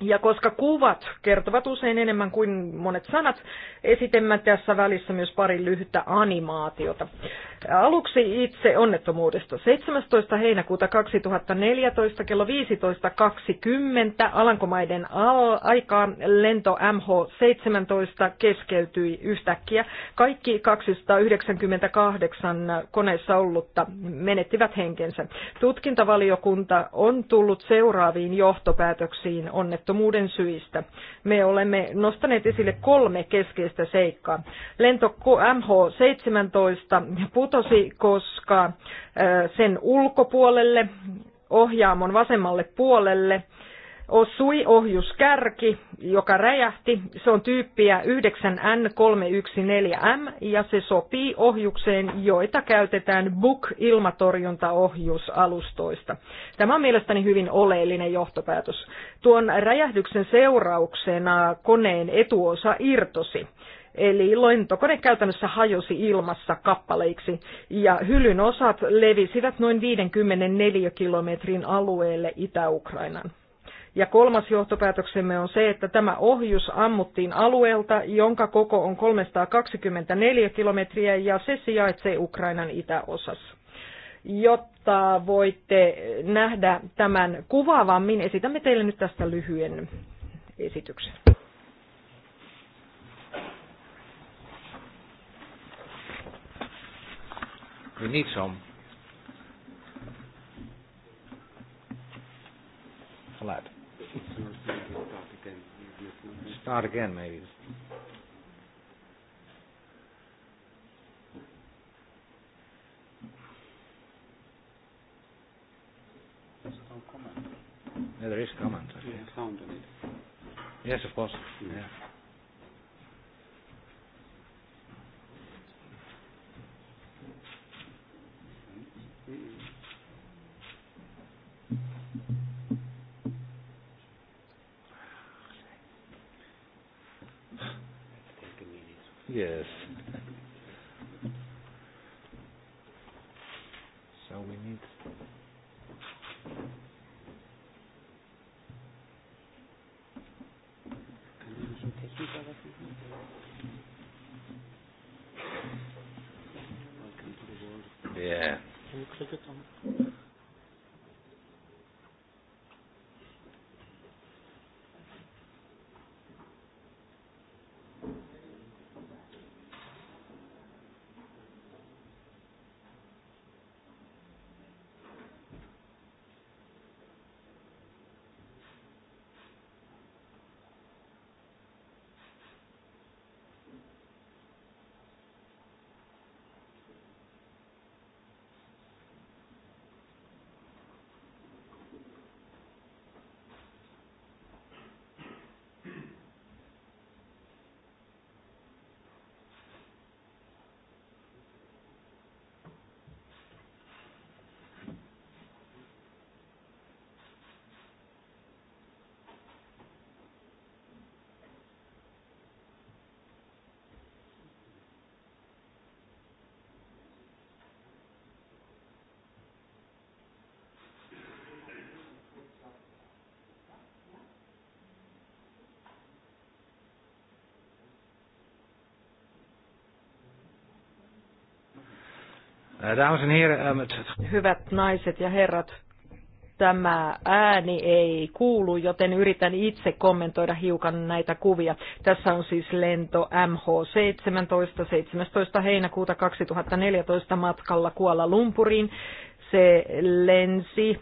ja koska kuvat kertovat usein enemmän kuin monet sanat, esitemme tässä välissä myös pari lyhyttä animaatiota aluksi itse onnettomuudesta. 17. heinäkuuta 2014 kello 15.20 Alankomaiden aikaa lento MH17 keskeytyi yhtäkkiä. Kaikki 298 koneessa ollutta menettivät henkensä. Tutkintavaliokunta on tullut seuraaviin johtopäätöksiin onnettomuuden syistä. Me olemme nostaneet esille kolme keskeistä seikkaa. Lento MH17 put putosi, koska sen ulkopuolelle, ohjaamon vasemmalle puolelle, osui ohjuskärki, joka räjähti. Se on tyyppiä 9N314M ja se sopii ohjukseen, joita käytetään Book-ilmatorjuntaohjusalustoista. Tämä on mielestäni hyvin oleellinen johtopäätös. Tuon räjähdyksen seurauksena koneen etuosa irtosi. Eli lentokone käytännössä hajosi ilmassa kappaleiksi ja hylyn osat levisivät noin 54 kilometrin alueelle Itä-Ukrainan. Ja kolmas johtopäätöksemme on se, että tämä ohjus ammuttiin alueelta, jonka koko on 324 kilometriä ja se sijaitsee Ukrainan itäosassa. Jotta voitte nähdä tämän kuvaavammin, esitämme teille nyt tästä lyhyen esityksen. We need some. Geluid. Start again, maybe. Yeah, there is comment. Yeah, sound on it. Yes, of course. Yeah. yeah. Eh, eh, Hyvät naiset ja herrat, tämä ääni ei kuulu, joten yritän itse kommentoida hiukan näitä kuvia. Tässä on siis lento MH17 17. heinäkuuta 2014 matkalla Kuala Lumpuriin. Se lensi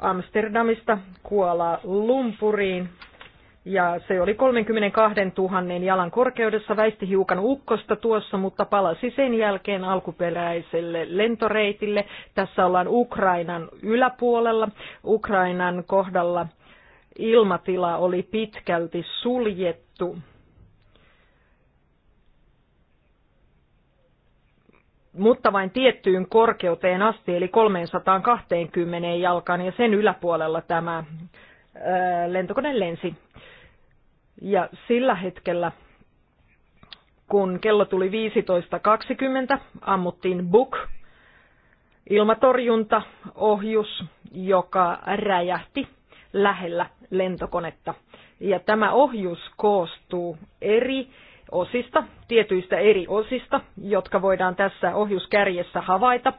Amsterdamista Kuala Lumpuriin ja se oli 32 000 jalan korkeudessa, väisti hiukan ukkosta tuossa, mutta palasi sen jälkeen alkuperäiselle lentoreitille. Tässä ollaan Ukrainan yläpuolella. Ukrainan kohdalla ilmatila oli pitkälti suljettu. mutta vain tiettyyn korkeuteen asti, eli 320 jalkaan, ja sen yläpuolella tämä lentokone lensi. Ja sillä hetkellä, kun kello tuli 15.20, ammuttiin Buk, ilmatorjuntaohjus, joka räjähti lähellä lentokonetta. Ja tämä ohjus koostuu eri osista, tietyistä eri osista, jotka voidaan tässä ohjuskärjessä havaita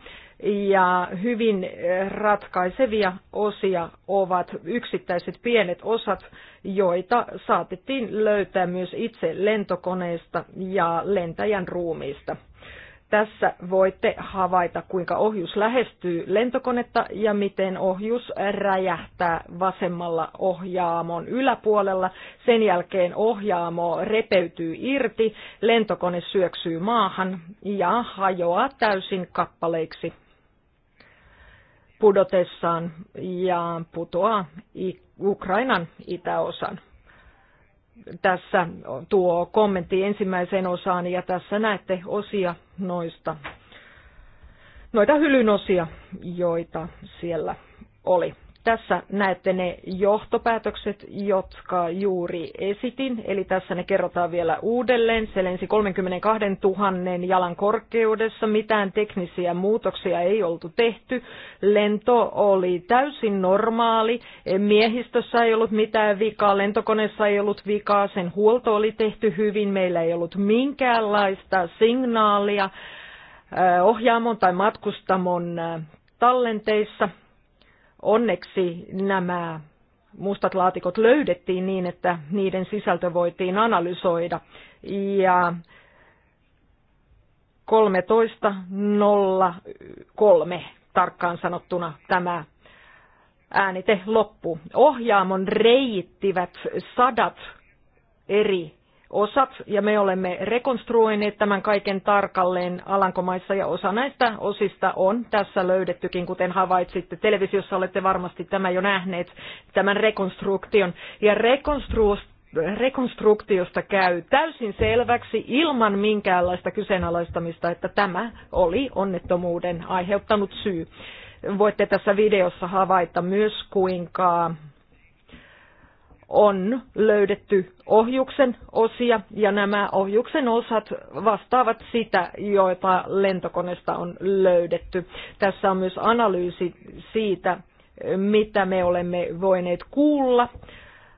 ja hyvin eh, ratkaisevia osia ovat yksittäiset pienet osat, joita saatettiin löytää myös itse lentokoneesta ja lentäjän ruumiista. Tässä voitte havaita, kuinka ohjus lähestyy lentokonetta ja miten ohjus räjähtää vasemmalla ohjaamon yläpuolella. Sen jälkeen ohjaamo repeytyy irti, lentokone syöksyy maahan ja hajoaa täysin kappaleiksi pudotessaan ja putoaa Ukrainan itäosan. Tässä tuo kommentti ensimmäiseen osaan ja tässä näette osia noista, noita hylyn osia, joita siellä oli. Tässä näette ne johtopäätökset, jotka juuri esitin, eli tässä ne kerrotaan vielä uudelleen. Se lensi 32 000 jalan korkeudessa, mitään teknisiä muutoksia ei oltu tehty. Lento oli täysin normaali, miehistössä ei ollut mitään vikaa, lentokoneessa ei ollut vikaa, sen huolto oli tehty hyvin, meillä ei ollut minkäänlaista signaalia ohjaamon tai matkustamon tallenteissa Onneksi nämä mustat laatikot löydettiin niin, että niiden sisältö voitiin analysoida. Ja 13.03 tarkkaan sanottuna tämä äänite loppu. Ohjaamon reittivät sadat eri osat, ja me olemme rekonstruoineet tämän kaiken tarkalleen Alankomaissa, ja osa näistä osista on tässä löydettykin, kuten havaitsitte. Televisiossa olette varmasti tämä jo nähneet, tämän rekonstruktion. Ja rekonstruosta rekonstruktiosta käy täysin selväksi ilman minkäänlaista kyseenalaistamista, että tämä oli onnettomuuden aiheuttanut syy. Voitte tässä videossa havaita myös, kuinka on löydetty ohjuksen osia ja nämä ohjuksen osat vastaavat sitä, joita lentokoneesta on löydetty. Tässä on myös analyysi siitä, mitä me olemme voineet kuulla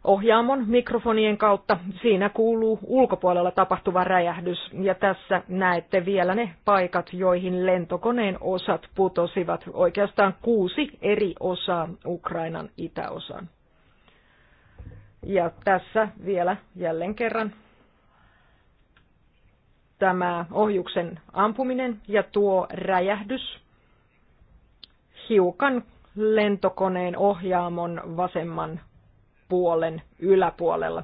ohjaamon mikrofonien kautta. Siinä kuuluu ulkopuolella tapahtuva räjähdys ja tässä näette vielä ne paikat, joihin lentokoneen osat putosivat, oikeastaan kuusi eri osaa Ukrainan itäosaan. Ja tässä vielä jälleen kerran tämä ohjuksen ampuminen ja tuo räjähdys hiukan lentokoneen ohjaamon vasemman puolen yläpuolella.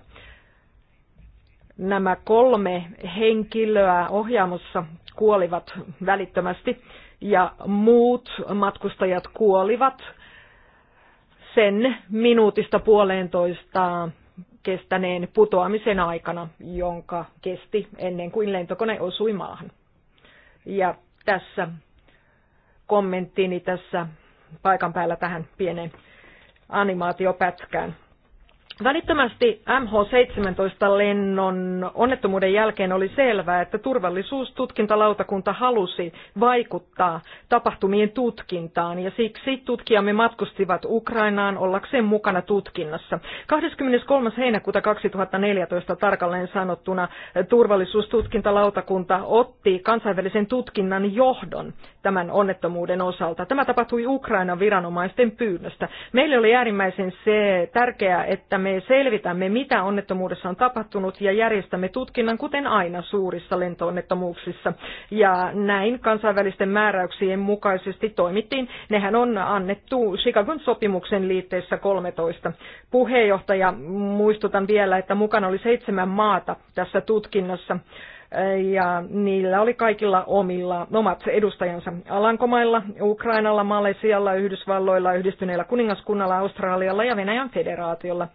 Nämä kolme henkilöä ohjaamossa kuolivat välittömästi ja muut matkustajat kuolivat sen minuutista puolentoista kestäneen putoamisen aikana, jonka kesti ennen kuin lentokone osui maahan. Ja tässä kommenttini tässä paikan päällä tähän pienen animaatiopätkään. Välittömästi MH17-lennon onnettomuuden jälkeen oli selvää, että turvallisuustutkintalautakunta halusi vaikuttaa tapahtumien tutkintaan ja siksi tutkijamme matkustivat Ukrainaan ollakseen mukana tutkinnassa. 23. heinäkuuta 2014 tarkalleen sanottuna turvallisuustutkintalautakunta otti kansainvälisen tutkinnan johdon tämän onnettomuuden osalta. Tämä tapahtui Ukrainan viranomaisten pyynnöstä. Meille oli äärimmäisen se tärkeää, että me selvitämme, mitä onnettomuudessa on tapahtunut ja järjestämme tutkinnan, kuten aina suurissa lentoonnettomuuksissa. Ja näin kansainvälisten määräyksien mukaisesti toimittiin. Nehän on annettu Chicagon sopimuksen liitteessä 13. Puheenjohtaja, muistutan vielä, että mukana oli seitsemän maata tässä tutkinnassa ja niillä oli kaikilla omilla, omat edustajansa Alankomailla, Ukrainalla, Malesialla, Yhdysvalloilla, Yhdistyneellä kuningaskunnalla, Australialla ja Venäjän federaatiolla.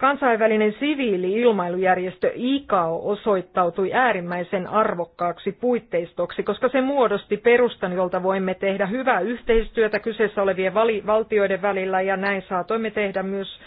Kansainvälinen siviili-ilmailujärjestö ICAO osoittautui äärimmäisen arvokkaaksi puitteistoksi, koska se muodosti perustan, jolta voimme tehdä hyvää yhteistyötä kyseessä olevien valtioiden välillä ja näin saatoimme tehdä myös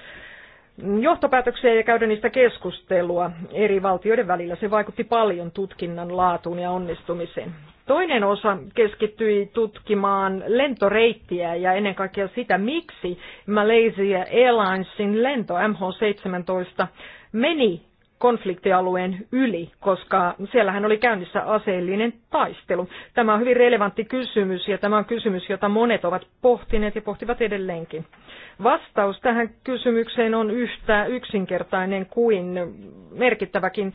johtopäätöksiä ja käydä niistä keskustelua eri valtioiden välillä. Se vaikutti paljon tutkinnan laatuun ja onnistumiseen. Toinen osa keskittyi tutkimaan lentoreittiä ja ennen kaikkea sitä, miksi Malaysia Airlinesin lento MH17 meni konfliktialueen yli, koska siellähän oli käynnissä aseellinen taistelu. Tämä on hyvin relevantti kysymys ja tämä on kysymys, jota monet ovat pohtineet ja pohtivat edelleenkin. Vastaus tähän kysymykseen on yhtä yksinkertainen kuin merkittäväkin.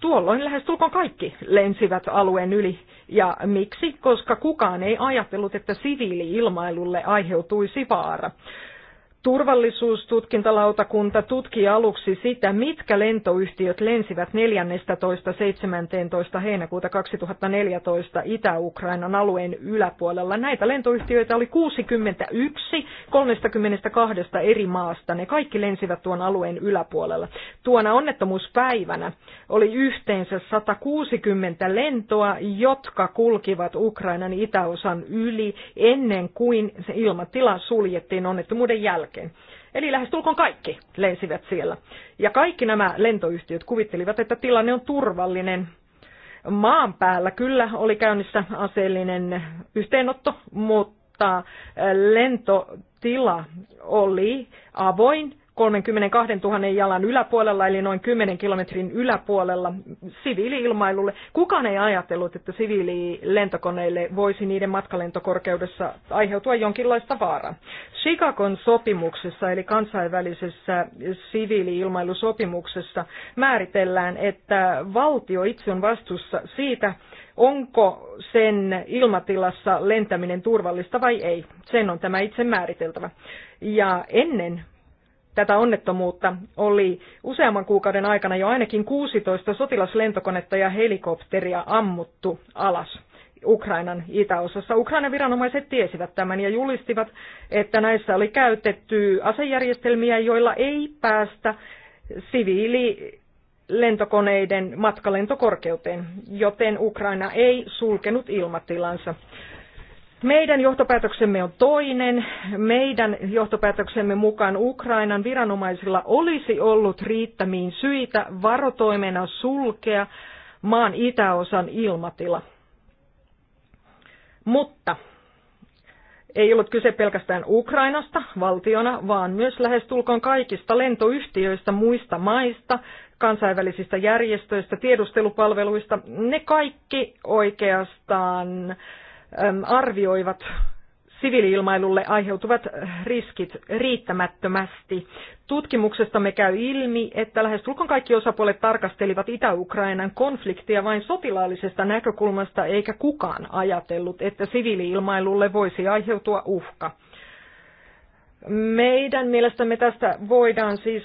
Tuolloin lähes tulkoon kaikki lensivät alueen yli. Ja miksi? Koska kukaan ei ajatellut, että siviiliilmailulle aiheutuisi vaara. Turvallisuustutkintalautakunta tutki aluksi sitä, mitkä lentoyhtiöt lensivät 14.17. heinäkuuta 2014 Itä-Ukrainan alueen yläpuolella. Näitä lentoyhtiöitä oli 61 32 eri maasta. Ne kaikki lensivät tuon alueen yläpuolella. Tuona onnettomuuspäivänä oli yhteensä 160 lentoa, jotka kulkivat Ukrainan itäosan yli ennen kuin se ilmatila suljettiin onnettomuuden jälkeen jälkeen. Eli lähestulkoon kaikki lensivät siellä. Ja kaikki nämä lentoyhtiöt kuvittelivat, että tilanne on turvallinen. Maan päällä kyllä oli käynnissä aseellinen yhteenotto, mutta lentotila oli avoin 32 000 jalan yläpuolella, eli noin 10 kilometrin yläpuolella siviiliilmailulle. Kukaan ei ajatellut, että siviililentokoneille voisi niiden matkalentokorkeudessa aiheutua jonkinlaista vaaraa. Chicagon sopimuksessa, eli kansainvälisessä siviiliilmailusopimuksessa, määritellään, että valtio itse on vastuussa siitä, onko sen ilmatilassa lentäminen turvallista vai ei. Sen on tämä itse määriteltävä. Ja ennen tätä onnettomuutta oli useamman kuukauden aikana jo ainakin 16 sotilaslentokonetta ja helikopteria ammuttu alas. Ukrainan itäosassa. Ukrainan viranomaiset tiesivät tämän ja julistivat, että näissä oli käytetty asejärjestelmiä, joilla ei päästä siviili lentokoneiden matkalentokorkeuteen, joten Ukraina ei sulkenut ilmatilansa. Meidän johtopäätöksemme on toinen. Meidän johtopäätöksemme mukaan Ukrainan viranomaisilla olisi ollut riittämiin syitä varotoimena sulkea maan itäosan ilmatila. Mutta ei ollut kyse pelkästään Ukrainasta valtiona, vaan myös lähestulkoon kaikista lentoyhtiöistä muista maista, kansainvälisistä järjestöistä, tiedustelupalveluista. Ne kaikki oikeastaan arvioivat siviiliilmailulle aiheutuvat riskit riittämättömästi. Tutkimuksesta me käy ilmi, että lähestulkoon kaikki osapuolet tarkastelivat Itä-Ukrainan konfliktia vain sotilaallisesta näkökulmasta, eikä kukaan ajatellut, että siviiliilmailulle voisi aiheutua uhka. Meidän mielestämme tästä voidaan siis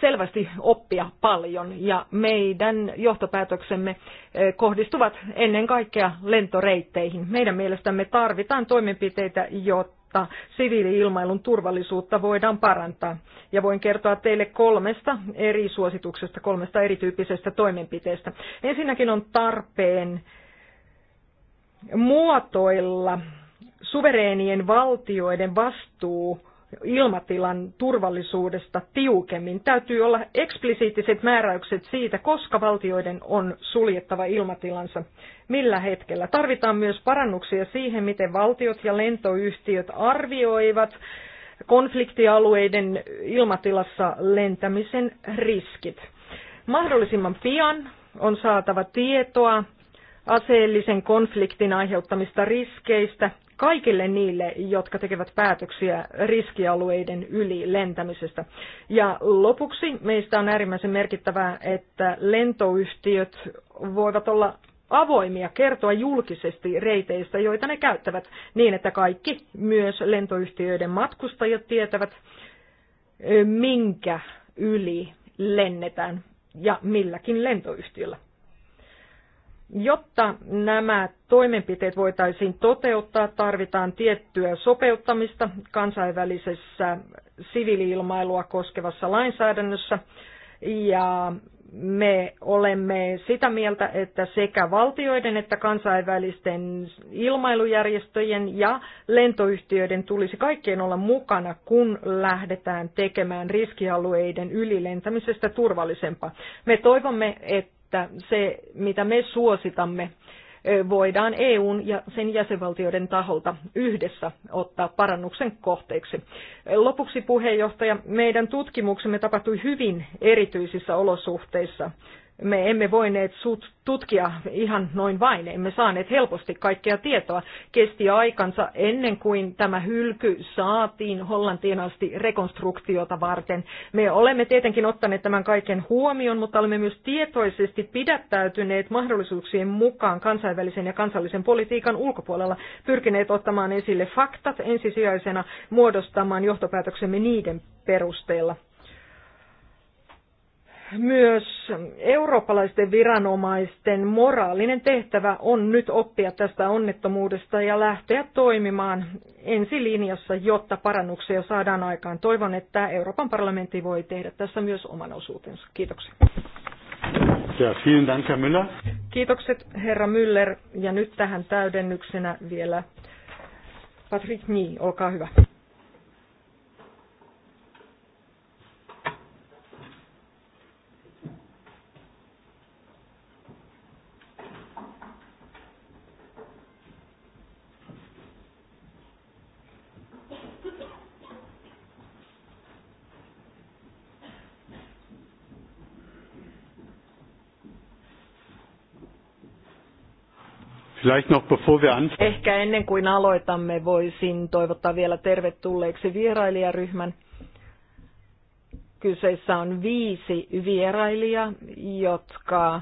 selvästi oppia paljon ja meidän johtopäätöksemme eh, kohdistuvat ennen kaikkea lentoreitteihin. Meidän mielestämme tarvitaan toimenpiteitä, jotta siviiliilmailun turvallisuutta voidaan parantaa. Ja voin kertoa teille kolmesta eri suosituksesta, kolmesta erityyppisestä toimenpiteestä. Ensinnäkin on tarpeen muotoilla suvereenien valtioiden vastuu ilmatilan turvallisuudesta tiukemmin. Täytyy olla eksplisiittiset määräykset siitä, koska valtioiden on suljettava ilmatilansa millä hetkellä. Tarvitaan myös parannuksia siihen, miten valtiot ja lentoyhtiöt arvioivat konfliktialueiden ilmatilassa lentämisen riskit. Mahdollisimman pian on saatava tietoa aseellisen konfliktin aiheuttamista riskeistä kaikille niille, jotka tekevät päätöksiä riskialueiden yli lentämisestä. Ja lopuksi meistä on äärimmäisen merkittävää, että lentoyhtiöt voivat olla avoimia kertoa julkisesti reiteistä, joita ne käyttävät, niin että kaikki, myös lentoyhtiöiden matkustajat, tietävät, minkä yli lennetään ja milläkin lentoyhtiöllä. Jotta nämä toimenpiteet voitaisiin toteuttaa, tarvitaan tiettyä sopeuttamista kansainvälisessä siviiliilmailua koskevassa lainsäädännössä. Ja me olemme sitä mieltä, että sekä valtioiden että kansainvälisten ilmailujärjestöjen ja lentoyhtiöiden tulisi kaikkien olla mukana, kun lähdetään tekemään riskialueiden ylilentämisestä turvallisempaa. Me toivomme, että että se, mitä me suositamme, voidaan EUn ja sen jäsenvaltioiden taholta yhdessä ottaa parannuksen kohteeksi. Lopuksi puheenjohtaja, meidän tutkimuksemme tapahtui hyvin erityisissä olosuhteissa me emme voineet tutkia ihan noin vain, emme saaneet helposti kaikkea tietoa. Kesti aikansa ennen kuin tämä hylky saatiin Hollantien asti rekonstruktiota varten. Me olemme tietenkin ottaneet tämän kaiken huomioon, mutta olemme myös tietoisesti pidättäytyneet mahdollisuuksien mukaan kansainvälisen ja kansallisen politiikan ulkopuolella, pyrkineet ottamaan esille faktat ensisijaisena muodostamaan johtopäätöksemme niiden perusteella myös eurooppalaisten viranomaisten moraalinen tehtävä on nyt oppia tästä onnettomuudesta ja lähteä toimimaan ensilinjassa, jotta parannuksia saadaan aikaan. Toivon, että Euroopan parlamentti voi tehdä tässä myös oman osuutensa. Kiitoksia. Ja, vielen Dank, Herr Müller. Kiitokset, herra Müller. Ja nyt tähän täydennyksenä vielä Patrick Nii, olkaa hyvä. Ehkä ennen kuin aloitamme, voisin toivottaa vielä tervetulleeksi vierailijaryhmän. Kyseessä on viisi vierailijaa, jotka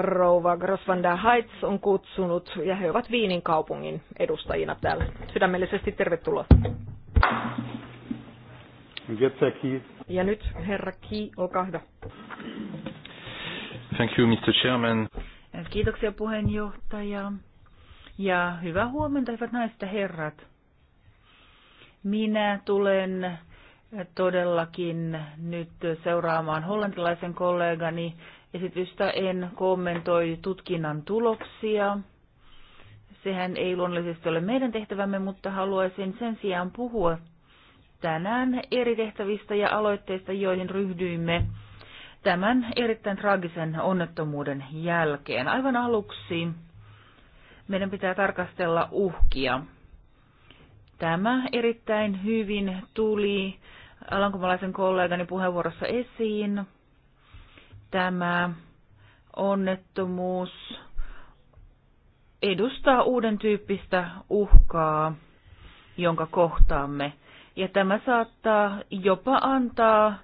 rouva Grosvanda Heitz on kutsunut, ja he ovat Viinin kaupungin edustajina täällä. Sydämellisesti tervetuloa. Ja nyt herra Ki, olkaa hyvä. Thank you, Mr. Chairman. Kiitoksia puheenjohtaja. Ja hyvää huomenta, hyvät naiset ja herrat. Minä tulen todellakin nyt seuraamaan hollantilaisen kollegani esitystä. En kommentoi tutkinnan tuloksia. Sehän ei luonnollisesti ole meidän tehtävämme, mutta haluaisin sen sijaan puhua tänään eri tehtävistä ja aloitteista, joihin ryhdyimme tämän erittäin traagisen onnettomuuden jälkeen. Aivan aluksi meidän pitää tarkastella uhkia. Tämä erittäin hyvin tuli alankomalaisen kollegani puheenvuorossa esiin. Tämä onnettomuus edustaa uuden tyyppistä uhkaa, jonka kohtaamme. Ja tämä saattaa jopa antaa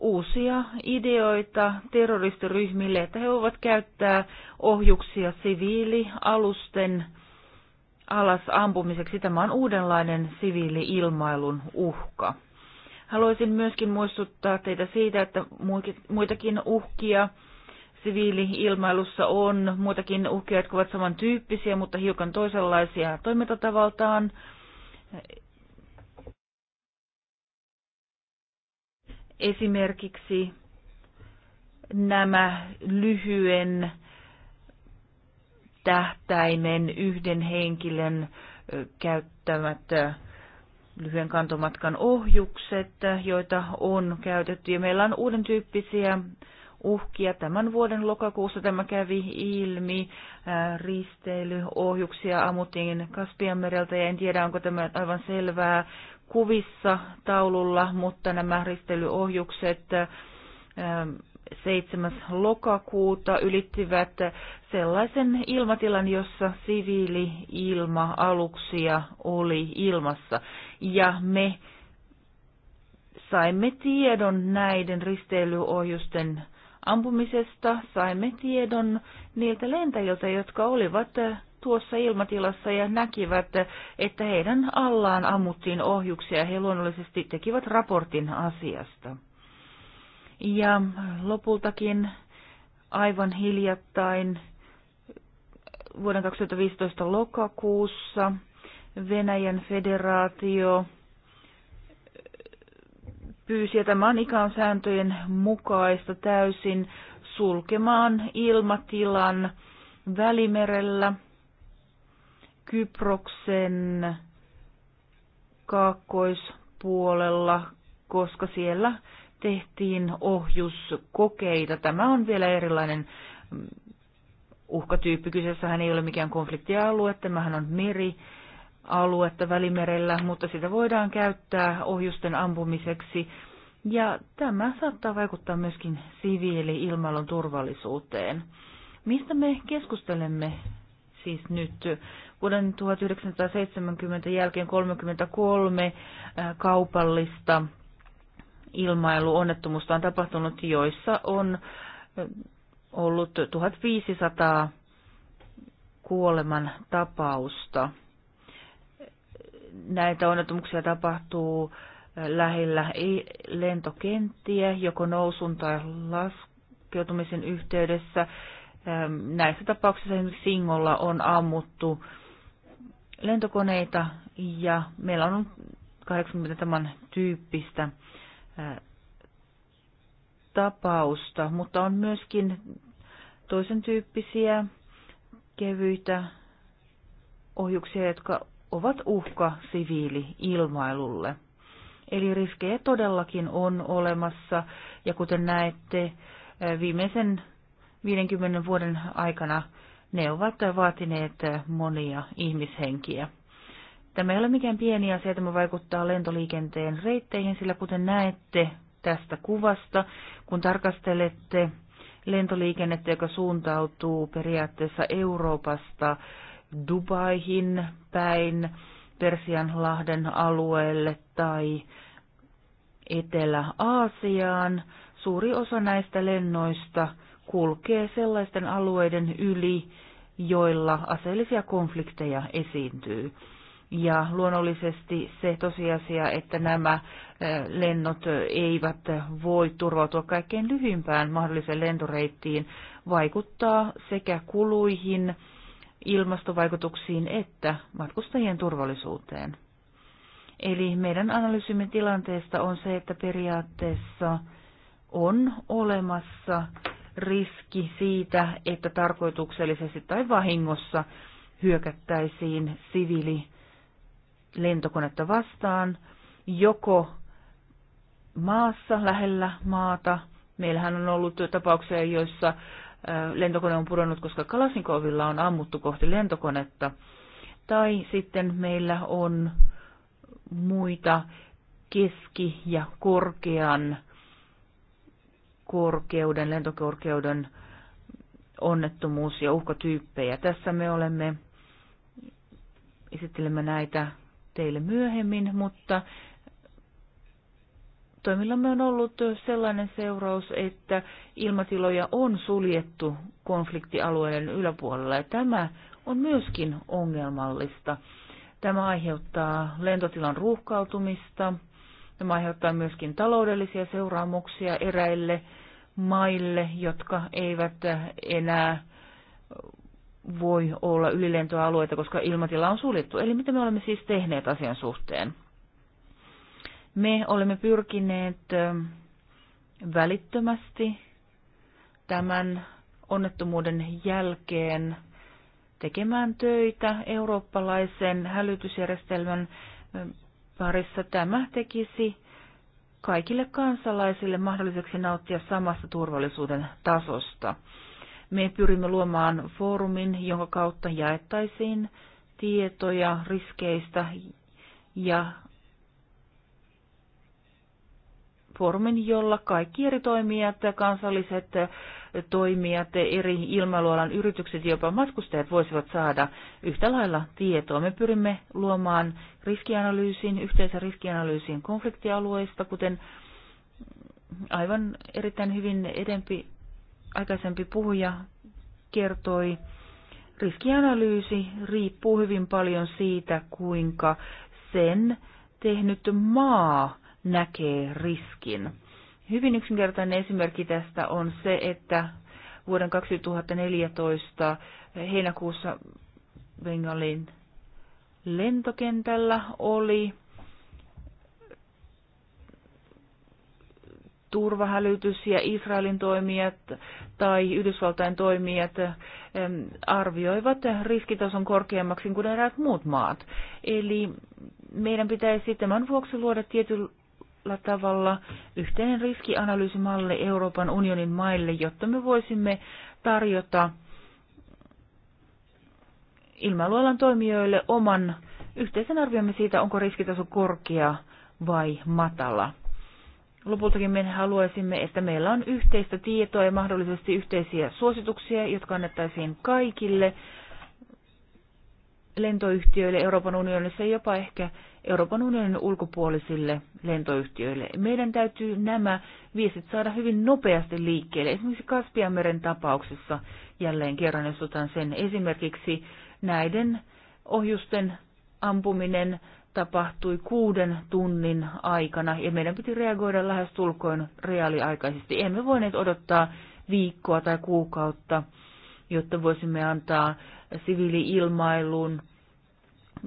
uusia ideoita terroristiryhmille, että he voivat käyttää ohjuksia siviilialusten alas ampumiseksi. Tämä on uudenlainen siviiliilmailun uhka. Haluaisin myöskin muistuttaa teitä siitä, että muitakin uhkia siviiliilmailussa on, muitakin uhkia, jotka ovat samantyyppisiä, mutta hiukan toisenlaisia toimintatavaltaan. Esimerkiksi nämä lyhyen tähtäimen yhden henkilön käyttämät lyhyen kantomatkan ohjukset, joita on käytetty. Ja meillä on uuden tyyppisiä uhkia. Tämän vuoden lokakuussa tämä kävi ilmi. Risteilyohjuksia ammuttiin Kaspianmereltä ja en tiedä, onko tämä aivan selvää kuvissa taululla, mutta nämä risteilyohjukset 7. lokakuuta ylittivät sellaisen ilmatilan, jossa siviili-ilma-aluksia oli ilmassa. Ja me saimme tiedon näiden risteilyohjusten ampumisesta, saimme tiedon niiltä lentäjiltä, jotka olivat tuossa ilmatilassa ja näkivät, että heidän allaan ammuttiin ohjuksia ja he luonnollisesti tekivät raportin asiasta. Ja lopultakin aivan hiljattain vuoden 2015 lokakuussa Venäjän federaatio pyysi, ja tämä on ikään sääntöjen mukaista täysin, sulkemaan ilmatilan välimerellä – Kyproksen kaakkoispuolella, koska siellä tehtiin ohjuskokeita. Tämä on vielä erilainen mm, uhkatyyppi. Kyseessähän ei ole mikään konfliktialue, tämähän on meri aluetta välimerellä, mutta sitä voidaan käyttää ohjusten ampumiseksi. Ja tämä saattaa vaikuttaa myöskin siviili-ilmailun turvallisuuteen. Mistä me keskustelemme siis nyt? vuoden 1970 jälkeen 33 kaupallista ilmailuonnettomuutta on tapahtunut, joissa on ollut 1500 kuoleman tapausta. Näitä onnettomuuksia tapahtuu lähellä lentokenttiä, joko nousun tai laskeutumisen yhteydessä. Näissä tapauksissa esimerkiksi Singolla on ammuttu lentokoneita ja meillä on 80 tämän tyyppistä tapausta, mutta on myöskin toisen tyyppisiä kevyitä ohjuksia, jotka ovat uhka siviili-ilmailulle. Eli riskejä todellakin on olemassa, ja kuten näette, viimeisen 50 vuoden aikana ne ovat vaatineet monia ihmishenkiä. Tämä ei ole mikään pieni asia, tämä vaikuttaa lentoliikenteen reitteihin, sillä kuten näette tästä kuvasta, kun tarkastelette lentoliikennettä, joka suuntautuu periaatteessa Euroopasta Dubaihin päin, Persianlahden alueelle tai Etelä-Aasiaan, suuri osa näistä lennoista – kulkee sellaisten alueiden yli, joilla aseellisia konflikteja esiintyy. Ja luonnollisesti se tosiasia, että nämä lennot eivät voi turvautua kaikkein lyhyimpään mahdolliseen lentoreittiin, vaikuttaa sekä kuluihin, ilmastovaikutuksiin että matkustajien turvallisuuteen. Eli meidän analyysimme tilanteesta on se, että periaatteessa on olemassa riski siitä, että tarkoituksellisesti tai vahingossa hyökättäisiin siviili lentokonetta vastaan, joko maassa, lähellä maata. Meillähän on ollut tapauksia, joissa lentokone on pudonnut, koska Kalasinkovilla on ammuttu kohti lentokonetta. Tai sitten meillä on muita keski- ja korkean korkeuden, lentokorkeuden onnettomuus- ja uhkatyyppejä. Tässä me olemme, esittelemme näitä teille myöhemmin, mutta toimillamme on ollut sellainen seuraus, että ilmatiloja on suljettu konfliktialueiden yläpuolella ja tämä on myöskin ongelmallista. Tämä aiheuttaa lentotilan ruuhkautumista, tämä aiheuttaa myöskin taloudellisia seuraamuksia eräille maille, jotka eivät enää voi olla ylilentoalueita, koska ilmatila on suljettu. Eli mitä me olemme siis tehneet asian suhteen? Me olemme pyrkineet välittömästi tämän onnettomuuden jälkeen tekemään töitä eurooppalaisen hälytysjärjestelmän parissa. Tämä tekisi kaikille kansalaisille mahdolliseksi nauttia samasta turvallisuuden tasosta. Me pyrimme luomaan foorumin, jonka kautta jaettaisiin tietoja riskeistä ja foorumin, jolla kaikki eri toimijat, kansalliset toimijat, eri ilmailualan yritykset ja jopa matkustajat voisivat saada yhtä lailla tietoa. Me pyrimme luomaan riskianalyysin, yhteisen riskianalyysin konfliktialueista, kuten aivan erittäin hyvin edempi aikaisempi puhuja kertoi. Riskianalyysi riippuu hyvin paljon siitä, kuinka sen tehnyt maa näkee riskin. Hyvin yksinkertainen esimerkki tästä on se, että vuoden 2014 heinäkuussa Bengalin lentokentällä oli turvahälytys ja Israelin toimijat tai Yhdysvaltain toimijat arvioivat riskitason korkeammaksi kuin eräät muut maat. Eli meidän pitäisi tämän vuoksi luoda tietyn tavalla yhteinen riskianalyysimalli Euroopan unionin maille, jotta me voisimme tarjota ilmailualan toimijoille oman yhteisen arviomme siitä, onko riskitaso korkea vai matala. Lopultakin me haluaisimme, että meillä on yhteistä tietoa ja mahdollisesti yhteisiä suosituksia, jotka annettaisiin kaikille lentoyhtiöille Euroopan unionissa ja jopa ehkä Euroopan unionin ulkopuolisille lentoyhtiöille. Meidän täytyy nämä viestit saada hyvin nopeasti liikkeelle. Esimerkiksi Kaspianmeren tapauksessa jälleen kerran, jos otan sen esimerkiksi näiden ohjusten ampuminen tapahtui kuuden tunnin aikana ja meidän piti reagoida lähes tulkoin reaaliaikaisesti. Emme voineet odottaa viikkoa tai kuukautta, jotta voisimme antaa siviiliilmailun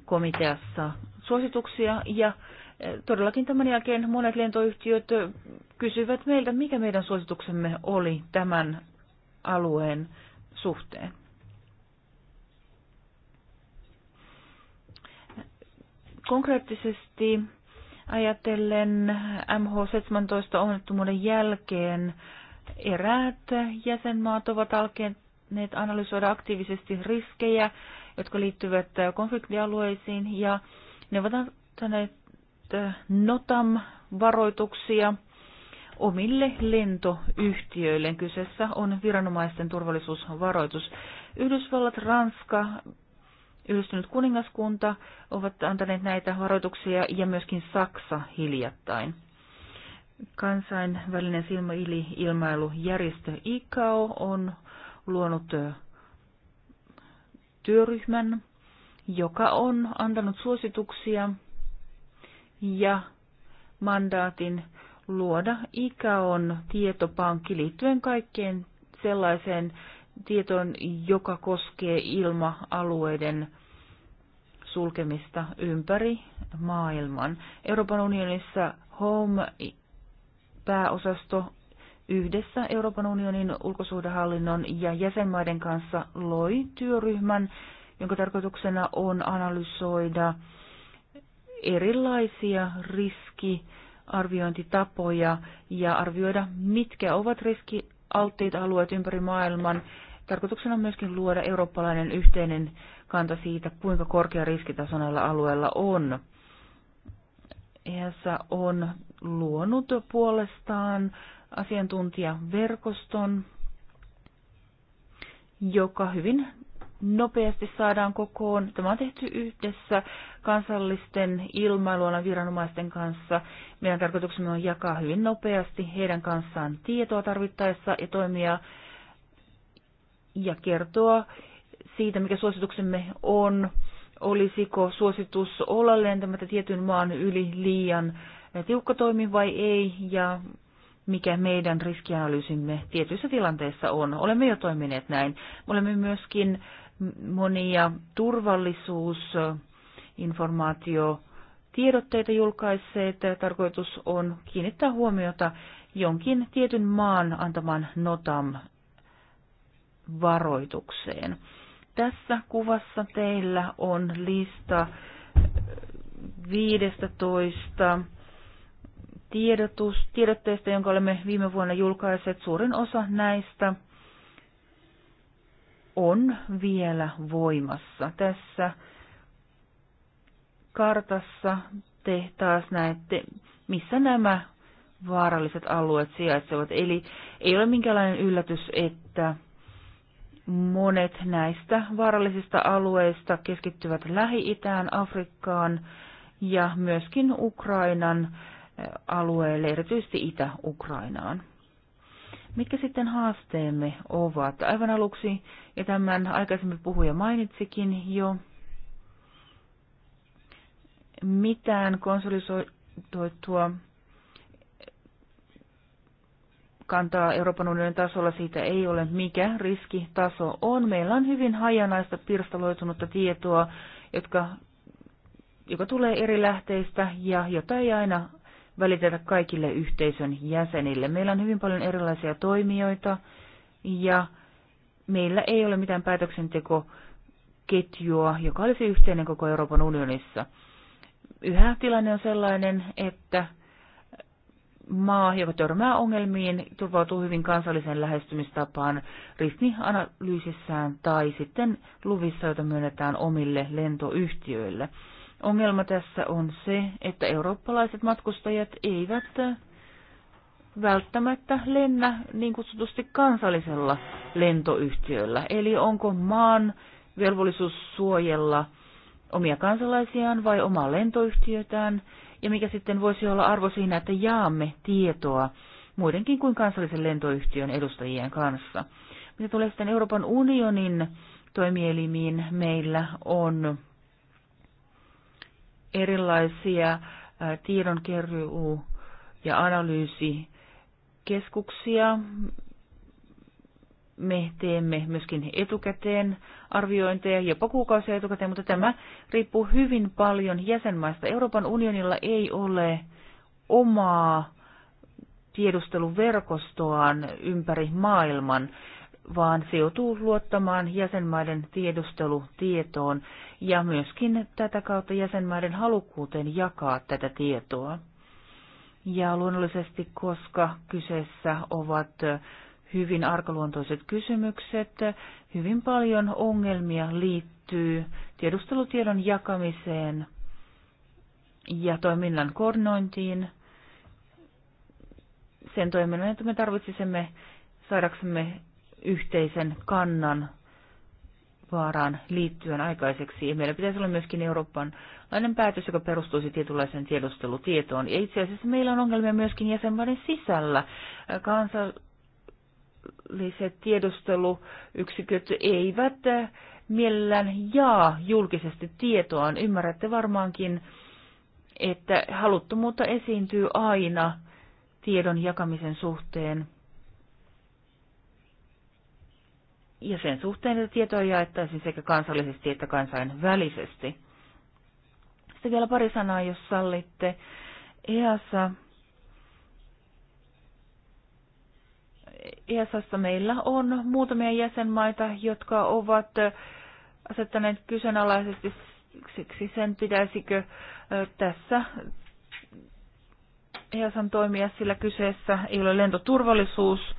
komiteassa suosituksia ja eh, todellakin tämän jälkeen monet lentoyhtiöt eh, kysyivät meiltä, mikä meidän suosituksemme oli tämän alueen suhteen. Konkreettisesti ajatellen MH17 onnettomuuden jälkeen eräät jäsenmaat ovat alkeneet analysoida aktiivisesti riskejä jotka liittyvät äh, konfliktialueisiin ja ne ovat antaneet äh, NOTAM-varoituksia omille lentoyhtiöille. Kyseessä on viranomaisten turvallisuusvaroitus. Yhdysvallat, Ranska, Yhdistynyt kuningaskunta ovat antaneet näitä varoituksia ja myöskin Saksa hiljattain. Kansainvälinen silmäili-ilmailujärjestö ICAO on luonut äh, työryhmän, joka on antanut suosituksia ja mandaatin luoda ikäon tietopankki liittyen kaikkeen sellaiseen tietoon, joka koskee ilma-alueiden sulkemista ympäri maailman. Euroopan unionissa Home pääosasto yhdessä Euroopan unionin ulkosuhdehallinnon ja jäsenmaiden kanssa loi työryhmän, jonka tarkoituksena on analysoida erilaisia riskiarviointitapoja ja arvioida, mitkä ovat riskialttiit alueet ympäri maailman. Tarkoituksena on myöskin luoda eurooppalainen yhteinen kanta siitä, kuinka korkea riskitaso näillä alueilla on. ESA on luonut puolestaan asiantuntijaverkoston, joka hyvin nopeasti saadaan kokoon. Tämä on tehty yhdessä kansallisten ilmailualan viranomaisten kanssa. Meidän tarkoituksemme on jakaa hyvin nopeasti heidän kanssaan tietoa tarvittaessa ja toimia ja kertoa siitä, mikä suosituksemme on. Olisiko suositus olla lentämättä tietyn maan yli liian tiukka toimi vai ei, ja mikä meidän riskianalyysimme tietyissä tilanteissa on. Olemme jo toimineet näin. Olemme myöskin monia turvallisuusinformaatio tiedotteita julkaisseet. Tarkoitus on kiinnittää huomiota jonkin tietyn maan antaman notam varoitukseen. Tässä kuvassa teillä on lista 15 tiedotus, tiedotteesta, jonka olemme viime vuonna julkaisseet, suurin osa näistä on vielä voimassa. Tässä kartassa te taas näette, missä nämä vaaralliset alueet sijaitsevat. Eli ei ole minkäänlainen yllätys, että monet näistä vaarallisista alueista keskittyvät Lähi-Itään, Afrikkaan ja myöskin Ukrainan alueelle, erityisesti Itä-Ukrainaan. Mitkä sitten haasteemme ovat? Aivan aluksi, ja tämän aikaisemmin puhuja mainitsikin jo, mitään konsolisoitua kantaa Euroopan unionin tasolla siitä ei ole, mikä riskitaso on. Meillä on hyvin hajanaista pirstaloitunutta tietoa, jotka, joka tulee eri lähteistä ja jota ei aina välitetä kaikille yhteisön jäsenille. Meillä on hyvin paljon erilaisia toimijoita ja meillä ei ole mitään päätöksentekoketjua, joka olisi yhteinen koko Euroopan unionissa. Yhä tilanne on sellainen, että maa, joka törmää ongelmiin, turvautuu hyvin kansalliseen lähestymistapaan riskianalyysissään tai sitten luvissa, joita myönnetään omille lentoyhtiöille. Ongelma tässä on se, että eurooppalaiset matkustajat eivät välttämättä lennä niin kutsutusti kansallisella lentoyhtiöllä. Eli onko maan velvollisuus suojella omia kansalaisiaan vai omaa lentoyhtiötään, ja mikä sitten voisi olla arvo siinä, että jaamme tietoa muidenkin kuin kansallisen lentoyhtiön edustajien kanssa. Mitä tulee sitten Euroopan unionin toimielimiin, meillä on erilaisia äh, tiedonkerjuu- ja analyysikeskuksia. Me teemme myöskin etukäteen arviointeja, jopa kuukausia etukäteen, mutta tämä riippuu hyvin paljon jäsenmaista. Euroopan unionilla ei ole omaa tiedusteluverkostoaan ympäri maailman, vaan se joutuu luottamaan jäsenmaiden tiedustelutietoon ja myöskin tätä kautta jäsenmaiden halukkuuteen jakaa tätä tietoa. Ja luonnollisesti, koska kyseessä ovat hyvin arkaluontoiset kysymykset, hyvin paljon ongelmia liittyy tiedustelutiedon jakamiseen ja toiminnan koordinointiin. Sen toiminnan, että me tarvitsisimme saadaksemme yhteisen kannan vaaraan liittyen aikaiseksi. Meillä pitäisi olla myöskin Euroopan lainen päätös, joka perustuisi tietynlaiseen tiedustelutietoon. Ja itse asiassa meillä on ongelmia myöskin jäsenmaiden sisällä. Kansalliset tiedusteluyksiköt eivät mielellään jaa julkisesti tietoaan. Ymmärrätte varmaankin, että haluttomuutta esiintyy aina tiedon jakamisen suhteen – ja sen suhteen, että tietoja jaettaisiin sekä kansallisesti että kansainvälisesti. Sitten vielä pari sanaa, jos sallitte. EASA, EASassa meillä on muutamia jäsenmaita, jotka ovat asettaneet kyseenalaisesti siksi sen pitäisikö tässä EASan toimia, sillä kyseessä ei ole lentoturvallisuus,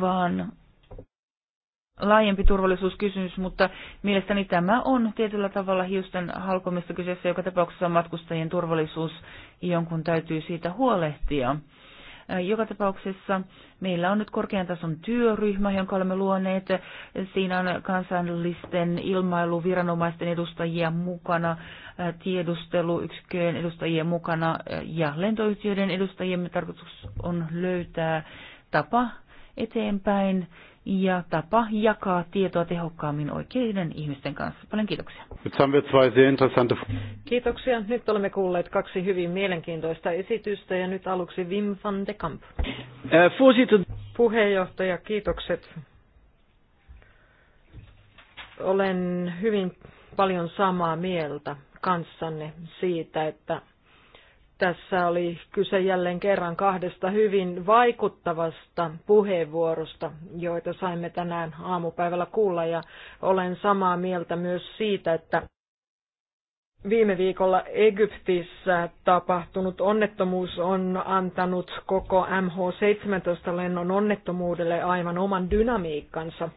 vaan laajempi turvallisuuskysymys, mutta mielestäni tämä on tietyllä tavalla hiusten halkomista kyseessä. Joka tapauksessa matkustajien turvallisuus, jonkun täytyy siitä huolehtia. Äh, joka tapauksessa meillä on nyt korkean tason työryhmä, jonka olemme luoneet. Siinä on kansainvälisten ilmailuviranomaisten edustajia mukana, äh, tiedusteluyksikköjen edustajia mukana äh, ja lentoyhtiöiden edustajien tarkoitus on löytää tapa eteenpäin ja tapa jakaa tietoa tehokkaammin oikeiden ihmisten kanssa. Paljon kiitoksia. Kiitoksia. Nyt olemme kuulleet kaksi hyvin mielenkiintoista esitystä ja nyt aluksi Wim van de Kamp. Eh, Puheenjohtaja, kiitokset. Olen hyvin paljon samaa mieltä kanssanne siitä, että tässä oli kyse jälleen kerran kahdesta hyvin vaikuttavasta puheenvuorosta, joita saimme tänään aamupäivällä kuulla ja olen samaa mieltä myös siitä, että Viime viikolla Egyptissä tapahtunut onnettomuus on antanut koko MH17-lennon onnettomuudelle aivan oman dynamiikkansa.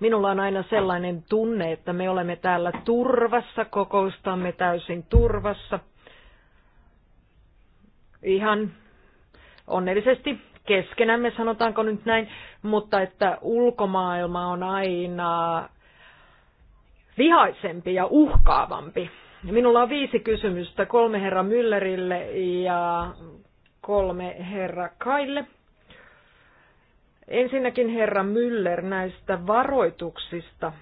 Minulla on aina sellainen tunne, että me olemme täällä turvassa, kokoustamme täysin turvassa ihan onnellisesti keskenämme, sanotaanko nyt näin, mutta että ulkomaailma on aina vihaisempi ja uhkaavampi. Minulla on viisi kysymystä, kolme herra Müllerille ja kolme herra Kaille. Ensinnäkin herra Müller näistä varoituksista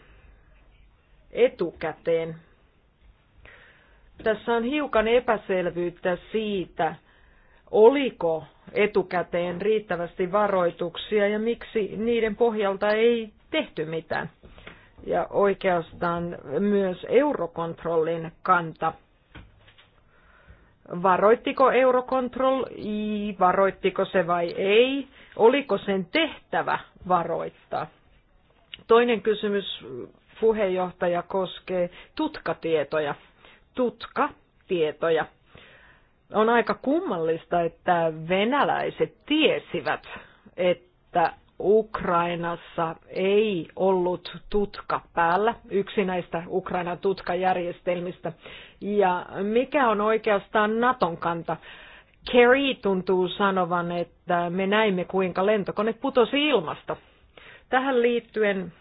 etukäteen. Tässä on hiukan epäselvyyttä siitä, oliko etukäteen riittävästi varoituksia ja miksi niiden pohjalta ei tehty mitään. Ja oikeastaan myös eurokontrollin kanta. Varoittiko eurokontroll, varoittiko se vai ei? Oliko sen tehtävä varoittaa? Toinen kysymys puheenjohtaja koskee tutkatietoja. Tutkatietoja on aika kummallista, että venäläiset tiesivät, että Ukrainassa ei ollut tutka päällä, yksi näistä Ukrainan tutkajärjestelmistä. Ja mikä on oikeastaan Naton kanta? Kerry tuntuu sanovan, että me näimme kuinka lentokone putosi ilmasta. Tähän liittyen,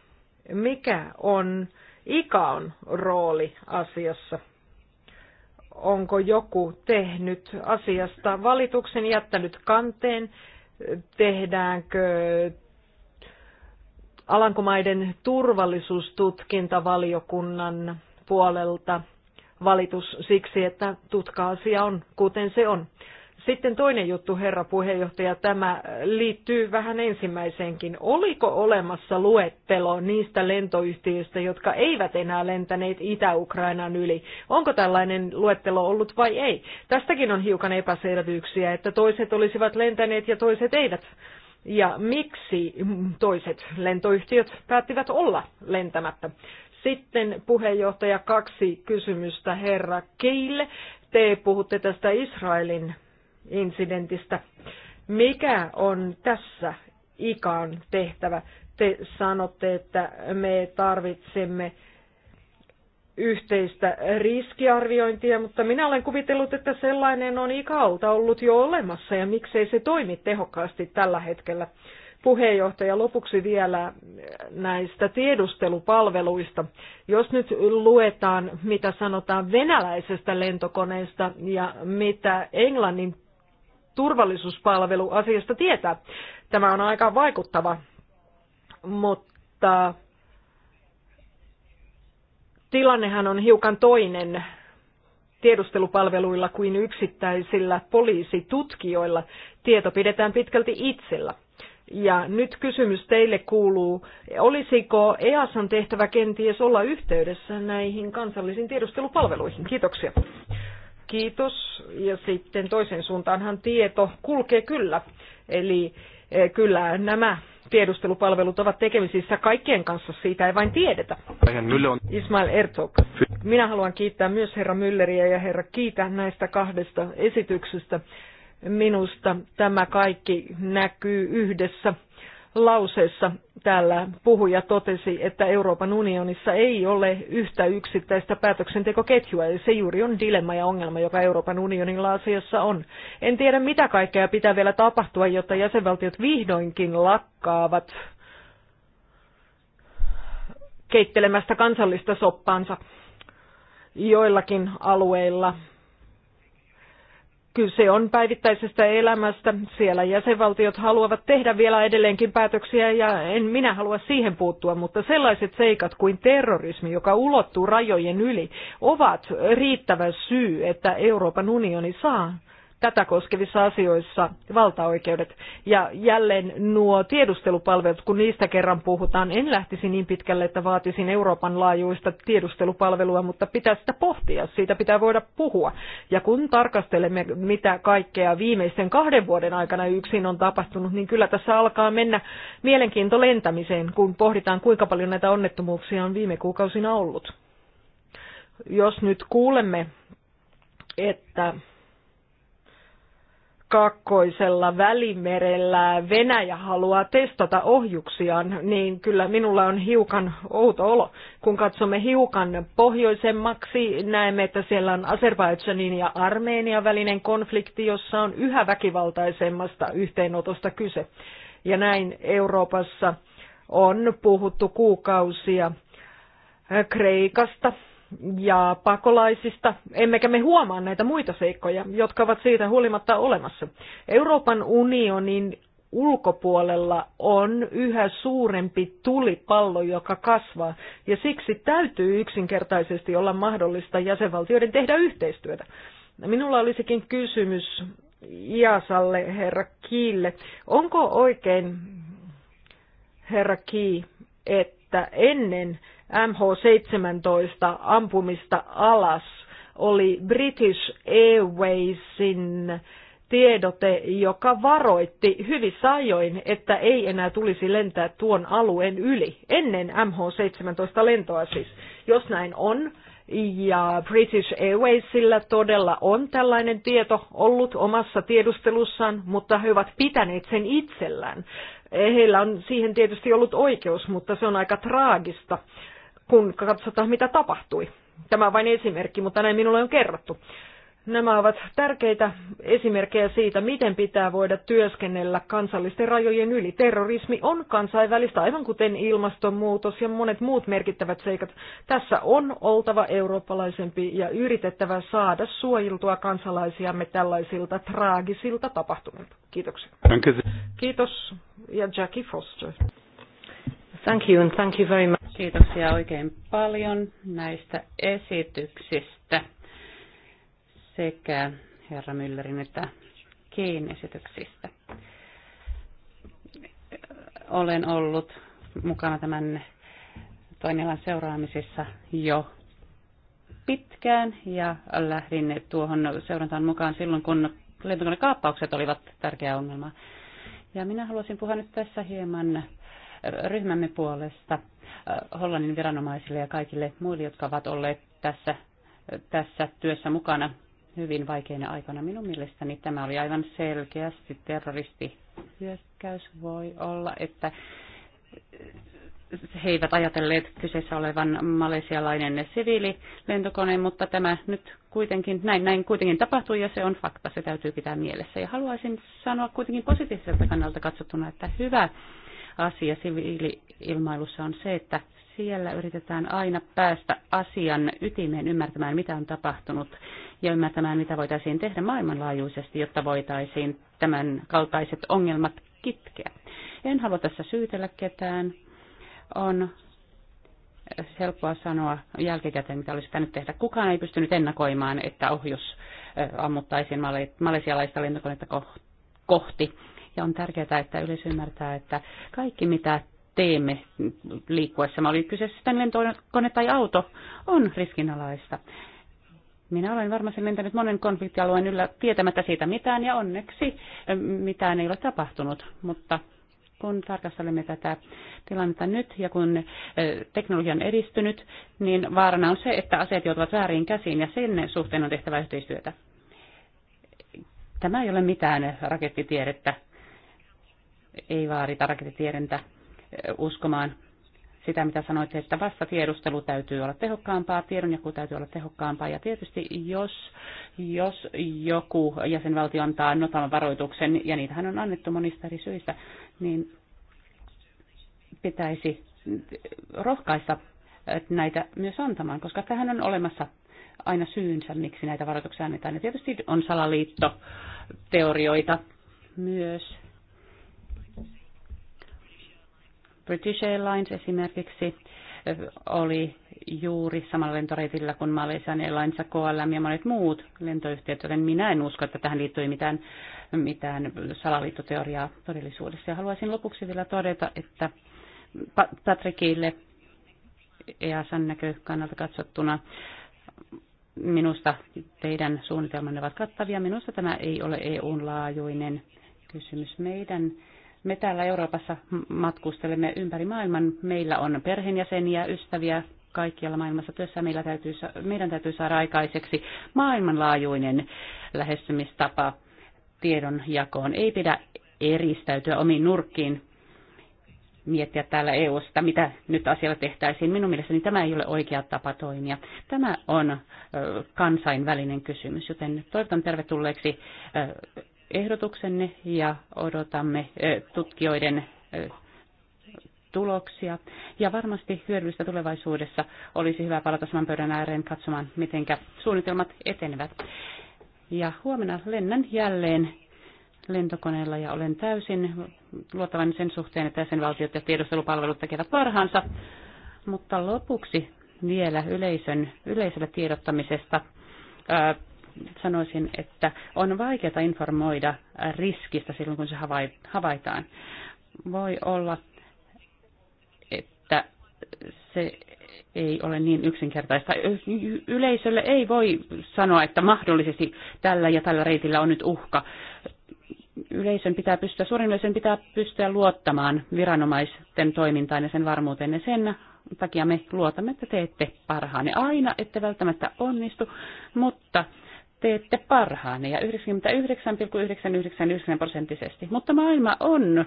mikä on Ikaon rooli asiassa? onko joku tehnyt asiasta valituksen, jättänyt kanteen, tehdäänkö Alankomaiden turvallisuustutkintavaliokunnan puolelta valitus siksi, että tutka-asia on kuten se on. Sitten toinen juttu, herra puheenjohtaja, tämä liittyy vähän ensimmäiseenkin. Oliko olemassa luettelo niistä lentoyhtiöistä, jotka eivät enää lentäneet Itä-Ukrainan yli? Onko tällainen luettelo ollut vai ei? Tästäkin on hiukan epäselvyyksiä, että toiset olisivat lentäneet ja toiset eivät. Ja miksi toiset lentoyhtiöt päättivät olla lentämättä? Sitten puheenjohtaja kaksi kysymystä herra Keille. Te puhutte tästä Israelin incidentistä. Mikä on tässä ikan tehtävä? Te sanotte, että me tarvitsemme yhteistä riskiarviointia, mutta minä olen kuvitellut, että sellainen on ikalta ollut jo olemassa ja miksei se toimi tehokkaasti tällä hetkellä. Puheenjohtaja, lopuksi vielä näistä tiedustelupalveluista. Jos nyt luetaan, mitä sanotaan venäläisestä lentokoneesta ja mitä englannin turvallisuuspalvelu asiasta tietää. Tämä on aika vaikuttava, mutta tilannehan on hiukan toinen tiedustelupalveluilla kuin yksittäisillä poliisitutkijoilla. Tieto pidetään pitkälti itsellä. Ja nyt kysymys teille kuuluu, olisiko EASan tehtävä kenties olla yhteydessä näihin kansallisiin tiedustelupalveluihin? Kiitoksia kiitos. Ja sitten toisen suuntaanhan tieto kulkee kyllä. Eli eh, kyllä nämä tiedustelupalvelut ovat tekemisissä kaikkien kanssa, siitä ei vain tiedetä. Ismail Ertok, Minä haluan kiittää myös herra Mülleriä ja herra Kiitä näistä kahdesta esityksestä. Minusta tämä kaikki näkyy yhdessä lauseessa täällä puhuja totesi, että Euroopan unionissa ei ole yhtä yksittäistä päätöksentekoketjua, Eli se juuri on dilemma ja ongelma, joka Euroopan unionin asiassa on. En tiedä, mitä kaikkea pitää vielä tapahtua, jotta jäsenvaltiot vihdoinkin lakkaavat keittelemästä kansallista soppaansa joillakin alueilla Kyse on päivittäisestä elämästä. Siellä jäsenvaltiot haluavat tehdä vielä edelleenkin päätöksiä ja en minä halua siihen puuttua, mutta sellaiset seikat kuin terrorismi, joka ulottuu rajojen yli, ovat riittävä syy, että Euroopan unioni saa tätä koskevissa asioissa valtaoikeudet. Ja jälleen nuo tiedustelupalvelut, kun niistä kerran puhutaan, en lähtisi niin pitkälle, että vaatisin Euroopan laajuista tiedustelupalvelua, mutta pitää sitä pohtia, siitä pitää voida puhua. Ja kun tarkastelemme, mitä kaikkea viimeisten kahden vuoden aikana yksin on tapahtunut, niin kyllä tässä alkaa mennä mielenkiinto lentämiseen, kun pohditaan, kuinka paljon näitä onnettomuuksia on viime kuukausina ollut. Jos nyt kuulemme, että kakkoisella välimerellä Venäjä haluaa testata ohjuksiaan, niin kyllä minulla on hiukan outo olo. Kun katsomme hiukan pohjoisemmaksi, näemme, että siellä on Azerbaidžanin ja Armeenian välinen konflikti, jossa on yhä väkivaltaisemmasta yhteenotosta kyse. Ja näin Euroopassa on puhuttu kuukausia Kreikasta, ja pakolaisista, emmekä me huomaa näitä muita seikkoja, jotka ovat siitä huolimatta olemassa. Euroopan unionin ulkopuolella on yhä suurempi tulipallo, joka kasvaa, ja siksi täytyy yksinkertaisesti olla mahdollista jäsenvaltioiden tehdä yhteistyötä. Minulla olisikin kysymys Iasalle, herra Kiille. Onko oikein, herra Ki, että ennen MH17 ampumista alas oli British Airwaysin tiedote, joka varoitti hyvissä ajoin, että ei enää tulisi lentää tuon alueen yli, ennen MH17-lentoa siis. Jos näin on, ja British Airwaysilla todella on tällainen tieto ollut omassa tiedustelussaan, mutta he ovat pitäneet sen itsellään. Heillä on siihen tietysti ollut oikeus, mutta se on aika traagista kun katsotaan mitä tapahtui. Tämä on vain esimerkki, mutta näin minulle on kerrottu. Nämä ovat tärkeitä esimerkkejä siitä, miten pitää voida työskennellä kansallisten rajojen yli. Terrorismi on kansainvälistä, aivan kuten ilmastonmuutos ja monet muut merkittävät seikat. Tässä on oltava eurooppalaisempi ja yritettävä saada suojeltua kansalaisiamme tällaisilta traagisilta tapahtumilta. Kiitoksia. Kiitos. Ja Jackie Foster. Thank you and thank you very much. Kiitoksia oikein paljon näistä esityksistä sekä herra Müllerin että Kein esityksistä. Olen ollut mukana tämän toimialan seuraamisessa jo pitkään ja lähdin tuohon seurantaan mukaan silloin, kun lentokonekaappaukset olivat tärkeä ongelma. Ja minä haluaisin puhua nyt tässä hieman ryhmämme puolesta äh, Hollannin viranomaisille ja kaikille muille, jotka ovat olleet tässä, tässä työssä mukana hyvin vaikeina aikana. Minun mielestäni tämä oli aivan selkeästi terroristihyökkäys. Voi olla, että he eivät ajatelleet kyseessä olevan malesialainen siviililentokone, mutta tämä nyt kuitenkin, näin, näin kuitenkin tapahtui ja se on fakta, se täytyy pitää mielessä. Ja haluaisin sanoa kuitenkin positiiviselta kannalta katsottuna, että hyvä, asia siviili-ilmailussa on se, että siellä yritetään aina päästä asian ytimeen ymmärtämään, mitä on tapahtunut ja ymmärtämään, mitä voitaisiin tehdä maailmanlaajuisesti, jotta voitaisiin tämän kaltaiset ongelmat kitkeä. En halua tässä syytellä ketään. On helppoa sanoa jälkikäteen, mitä olisi pitänyt tehdä. Kukaan ei pystynyt ennakoimaan, että ohjus ammuttaisiin malesialaista lentokonetta kohti ja on tärkeää, että yleisö ymmärtää, että kaikki mitä teemme liikkuessa oli kyseessä sitten lentokone tai auto, on riskinalaista. Minä olen varmasti lentänyt monen konfliktialueen yllä tietämättä siitä mitään ja onneksi mitään ei ole tapahtunut, mutta kun tarkastelemme tätä tilannetta nyt ja kun teknologia on edistynyt, niin vaarana on se, että aseet joutuvat väärin käsiin ja sen suhteen on tehtävä yhteistyötä. Tämä ei ole mitään rakettitiedettä ei vaadita rakettitiedettä uskomaan sitä, mitä sanoit, että tiedustelu täytyy olla tehokkaampaa, tiedonjaku täytyy olla tehokkaampaa. Ja tietysti jos, jos joku jäsenvaltio antaa notan varoituksen, ja niitähän on annettu monista eri syistä, niin pitäisi rohkaista näitä myös antamaan, koska tähän on olemassa aina syynsä, miksi näitä varoituksia annetaan. Ja tietysti on salaliittoteorioita myös British Airlines esimerkiksi oli juuri samalla lentoreitillä kuin Malaysian Airlines, KLM ja monet muut lentoyhtiöt, joten minä en usko, että tähän liittyy mitään, mitään salaliittoteoriaa todellisuudessa. Ja haluaisin lopuksi vielä todeta, että Patrikille EASan näkökannalta katsottuna minusta teidän suunnitelmanne ovat kattavia. Minusta tämä ei ole EUn laajuinen kysymys. Meidän me täällä Euroopassa matkustelemme ympäri maailman. Meillä on perheenjäseniä, ystäviä kaikkialla maailmassa työssä. Meillä täytyy, meidän täytyy saada aikaiseksi maailmanlaajuinen lähestymistapa tiedonjakoon. Ei pidä eristäytyä omiin nurkkiin, miettiä täällä EU-sta, mitä nyt asialla tehtäisiin. Minun mielestäni tämä ei ole oikea tapa toimia. Tämä on kansainvälinen kysymys, joten toivotan tervetulleeksi ehdotuksenne ja odotamme tutkijoiden tuloksia. Ja varmasti hyödyllistä tulevaisuudessa olisi hyvä palata saman pöydän ääreen katsomaan, miten suunnitelmat etenevät. Ja huomenna lennän jälleen lentokoneella ja olen täysin luottavainen sen suhteen, että sen valtiot ja tiedustelupalvelut tekevät parhaansa. Mutta lopuksi vielä yleisön, yleisölle tiedottamisesta sanoisin, että on vaikeaa informoida riskistä silloin, kun se havaitaan. Voi olla, että se ei ole niin yksinkertaista. Yleisölle ei voi sanoa, että mahdollisesti tällä ja tällä reitillä on nyt uhka. Yleisön pitää pystyä, suurin yleisön pitää pystyä luottamaan viranomaisten toimintaan ja sen varmuuteen. Ja sen takia me luotamme, että teette parhaanne aina, ette välttämättä onnistu, mutta teette parhaanne ja 99,999 prosenttisesti. Mutta maailma on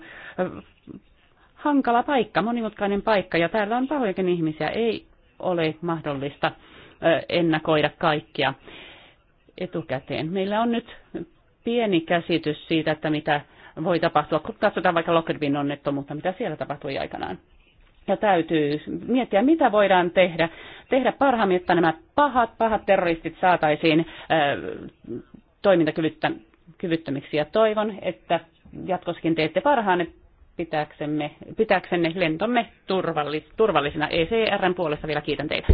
hankala paikka, monimutkainen paikka ja täällä on pahoinkin ihmisiä. Ei ole mahdollista ennakoida kaikkia etukäteen. Meillä on nyt pieni käsitys siitä, että mitä voi tapahtua. Kun katsotaan vaikka Lockerbin onnettomuutta, mitä siellä tapahtui aikanaan. Ja täytyy miettiä, mitä voidaan tehdä, tehdä parhaammin, että nämä pahat, pahat terroristit saataisiin toimintakyvyttömiksi. Ja toivon, että jatkossakin teette että pitääksemme, pitääksenne lentomme turvallis, turvallisina. ECRn puolesta vielä kiitän teitä.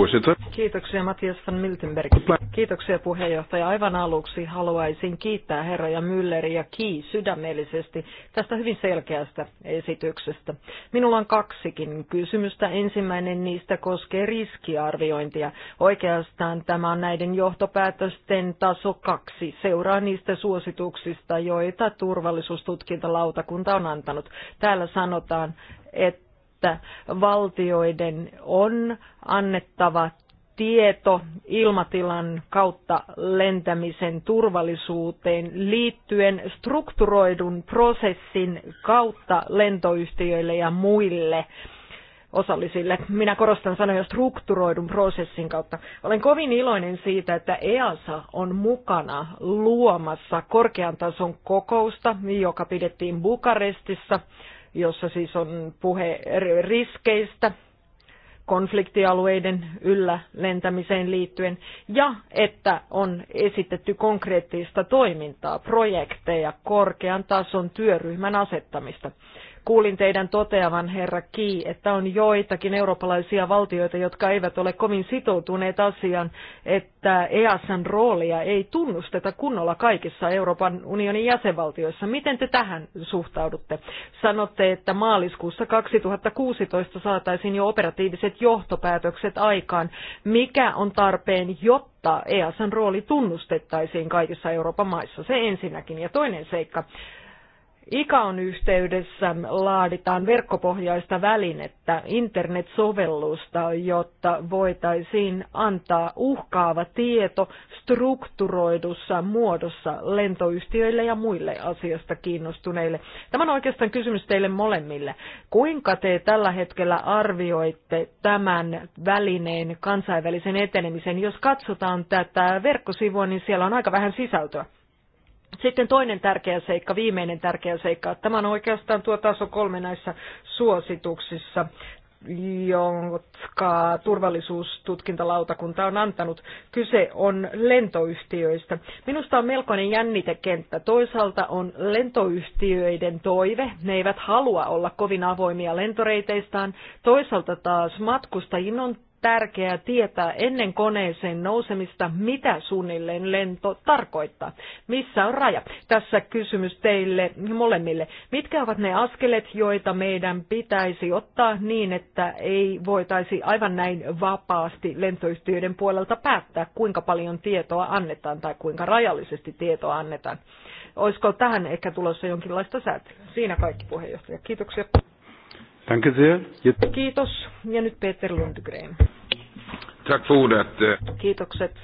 Kiitoksia Matias van Miltenberg. Kiitoksia puheenjohtaja. Aivan aluksi haluaisin kiittää ja Mülleri ja Ki sydämellisesti tästä hyvin selkeästä esityksestä. Minulla on kaksikin kysymystä. Ensimmäinen niistä koskee riskiarviointia. Oikeastaan tämä on näiden johtopäätösten taso kaksi. Seuraa niistä suosituksista, joita turvallisuustutkintalautakunta on antanut. Täällä täällä sanotaan, että valtioiden on annettava tieto ilmatilan kautta lentämisen turvallisuuteen liittyen strukturoidun prosessin kautta lentoyhtiöille ja muille osallisille. Minä korostan sanoja strukturoidun prosessin kautta. Olen kovin iloinen siitä, että EASA on mukana luomassa korkean tason kokousta, joka pidettiin Bukarestissa jossa siis on puhe riskeistä konfliktialueiden yllä lentämiseen liittyen, ja että on esitetty konkreettista toimintaa, projekteja, korkean tason työryhmän asettamista. Kuulin teidän toteavan, herra Ki, että on joitakin eurooppalaisia valtioita, jotka eivät ole kovin sitoutuneet asiaan, että EASan roolia ei tunnusteta kunnolla kaikissa Euroopan unionin jäsenvaltioissa. Miten te tähän suhtaudutte? Sanotte, että maaliskuussa 2016 saataisiin jo operatiiviset johtopäätökset aikaan. Mikä on tarpeen, jotta jotta e EASan rooli tunnustettaisiin kaikissa Euroopan maissa. Se ensinnäkin. Ja toinen seikka, ICAon yhteydessä laaditaan verkkopohjaista välinettä, internetsovellusta, jotta voitaisiin antaa uhkaava tieto strukturoidussa muodossa lentoyhtiöille ja muille asiasta kiinnostuneille. Tämä on oikeastaan kysymys teille molemmille. Kuinka te tällä hetkellä arvioitte tämän välineen kansainvälisen etenemisen? Jos katsotaan tätä verkkosivua, niin siellä on aika vähän sisältöä. Sitten toinen tärkeä seikka, viimeinen tärkeä seikka, että tämä on oikeastaan tuo taso kolme näissä suosituksissa jotka turvallisuustutkintalautakunta on antanut. Kyse on lentoyhtiöistä. Minusta on melkoinen jännitekenttä. Toisaalta on lentoyhtiöiden toive. Ne eivät halua olla kovin avoimia lentoreiteistään. Toisaalta taas matkustajien on tärkeää tietää ennen koneeseen nousemista, mitä suunnilleen lento tarkoittaa. Missä on raja? Tässä kysymys teille molemmille. Mitkä ovat ne askeleet, joita meidän pitäisi ottaa niin, että ei voitaisi aivan näin vapaasti lentoyhtiöiden puolelta päättää, kuinka paljon tietoa annetaan tai kuinka rajallisesti tietoa annetaan? Olisiko tähän ehkä tulossa jonkinlaista säätöä? Siinä kaikki puheenjohtaja. Kiitoksia. Danke sehr. Kiitos. Ja nyt Peter Lundgren. Tack för ordet. Kiitokset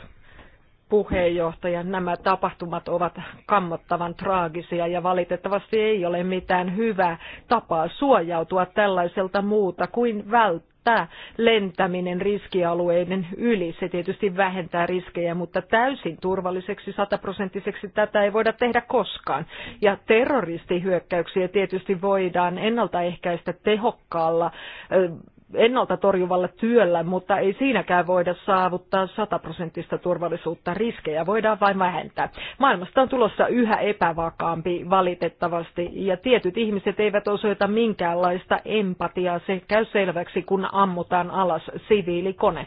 puheenjohtaja. Nämä tapahtumat ovat kammottavan traagisia ja valitettavasti ei ole mitään hyvää tapaa suojautua tällaiselta muuta kuin välttää lentäminen riskialueiden yli. Se tietysti vähentää riskejä, mutta täysin turvalliseksi, sataprosenttiseksi tätä ei voida tehdä koskaan. Ja terroristihyökkäyksiä tietysti voidaan ennaltaehkäistä tehokkaalla ennalta torjuvalla työllä, mutta ei siinäkään voida saavuttaa sataprosenttista turvallisuutta. Riskejä voidaan vain vähentää. Maailmasta on tulossa yhä epävakaampi valitettavasti ja tietyt ihmiset eivät osoita minkäänlaista empatiaa. Se käy selväksi, kun ammutaan alas siviilikone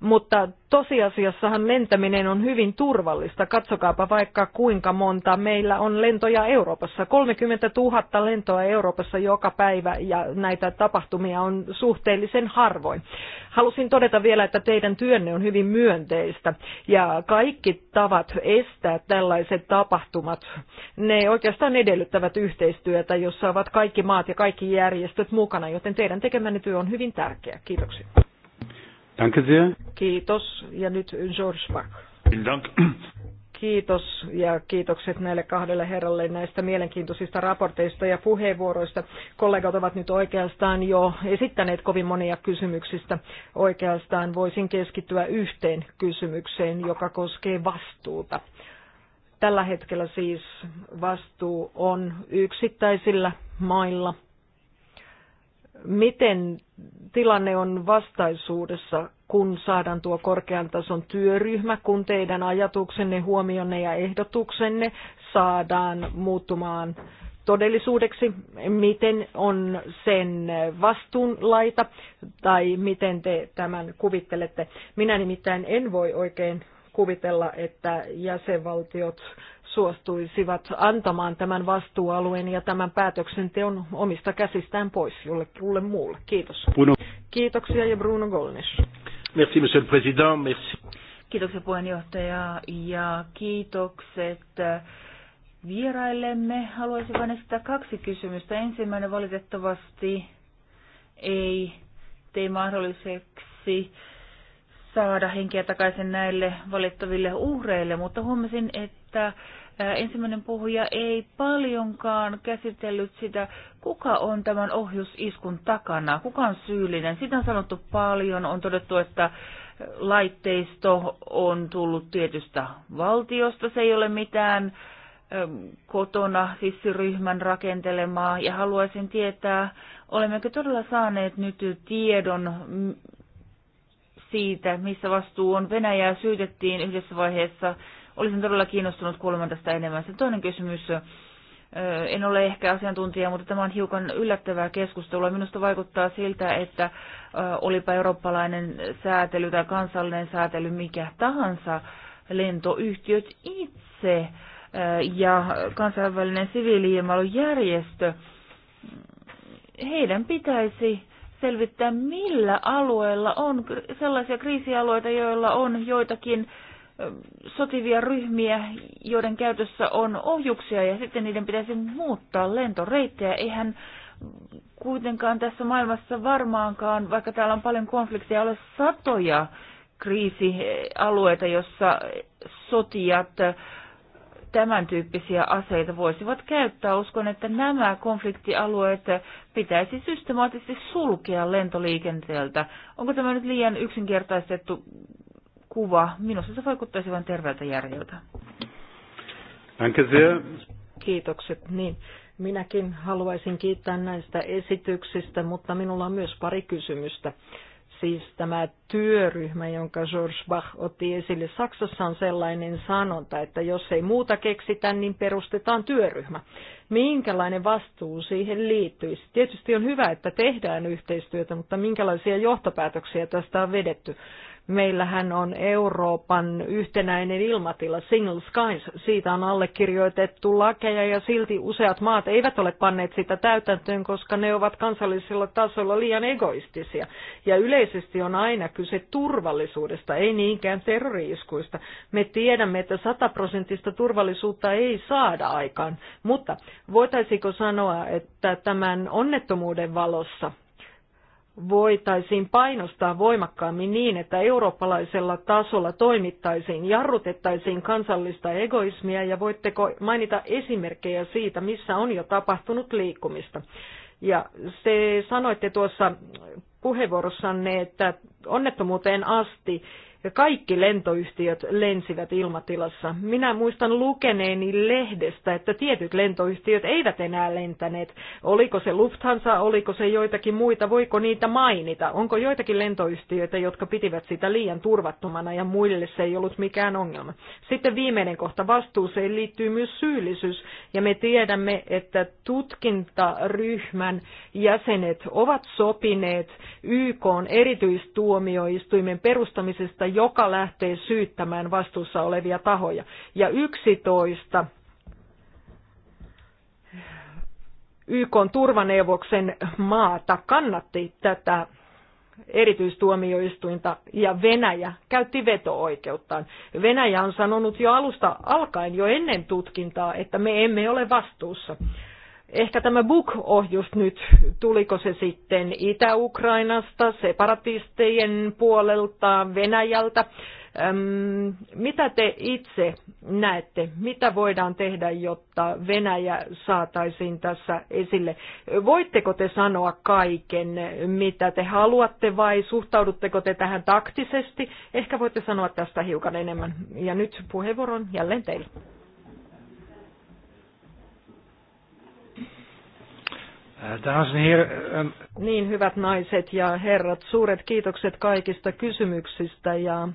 mutta tosiasiassahan lentäminen on hyvin turvallista. Katsokaapa vaikka kuinka monta meillä on lentoja Euroopassa. 30 000 lentoa Euroopassa joka päivä ja näitä tapahtumia on suhteellisen harvoin. Halusin todeta vielä, että teidän työnne on hyvin myönteistä ja kaikki tavat estää tällaiset tapahtumat, ne oikeastaan edellyttävät yhteistyötä, jossa ovat kaikki maat ja kaikki järjestöt mukana, joten teidän tekemänne työ on hyvin tärkeä. Kiitoksia. Danke sehr. Kiitos. Ja nyt George Bach. Dank. Kiitos ja kiitokset näille kahdelle herralle näistä mielenkiintoisista raporteista ja puheenvuoroista. Kollegat ovat nyt oikeastaan jo esittäneet kovin monia kysymyksistä. Oikeastaan voisin keskittyä yhteen kysymykseen, joka koskee vastuuta. Tällä hetkellä siis vastuu on yksittäisillä mailla – miten tilanne on vastaisuudessa, kun saadaan tuo korkean tason työryhmä, kun teidän ajatuksenne, huomionne ja ehdotuksenne saadaan muuttumaan todellisuudeksi, miten on sen vastuunlaita tai miten te tämän kuvittelette. Minä nimittäin en voi oikein kuvitella, että jäsenvaltiot suostuisivat antamaan tämän vastuualueen ja tämän päätöksenteon omista käsistään pois jollekulle muulle. Kiitos. Bruno. Kiitoksia ja Bruno Golnes. Merci, monsieur le président. Merci. Kiitoksia puheenjohtaja ja kiitokset vieraillemme. Haluaisin vain esittää kaksi kysymystä. Ensimmäinen valitettavasti ei tee mahdolliseksi saada henkeä takaisin näille valittaville uhreille, mutta huomasin, että ensimmäinen puhuja ei paljonkaan käsitellyt sitä, kuka on tämän ohjusiskun takana, kuka on syyllinen. Sitä on sanottu paljon, on todettu, että laitteisto on tullut tietystä valtiosta, se ei ole mitään kotona sissiryhmän rakentelemaa ja haluaisin tietää, olemmeko todella saaneet nyt tiedon siitä, missä vastuu on. Venäjää syytettiin yhdessä vaiheessa Olisin todella kiinnostunut kuulemaan tästä enemmän. Sitten toinen kysymys. En ole ehkä asiantuntija, mutta tämä on hiukan yllättävää keskustelua. Minusta vaikuttaa siltä, että olipa eurooppalainen säätely tai kansallinen säätely mikä tahansa, lentoyhtiöt itse ja kansainvälinen siviiliilmailujärjestö, heidän pitäisi selvittää, millä alueella on sellaisia kriisialueita, joilla on joitakin sotivia ryhmiä, joiden käytössä on ohjuksia ja sitten niiden pitäisi muuttaa lentoreittejä. Eihän kuitenkaan tässä maailmassa varmaankaan, vaikka täällä on paljon konflikteja, ole satoja kriisialueita, jossa sotijat tämän tyyppisiä aseita voisivat käyttää. Uskon, että nämä konfliktialueet pitäisi systemaattisesti sulkea lentoliikenteeltä. Onko tämä nyt liian yksinkertaistettu kuva. Minusta se vaikuttaisi vain terveeltä järjeltä. Kiitokset. Niin, minäkin haluaisin kiittää näistä esityksistä, mutta minulla on myös pari kysymystä. Siis tämä työryhmä, jonka George Bach otti esille Saksassa, on sellainen sanonta, että jos ei muuta keksitä, niin perustetaan työryhmä. Minkälainen vastuu siihen liittyisi? Tietysti on hyvä, että tehdään yhteistyötä, mutta minkälaisia johtopäätöksiä tästä on vedetty? Meillähän on Euroopan yhtenäinen ilmatila, Single Skies. Siitä on allekirjoitettu lakeja ja silti useat maat eivät ole panneet sitä täytäntöön, koska ne ovat kansallisella tasolla liian egoistisia. Ja yleisesti on aina kyse turvallisuudesta, ei niinkään terroriiskuista. Me tiedämme, että sataprosenttista turvallisuutta ei saada aikaan, mutta voitaisiko sanoa, että tämän onnettomuuden valossa voitaisiin painostaa voimakkaammin niin, että eurooppalaisella tasolla toimittaisiin, jarrutettaisiin kansallista egoismia ja voitteko mainita esimerkkejä siitä, missä on jo tapahtunut liikkumista. Ja se sanoitte tuossa puheenvuorossanne, että onnettomuuteen asti kaikki lentoyhtiöt lensivät ilmatilassa. Minä muistan lukeneeni lehdestä, että tietyt lentoyhtiöt eivät enää lentäneet. Oliko se Lufthansa, oliko se joitakin muita, voiko niitä mainita? Onko joitakin lentoyhtiöitä, jotka pitivät sitä liian turvattomana ja muille se ei ollut mikään ongelma? Sitten viimeinen kohta vastuuseen liittyy myös syyllisyys. Ja me tiedämme, että tutkintaryhmän jäsenet ovat sopineet YK erityistuomioistuimen perustamisesta joka lähtee syyttämään vastuussa olevia tahoja. Ja 11 YK turvaneuvoksen maata kannatti tätä erityistuomioistuinta ja Venäjä käytti veto-oikeuttaan. Venäjä on sanonut jo alusta alkaen, jo ennen tutkintaa, että me emme ole vastuussa. Ehkä tämä Buk-ohjus nyt, tuliko se sitten Itä-Ukrainasta, separatistejen puolelta, Venäjältä? Öm, mitä te itse näette? Mitä voidaan tehdä, jotta Venäjä saataisiin tässä esille? Voitteko te sanoa kaiken, mitä te haluatte vai suhtaudutteko te tähän taktisesti? Ehkä voitte sanoa tästä hiukan enemmän. Ja nyt puheenvuoron jälleen teille. Eh, ehm, niin, hyvät naiset ja herrat, suuret kiitokset kaikista kysymyksistä ja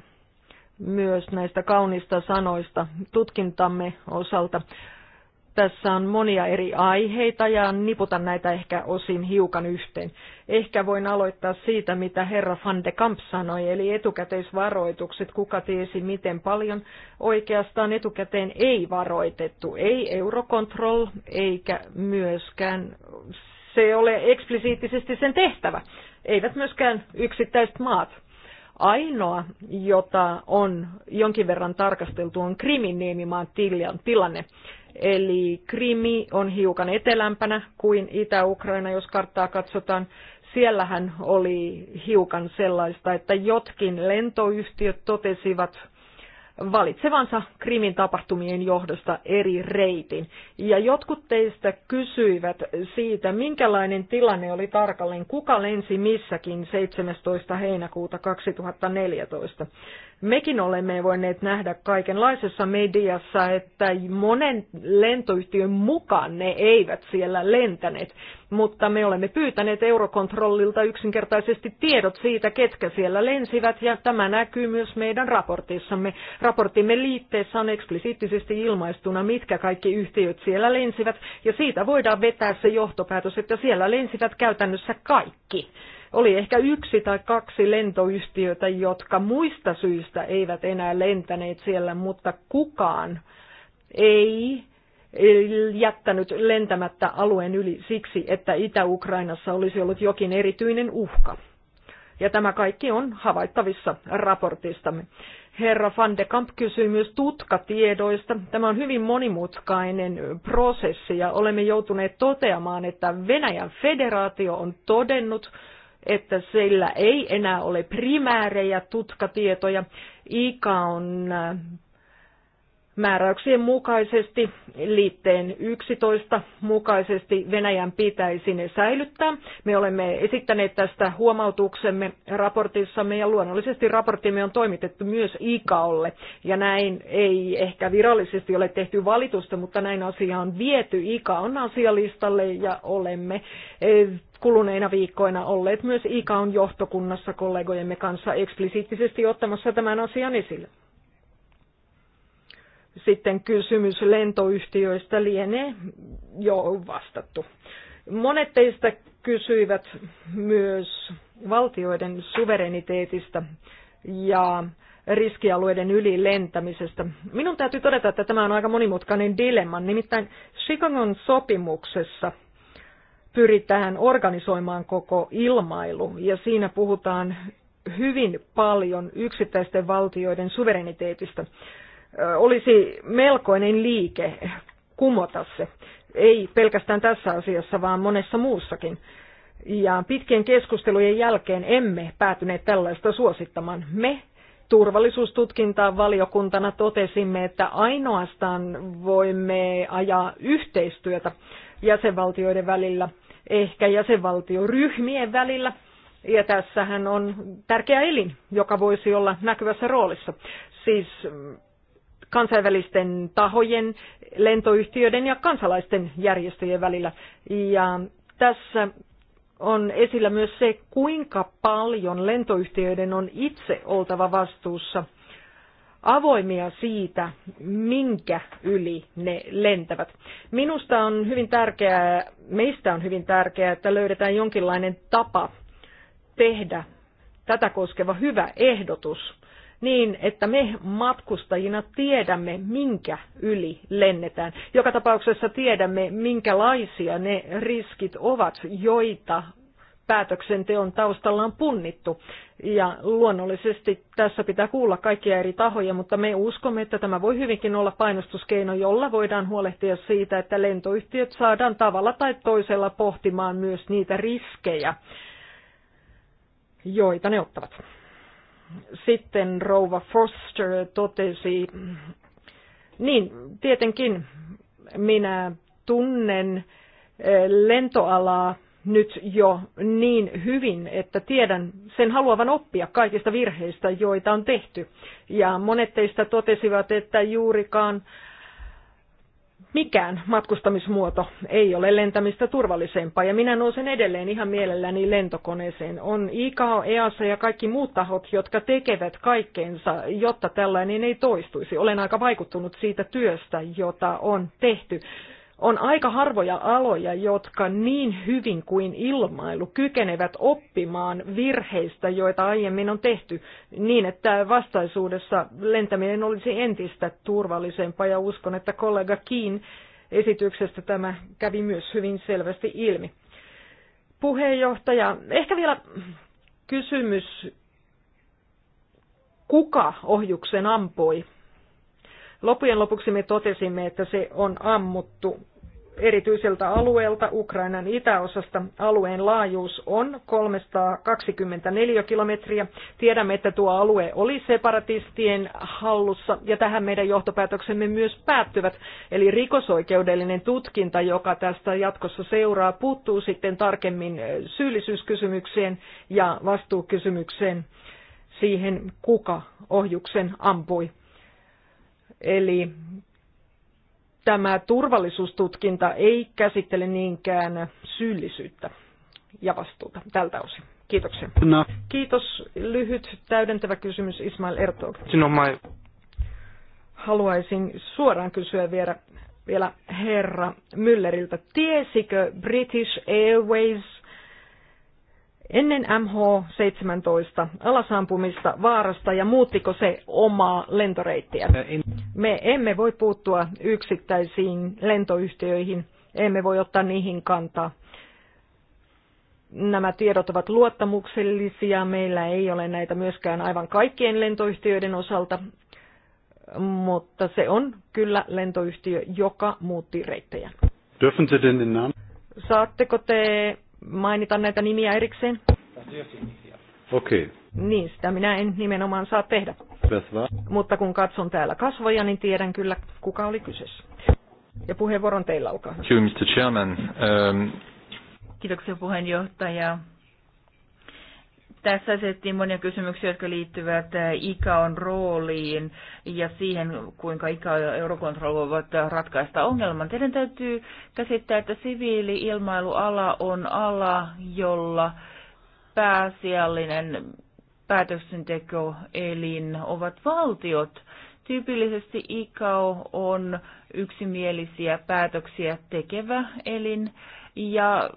myös näistä kaunista sanoista tutkintamme osalta. Tässä on monia eri aiheita ja niputan näitä ehkä osin hiukan yhteen. Ehkä voin aloittaa siitä, mitä herra van de Kamp sanoi, eli etukäteisvaroitukset, kuka tiesi miten paljon. Oikeastaan etukäteen ei varoitettu, ei Eurocontrol eikä myöskään se ei ole eksplisiittisesti sen tehtävä. Eivät myöskään yksittäiset maat. Ainoa, jota on jonkin verran tarkasteltu, on Krimin niemimaan tilanne. Eli Krimi on hiukan etelämpänä kuin Itä-Ukraina, jos karttaa katsotaan. Siellähän oli hiukan sellaista, että jotkin lentoyhtiöt totesivat valitsevansa Krimin tapahtumien johdosta eri reitin. Ja jotkut teistä kysyivät siitä, minkälainen tilanne oli tarkalleen, kuka lensi missäkin 17. heinäkuuta 2014. Mekin olemme voineet nähdä kaikenlaisessa mediassa, että monen lentoyhtiön mukaan ne eivät siellä lentäneet, mutta me olemme pyytäneet Eurokontrollilta yksinkertaisesti tiedot siitä, ketkä siellä lensivät, ja tämä näkyy myös meidän raportissamme. Raportimme liitteessä on eksplisiittisesti ilmaistuna, mitkä kaikki yhtiöt siellä lensivät, ja siitä voidaan vetää se johtopäätös, että siellä lensivät käytännössä kaikki. Oli ehkä yksi tai kaksi lentoyhtiötä, jotka muista syistä eivät enää lentäneet siellä, mutta kukaan ei jättänyt lentämättä alueen yli siksi, että Itä-Ukrainassa olisi ollut jokin erityinen uhka. Ja tämä kaikki on havaittavissa raportistamme. Herra van de Kamp kysyy myös tutkatiedoista. Tämä on hyvin monimutkainen prosessi ja olemme joutuneet toteamaan, että Venäjän federaatio on todennut, että sillä ei enää ole primäärejä tutkatietoja. on äh, Määräyksien mukaisesti liitteen 11 mukaisesti Venäjän pitäisi ne säilyttää. Me olemme esittäneet tästä huomautuksemme raportissamme ja luonnollisesti raporttimme on toimitettu myös ICAOlle. Ja näin ei ehkä virallisesti ole tehty valitusta, mutta näin asia on viety ICAOn asialistalle ja olemme e, kuluneina viikkoina olleet myös ICAOn johtokunnassa kollegojemme kanssa eksplisiittisesti ottamassa tämän asian esille. Sitten kysymys lentoyhtiöistä lienee jo vastattu. Monet teistä kysyivät myös valtioiden suvereniteetista ja riskialueiden yli lentämisestä. Minun täytyy todeta, että tämä on aika monimutkainen dilemma. Nimittäin Chicagon sopimuksessa pyritään organisoimaan koko ilmailu ja siinä puhutaan hyvin paljon yksittäisten valtioiden suvereniteetista olisi melkoinen liike kumota se. Ei pelkästään tässä asiassa, vaan monessa muussakin. Ja pitkien keskustelujen jälkeen emme päätyneet tällaista suosittamaan. Me turvallisuustutkintaa valiokuntana totesimme, että ainoastaan voimme ajaa yhteistyötä jäsenvaltioiden välillä, ehkä jäsenvaltioryhmien välillä. Ja tässähän on tärkeä elin, joka voisi olla näkyvässä roolissa. Siis mm, kansainvälisten tahojen, lentoyhtiöiden ja kansalaisten järjestöjen välillä. Ja tässä on esillä myös se, kuinka paljon lentoyhtiöiden on itse oltava vastuussa avoimia siitä, minkä yli ne lentävät. Minusta on hyvin tärkeää, meistä on hyvin tärkeää, että löydetään jonkinlainen tapa tehdä tätä koskeva hyvä ehdotus niin, että me matkustajina tiedämme, minkä yli lennetään. Joka tapauksessa tiedämme, minkälaisia ne riskit ovat, joita päätöksenteon taustalla on punnittu. Ja luonnollisesti tässä pitää kuulla kaikkia eri tahoja, mutta me uskomme, että tämä voi hyvinkin olla painostuskeino, jolla voidaan huolehtia siitä, että lentoyhtiöt saadaan tavalla tai toisella pohtimaan myös niitä riskejä, joita ne ottavat. Sitten rouva Foster totesi, niin tietenkin minä tunnen eh, lentoalaa nyt jo niin hyvin, että tiedän sen haluavan oppia kaikista virheistä, joita on tehty. Ja monet teistä totesivat, että juurikaan Mikään matkustamismuoto ei ole lentämistä turvallisempaa ja minä nousen edelleen ihan mielelläni lentokoneeseen. On IKO, EASA ja kaikki muut tahot, jotka tekevät kaikkeensa, jotta tällainen ei toistuisi. Olen aika vaikuttunut siitä työstä, jota on tehty on aika harvoja aloja, jotka niin hyvin kuin ilmailu kykenevät oppimaan virheistä, joita aiemmin on tehty, niin että vastaisuudessa lentäminen olisi entistä turvallisempaa ja uskon, että kollega Kiin esityksestä tämä kävi myös hyvin selvästi ilmi. Puheenjohtaja, ehkä vielä kysymys, kuka ohjuksen ampoi? Lopujen lopuksi me totesimme, että se on ammuttu erityiseltä alueelta Ukrainan itäosasta. Alueen laajuus on 324 kilometriä. Tiedämme, että tuo alue oli separatistien hallussa ja tähän meidän johtopäätöksemme myös päättyvät. Eli rikosoikeudellinen tutkinta, joka tästä jatkossa seuraa, puuttuu sitten tarkemmin syyllisyyskysymykseen ja vastuukysymykseen siihen, kuka ohjuksen ampui. Eli tämä turvallisuustutkinta ei käsittele niinkään syyllisyyttä ja vastuuta tältä osin. Kiitoksia. No. Kiitos. Lyhyt täydentävä kysymys Ismail Ertog. No, my... Haluaisin suoraan kysyä vielä, vielä herra Mülleriltä. Tiesikö British Airways ennen MH17 alasampumista vaarasta ja muuttiko se omaa lentoreittiä? Äh, Me emme voi puuttua yksittäisiin lentoyhtiöihin, emme voi ottaa niihin kantaa. Nämä tiedot ovat luottamuksellisia, meillä ei ole näitä myöskään aivan kaikkien lentoyhtiöiden osalta, mutta se on kyllä lentoyhtiö, joka muutti reittejä. Saatteko te mainita näitä nimiä erikseen? Okei. Okay. Niin, sitä minä en nimenomaan saa tehdä. Mutta kun katson täällä kasvoja, niin tiedän kyllä, kuka oli kyseessä. Ja puheenvuoron teillä alkaa. Thank Mr. Chairman. Um... Kiitoksia puheenjohtaja. Tässä esitettiin monia kysymyksiä, jotka liittyvät äh, ICAon rooliin ja siihen, kuinka ICAO ja Eurocontrol voivat ratkaista ongelman. Teidän täytyy käsittää, että siviili-ilmailuala on ala, jolla pääasiallinen päätöksentekoelin ovat valtiot. Tyypillisesti ICAO on yksimielisiä päätöksiä tekevä elin ja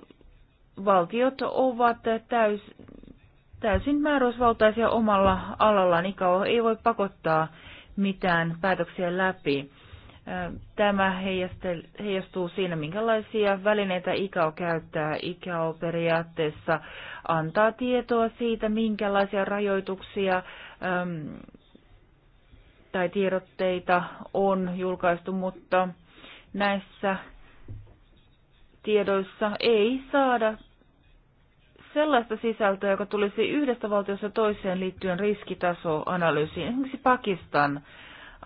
valtiot ovat täys, täysin määräysvaltaisia omalla alallaan. ICAO ei voi pakottaa mitään päätöksiä läpi. Tämä heijastuu siinä, minkälaisia välineitä ICAO käyttää. ICAO periaatteessa antaa tietoa siitä, minkälaisia rajoituksia tai tiedotteita on julkaistu, mutta näissä tiedoissa ei saada sellaista sisältöä, joka tulisi yhdestä valtiosta toiseen liittyen riskitasoanalyysiin. Esimerkiksi Pakistan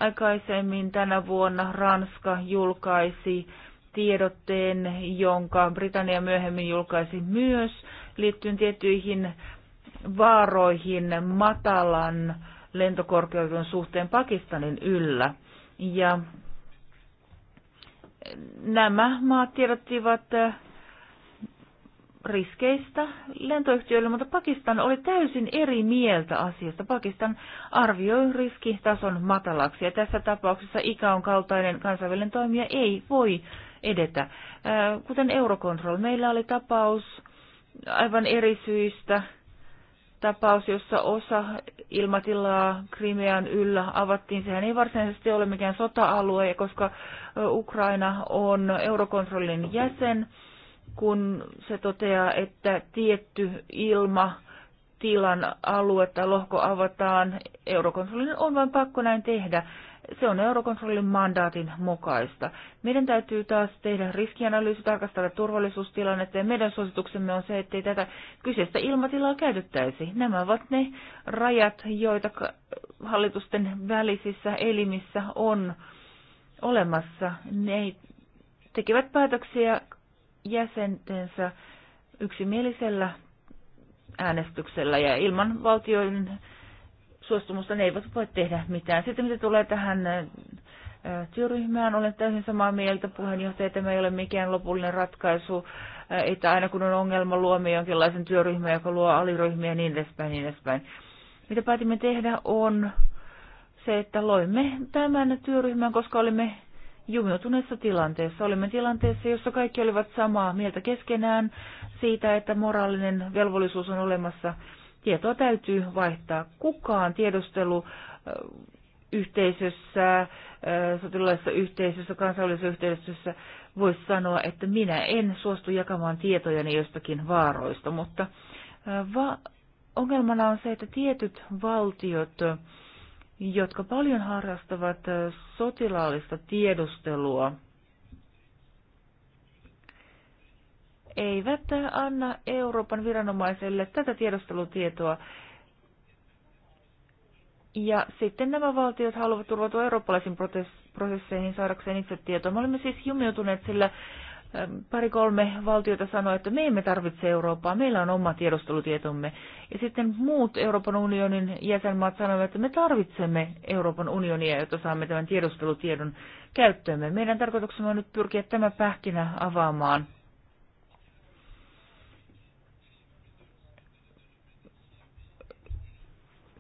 aikaisemmin tänä vuonna Ranska julkaisi tiedotteen, jonka Britannia myöhemmin julkaisi myös liittyen tiettyihin vaaroihin matalan lentokorkeuden suhteen Pakistanin yllä. Ja nämä maat tiedottivat riskeistä lentoyhtiöille, mutta Pakistan oli täysin eri mieltä asiasta. Pakistan arvioi riskitason matalaksi ja tässä tapauksessa on kaltainen kansainvälinen toimija ei voi edetä. Äh, kuten Eurocontrol, meillä oli tapaus aivan eri syistä, tapaus, jossa osa ilmatilaa Krimean yllä avattiin. Sehän ei varsinaisesti ole mikään sota-alue, koska Ukraina on Eurokontrollin jäsen kun se toteaa, että tietty ilma tilan alue lohko avataan, eurokontrollin on vain pakko näin tehdä. Se on eurokonsolin mandaatin mukaista. Meidän täytyy taas tehdä riskianalyysi, tarkastella turvallisuustilannetta ja meidän suosituksemme on se, ettei tätä kyseistä ilmatilaa käytettäisi. Nämä ovat ne rajat, joita hallitusten välisissä elimissä on olemassa. Ne tekevät päätöksiä jäsentensä yksimielisellä äänestyksellä ja ilman valtioiden suostumusta ne eivät voi tehdä mitään. Sitten mitä tulee tähän työryhmään, olen täysin samaa mieltä puheenjohtaja, tämä ei ole mikään lopullinen ratkaisu, että aina kun on ongelma luomme jonkinlaisen työryhmän, joka luo aliryhmiä ja niin edespäin, niin edespäin. Mitä päätimme tehdä on se, että loimme tämän työryhmän, koska olimme jumiutuneessa tilanteessa. Olimme tilanteessa, jossa kaikki olivat samaa mieltä keskenään siitä, että moraalinen velvollisuus on olemassa. Tietoa täytyy vaihtaa. Kukaan tiedustelu yhteisössä, sotilaisessa yhteisössä, kansallisessa yhteisössä voisi sanoa, että minä en suostu jakamaan tietojani jostakin vaaroista, mutta va- ongelmana on se, että tietyt valtiot jotka paljon harrastavat sotilaallista tiedustelua, eivät anna Euroopan viranomaiselle tätä tiedustelutietoa. Ja sitten nämä valtiot haluavat turvautua eurooppalaisiin prosesseihin saadakseen itse tietoa. Me olemme siis jumiutuneet, sillä pari-kolme valtiota sanoi, että me emme tarvitse Eurooppaa, meillä on oma tiedustelutietomme. Ja sitten muut Euroopan unionin jäsenmaat sanoivat, että me tarvitsemme Euroopan unionia, jotta saamme tämän tiedustelutiedon käyttöömme. Meidän tarkoituksena on nyt pyrkiä tämä pähkinä avaamaan.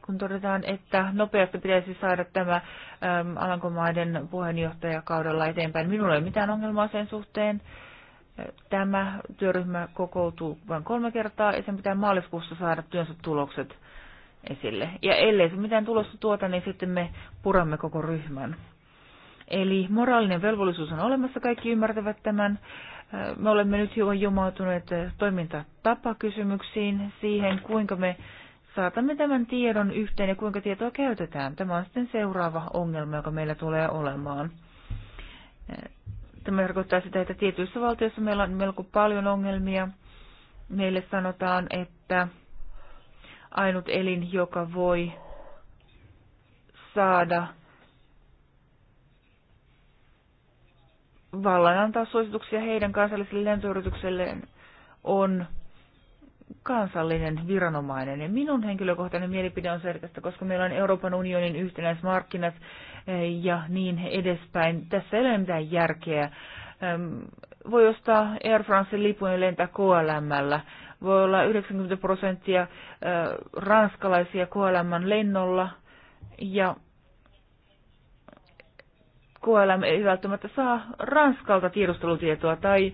kun todetaan, että nopeasti pitäisi saada tämä äm, Alankomaiden puheenjohtajakaudella eteenpäin. Minulla ei mitään ongelmaa sen suhteen. Tämä työryhmä kokoutuu vain kolme kertaa ja sen pitää maaliskuussa saada työnsä tulokset esille. Ja ellei se mitään tulosta tuota, niin sitten me puramme koko ryhmän. Eli moraalinen velvollisuus on olemassa, kaikki ymmärtävät tämän. Me olemme nyt hiukan jumautuneet toimintatapakysymyksiin, siihen kuinka me saatamme tämän tiedon yhteen ja kuinka tietoa käytetään. Tämä on sitten seuraava ongelma, joka meillä tulee olemaan. Tämä tarkoittaa sitä, että tietyissä valtioissa meillä on melko paljon ongelmia. Meille sanotaan, että ainut elin, joka voi saada vallan antaa suosituksia heidän kansalliselle lentoyritykselleen, on kansallinen viranomainen. Ja minun henkilökohtainen mielipide on se, että koska meillä on Euroopan unionin yhtenäismarkkinat eh, ja niin edespäin, tässä ei ole mitään järkeä. Voi ostaa Air Francein lipun ja lentää KLMllä. Voi olla 90 prosenttia eh, ranskalaisia klm lennolla ja KLM ei välttämättä saa Ranskalta tiedustelutietoa tai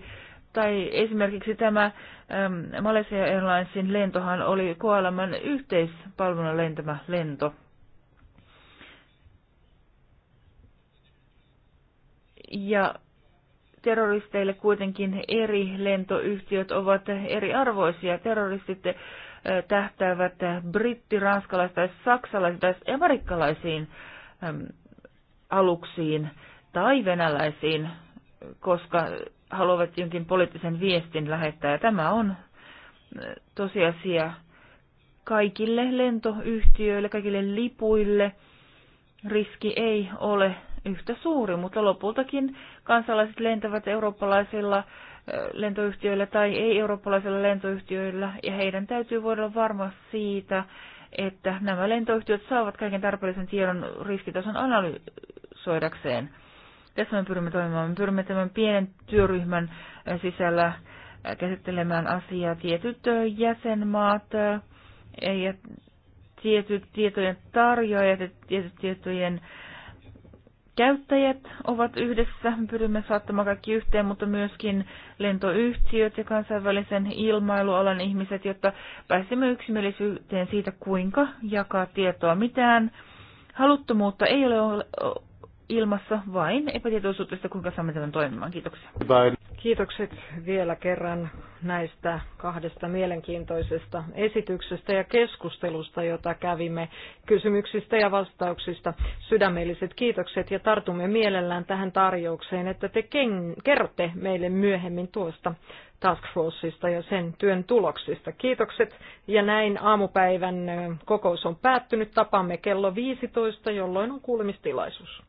tai esimerkiksi tämä ähm, Malaysia Airlinesin lentohan oli Koalaman yhteispalvelun lentämä lento. Ja terroristeille kuitenkin eri lentoyhtiöt ovat eriarvoisia. Terroristit äh, tähtäävät britti-, ranskalais- tai saksalais- tai amerikkalaisiin ähm, aluksiin tai venäläisiin, koska haluavat jonkin poliittisen viestin lähettää. Ja tämä on äh, tosiasia kaikille lentoyhtiöille, kaikille lipuille. Riski ei ole yhtä suuri, mutta lopultakin kansalaiset lentävät eurooppalaisilla äh, lentoyhtiöillä tai ei-eurooppalaisilla lentoyhtiöillä, ja heidän täytyy voida olla varma siitä, että nämä lentoyhtiöt saavat kaiken tarpeellisen tiedon riskitason analysoidakseen. Tässä me pyrimme toimimaan. Me pyrimme tämän pienen työryhmän äh, sisällä äh, käsittelemään asiaa tietyt äh, jäsenmaat ja tietyt tietojen tarjoajat ja tietyt tietojen käyttäjät ovat yhdessä. Me pyrimme saattamaan kaikki yhteen, mutta myöskin lentoyhtiöt ja kansainvälisen ilmailualan ihmiset, jotta pääsemme yksimielisyyteen siitä, kuinka jakaa tietoa mitään. Haluttomuutta ei ole ilmassa vain epätietoisuutta kuinka saamme tämän toimimaan. Kiitoksia. Bye. Kiitokset vielä kerran näistä kahdesta mielenkiintoisesta esityksestä ja keskustelusta, jota kävimme kysymyksistä ja vastauksista. Sydämelliset kiitokset ja tartumme mielellään tähän tarjoukseen, että te kerrotte meille myöhemmin tuosta Task Forceista ja sen työn tuloksista. Kiitokset ja näin aamupäivän kokous on päättynyt. Tapamme kello 15, jolloin on kuulemistilaisuus.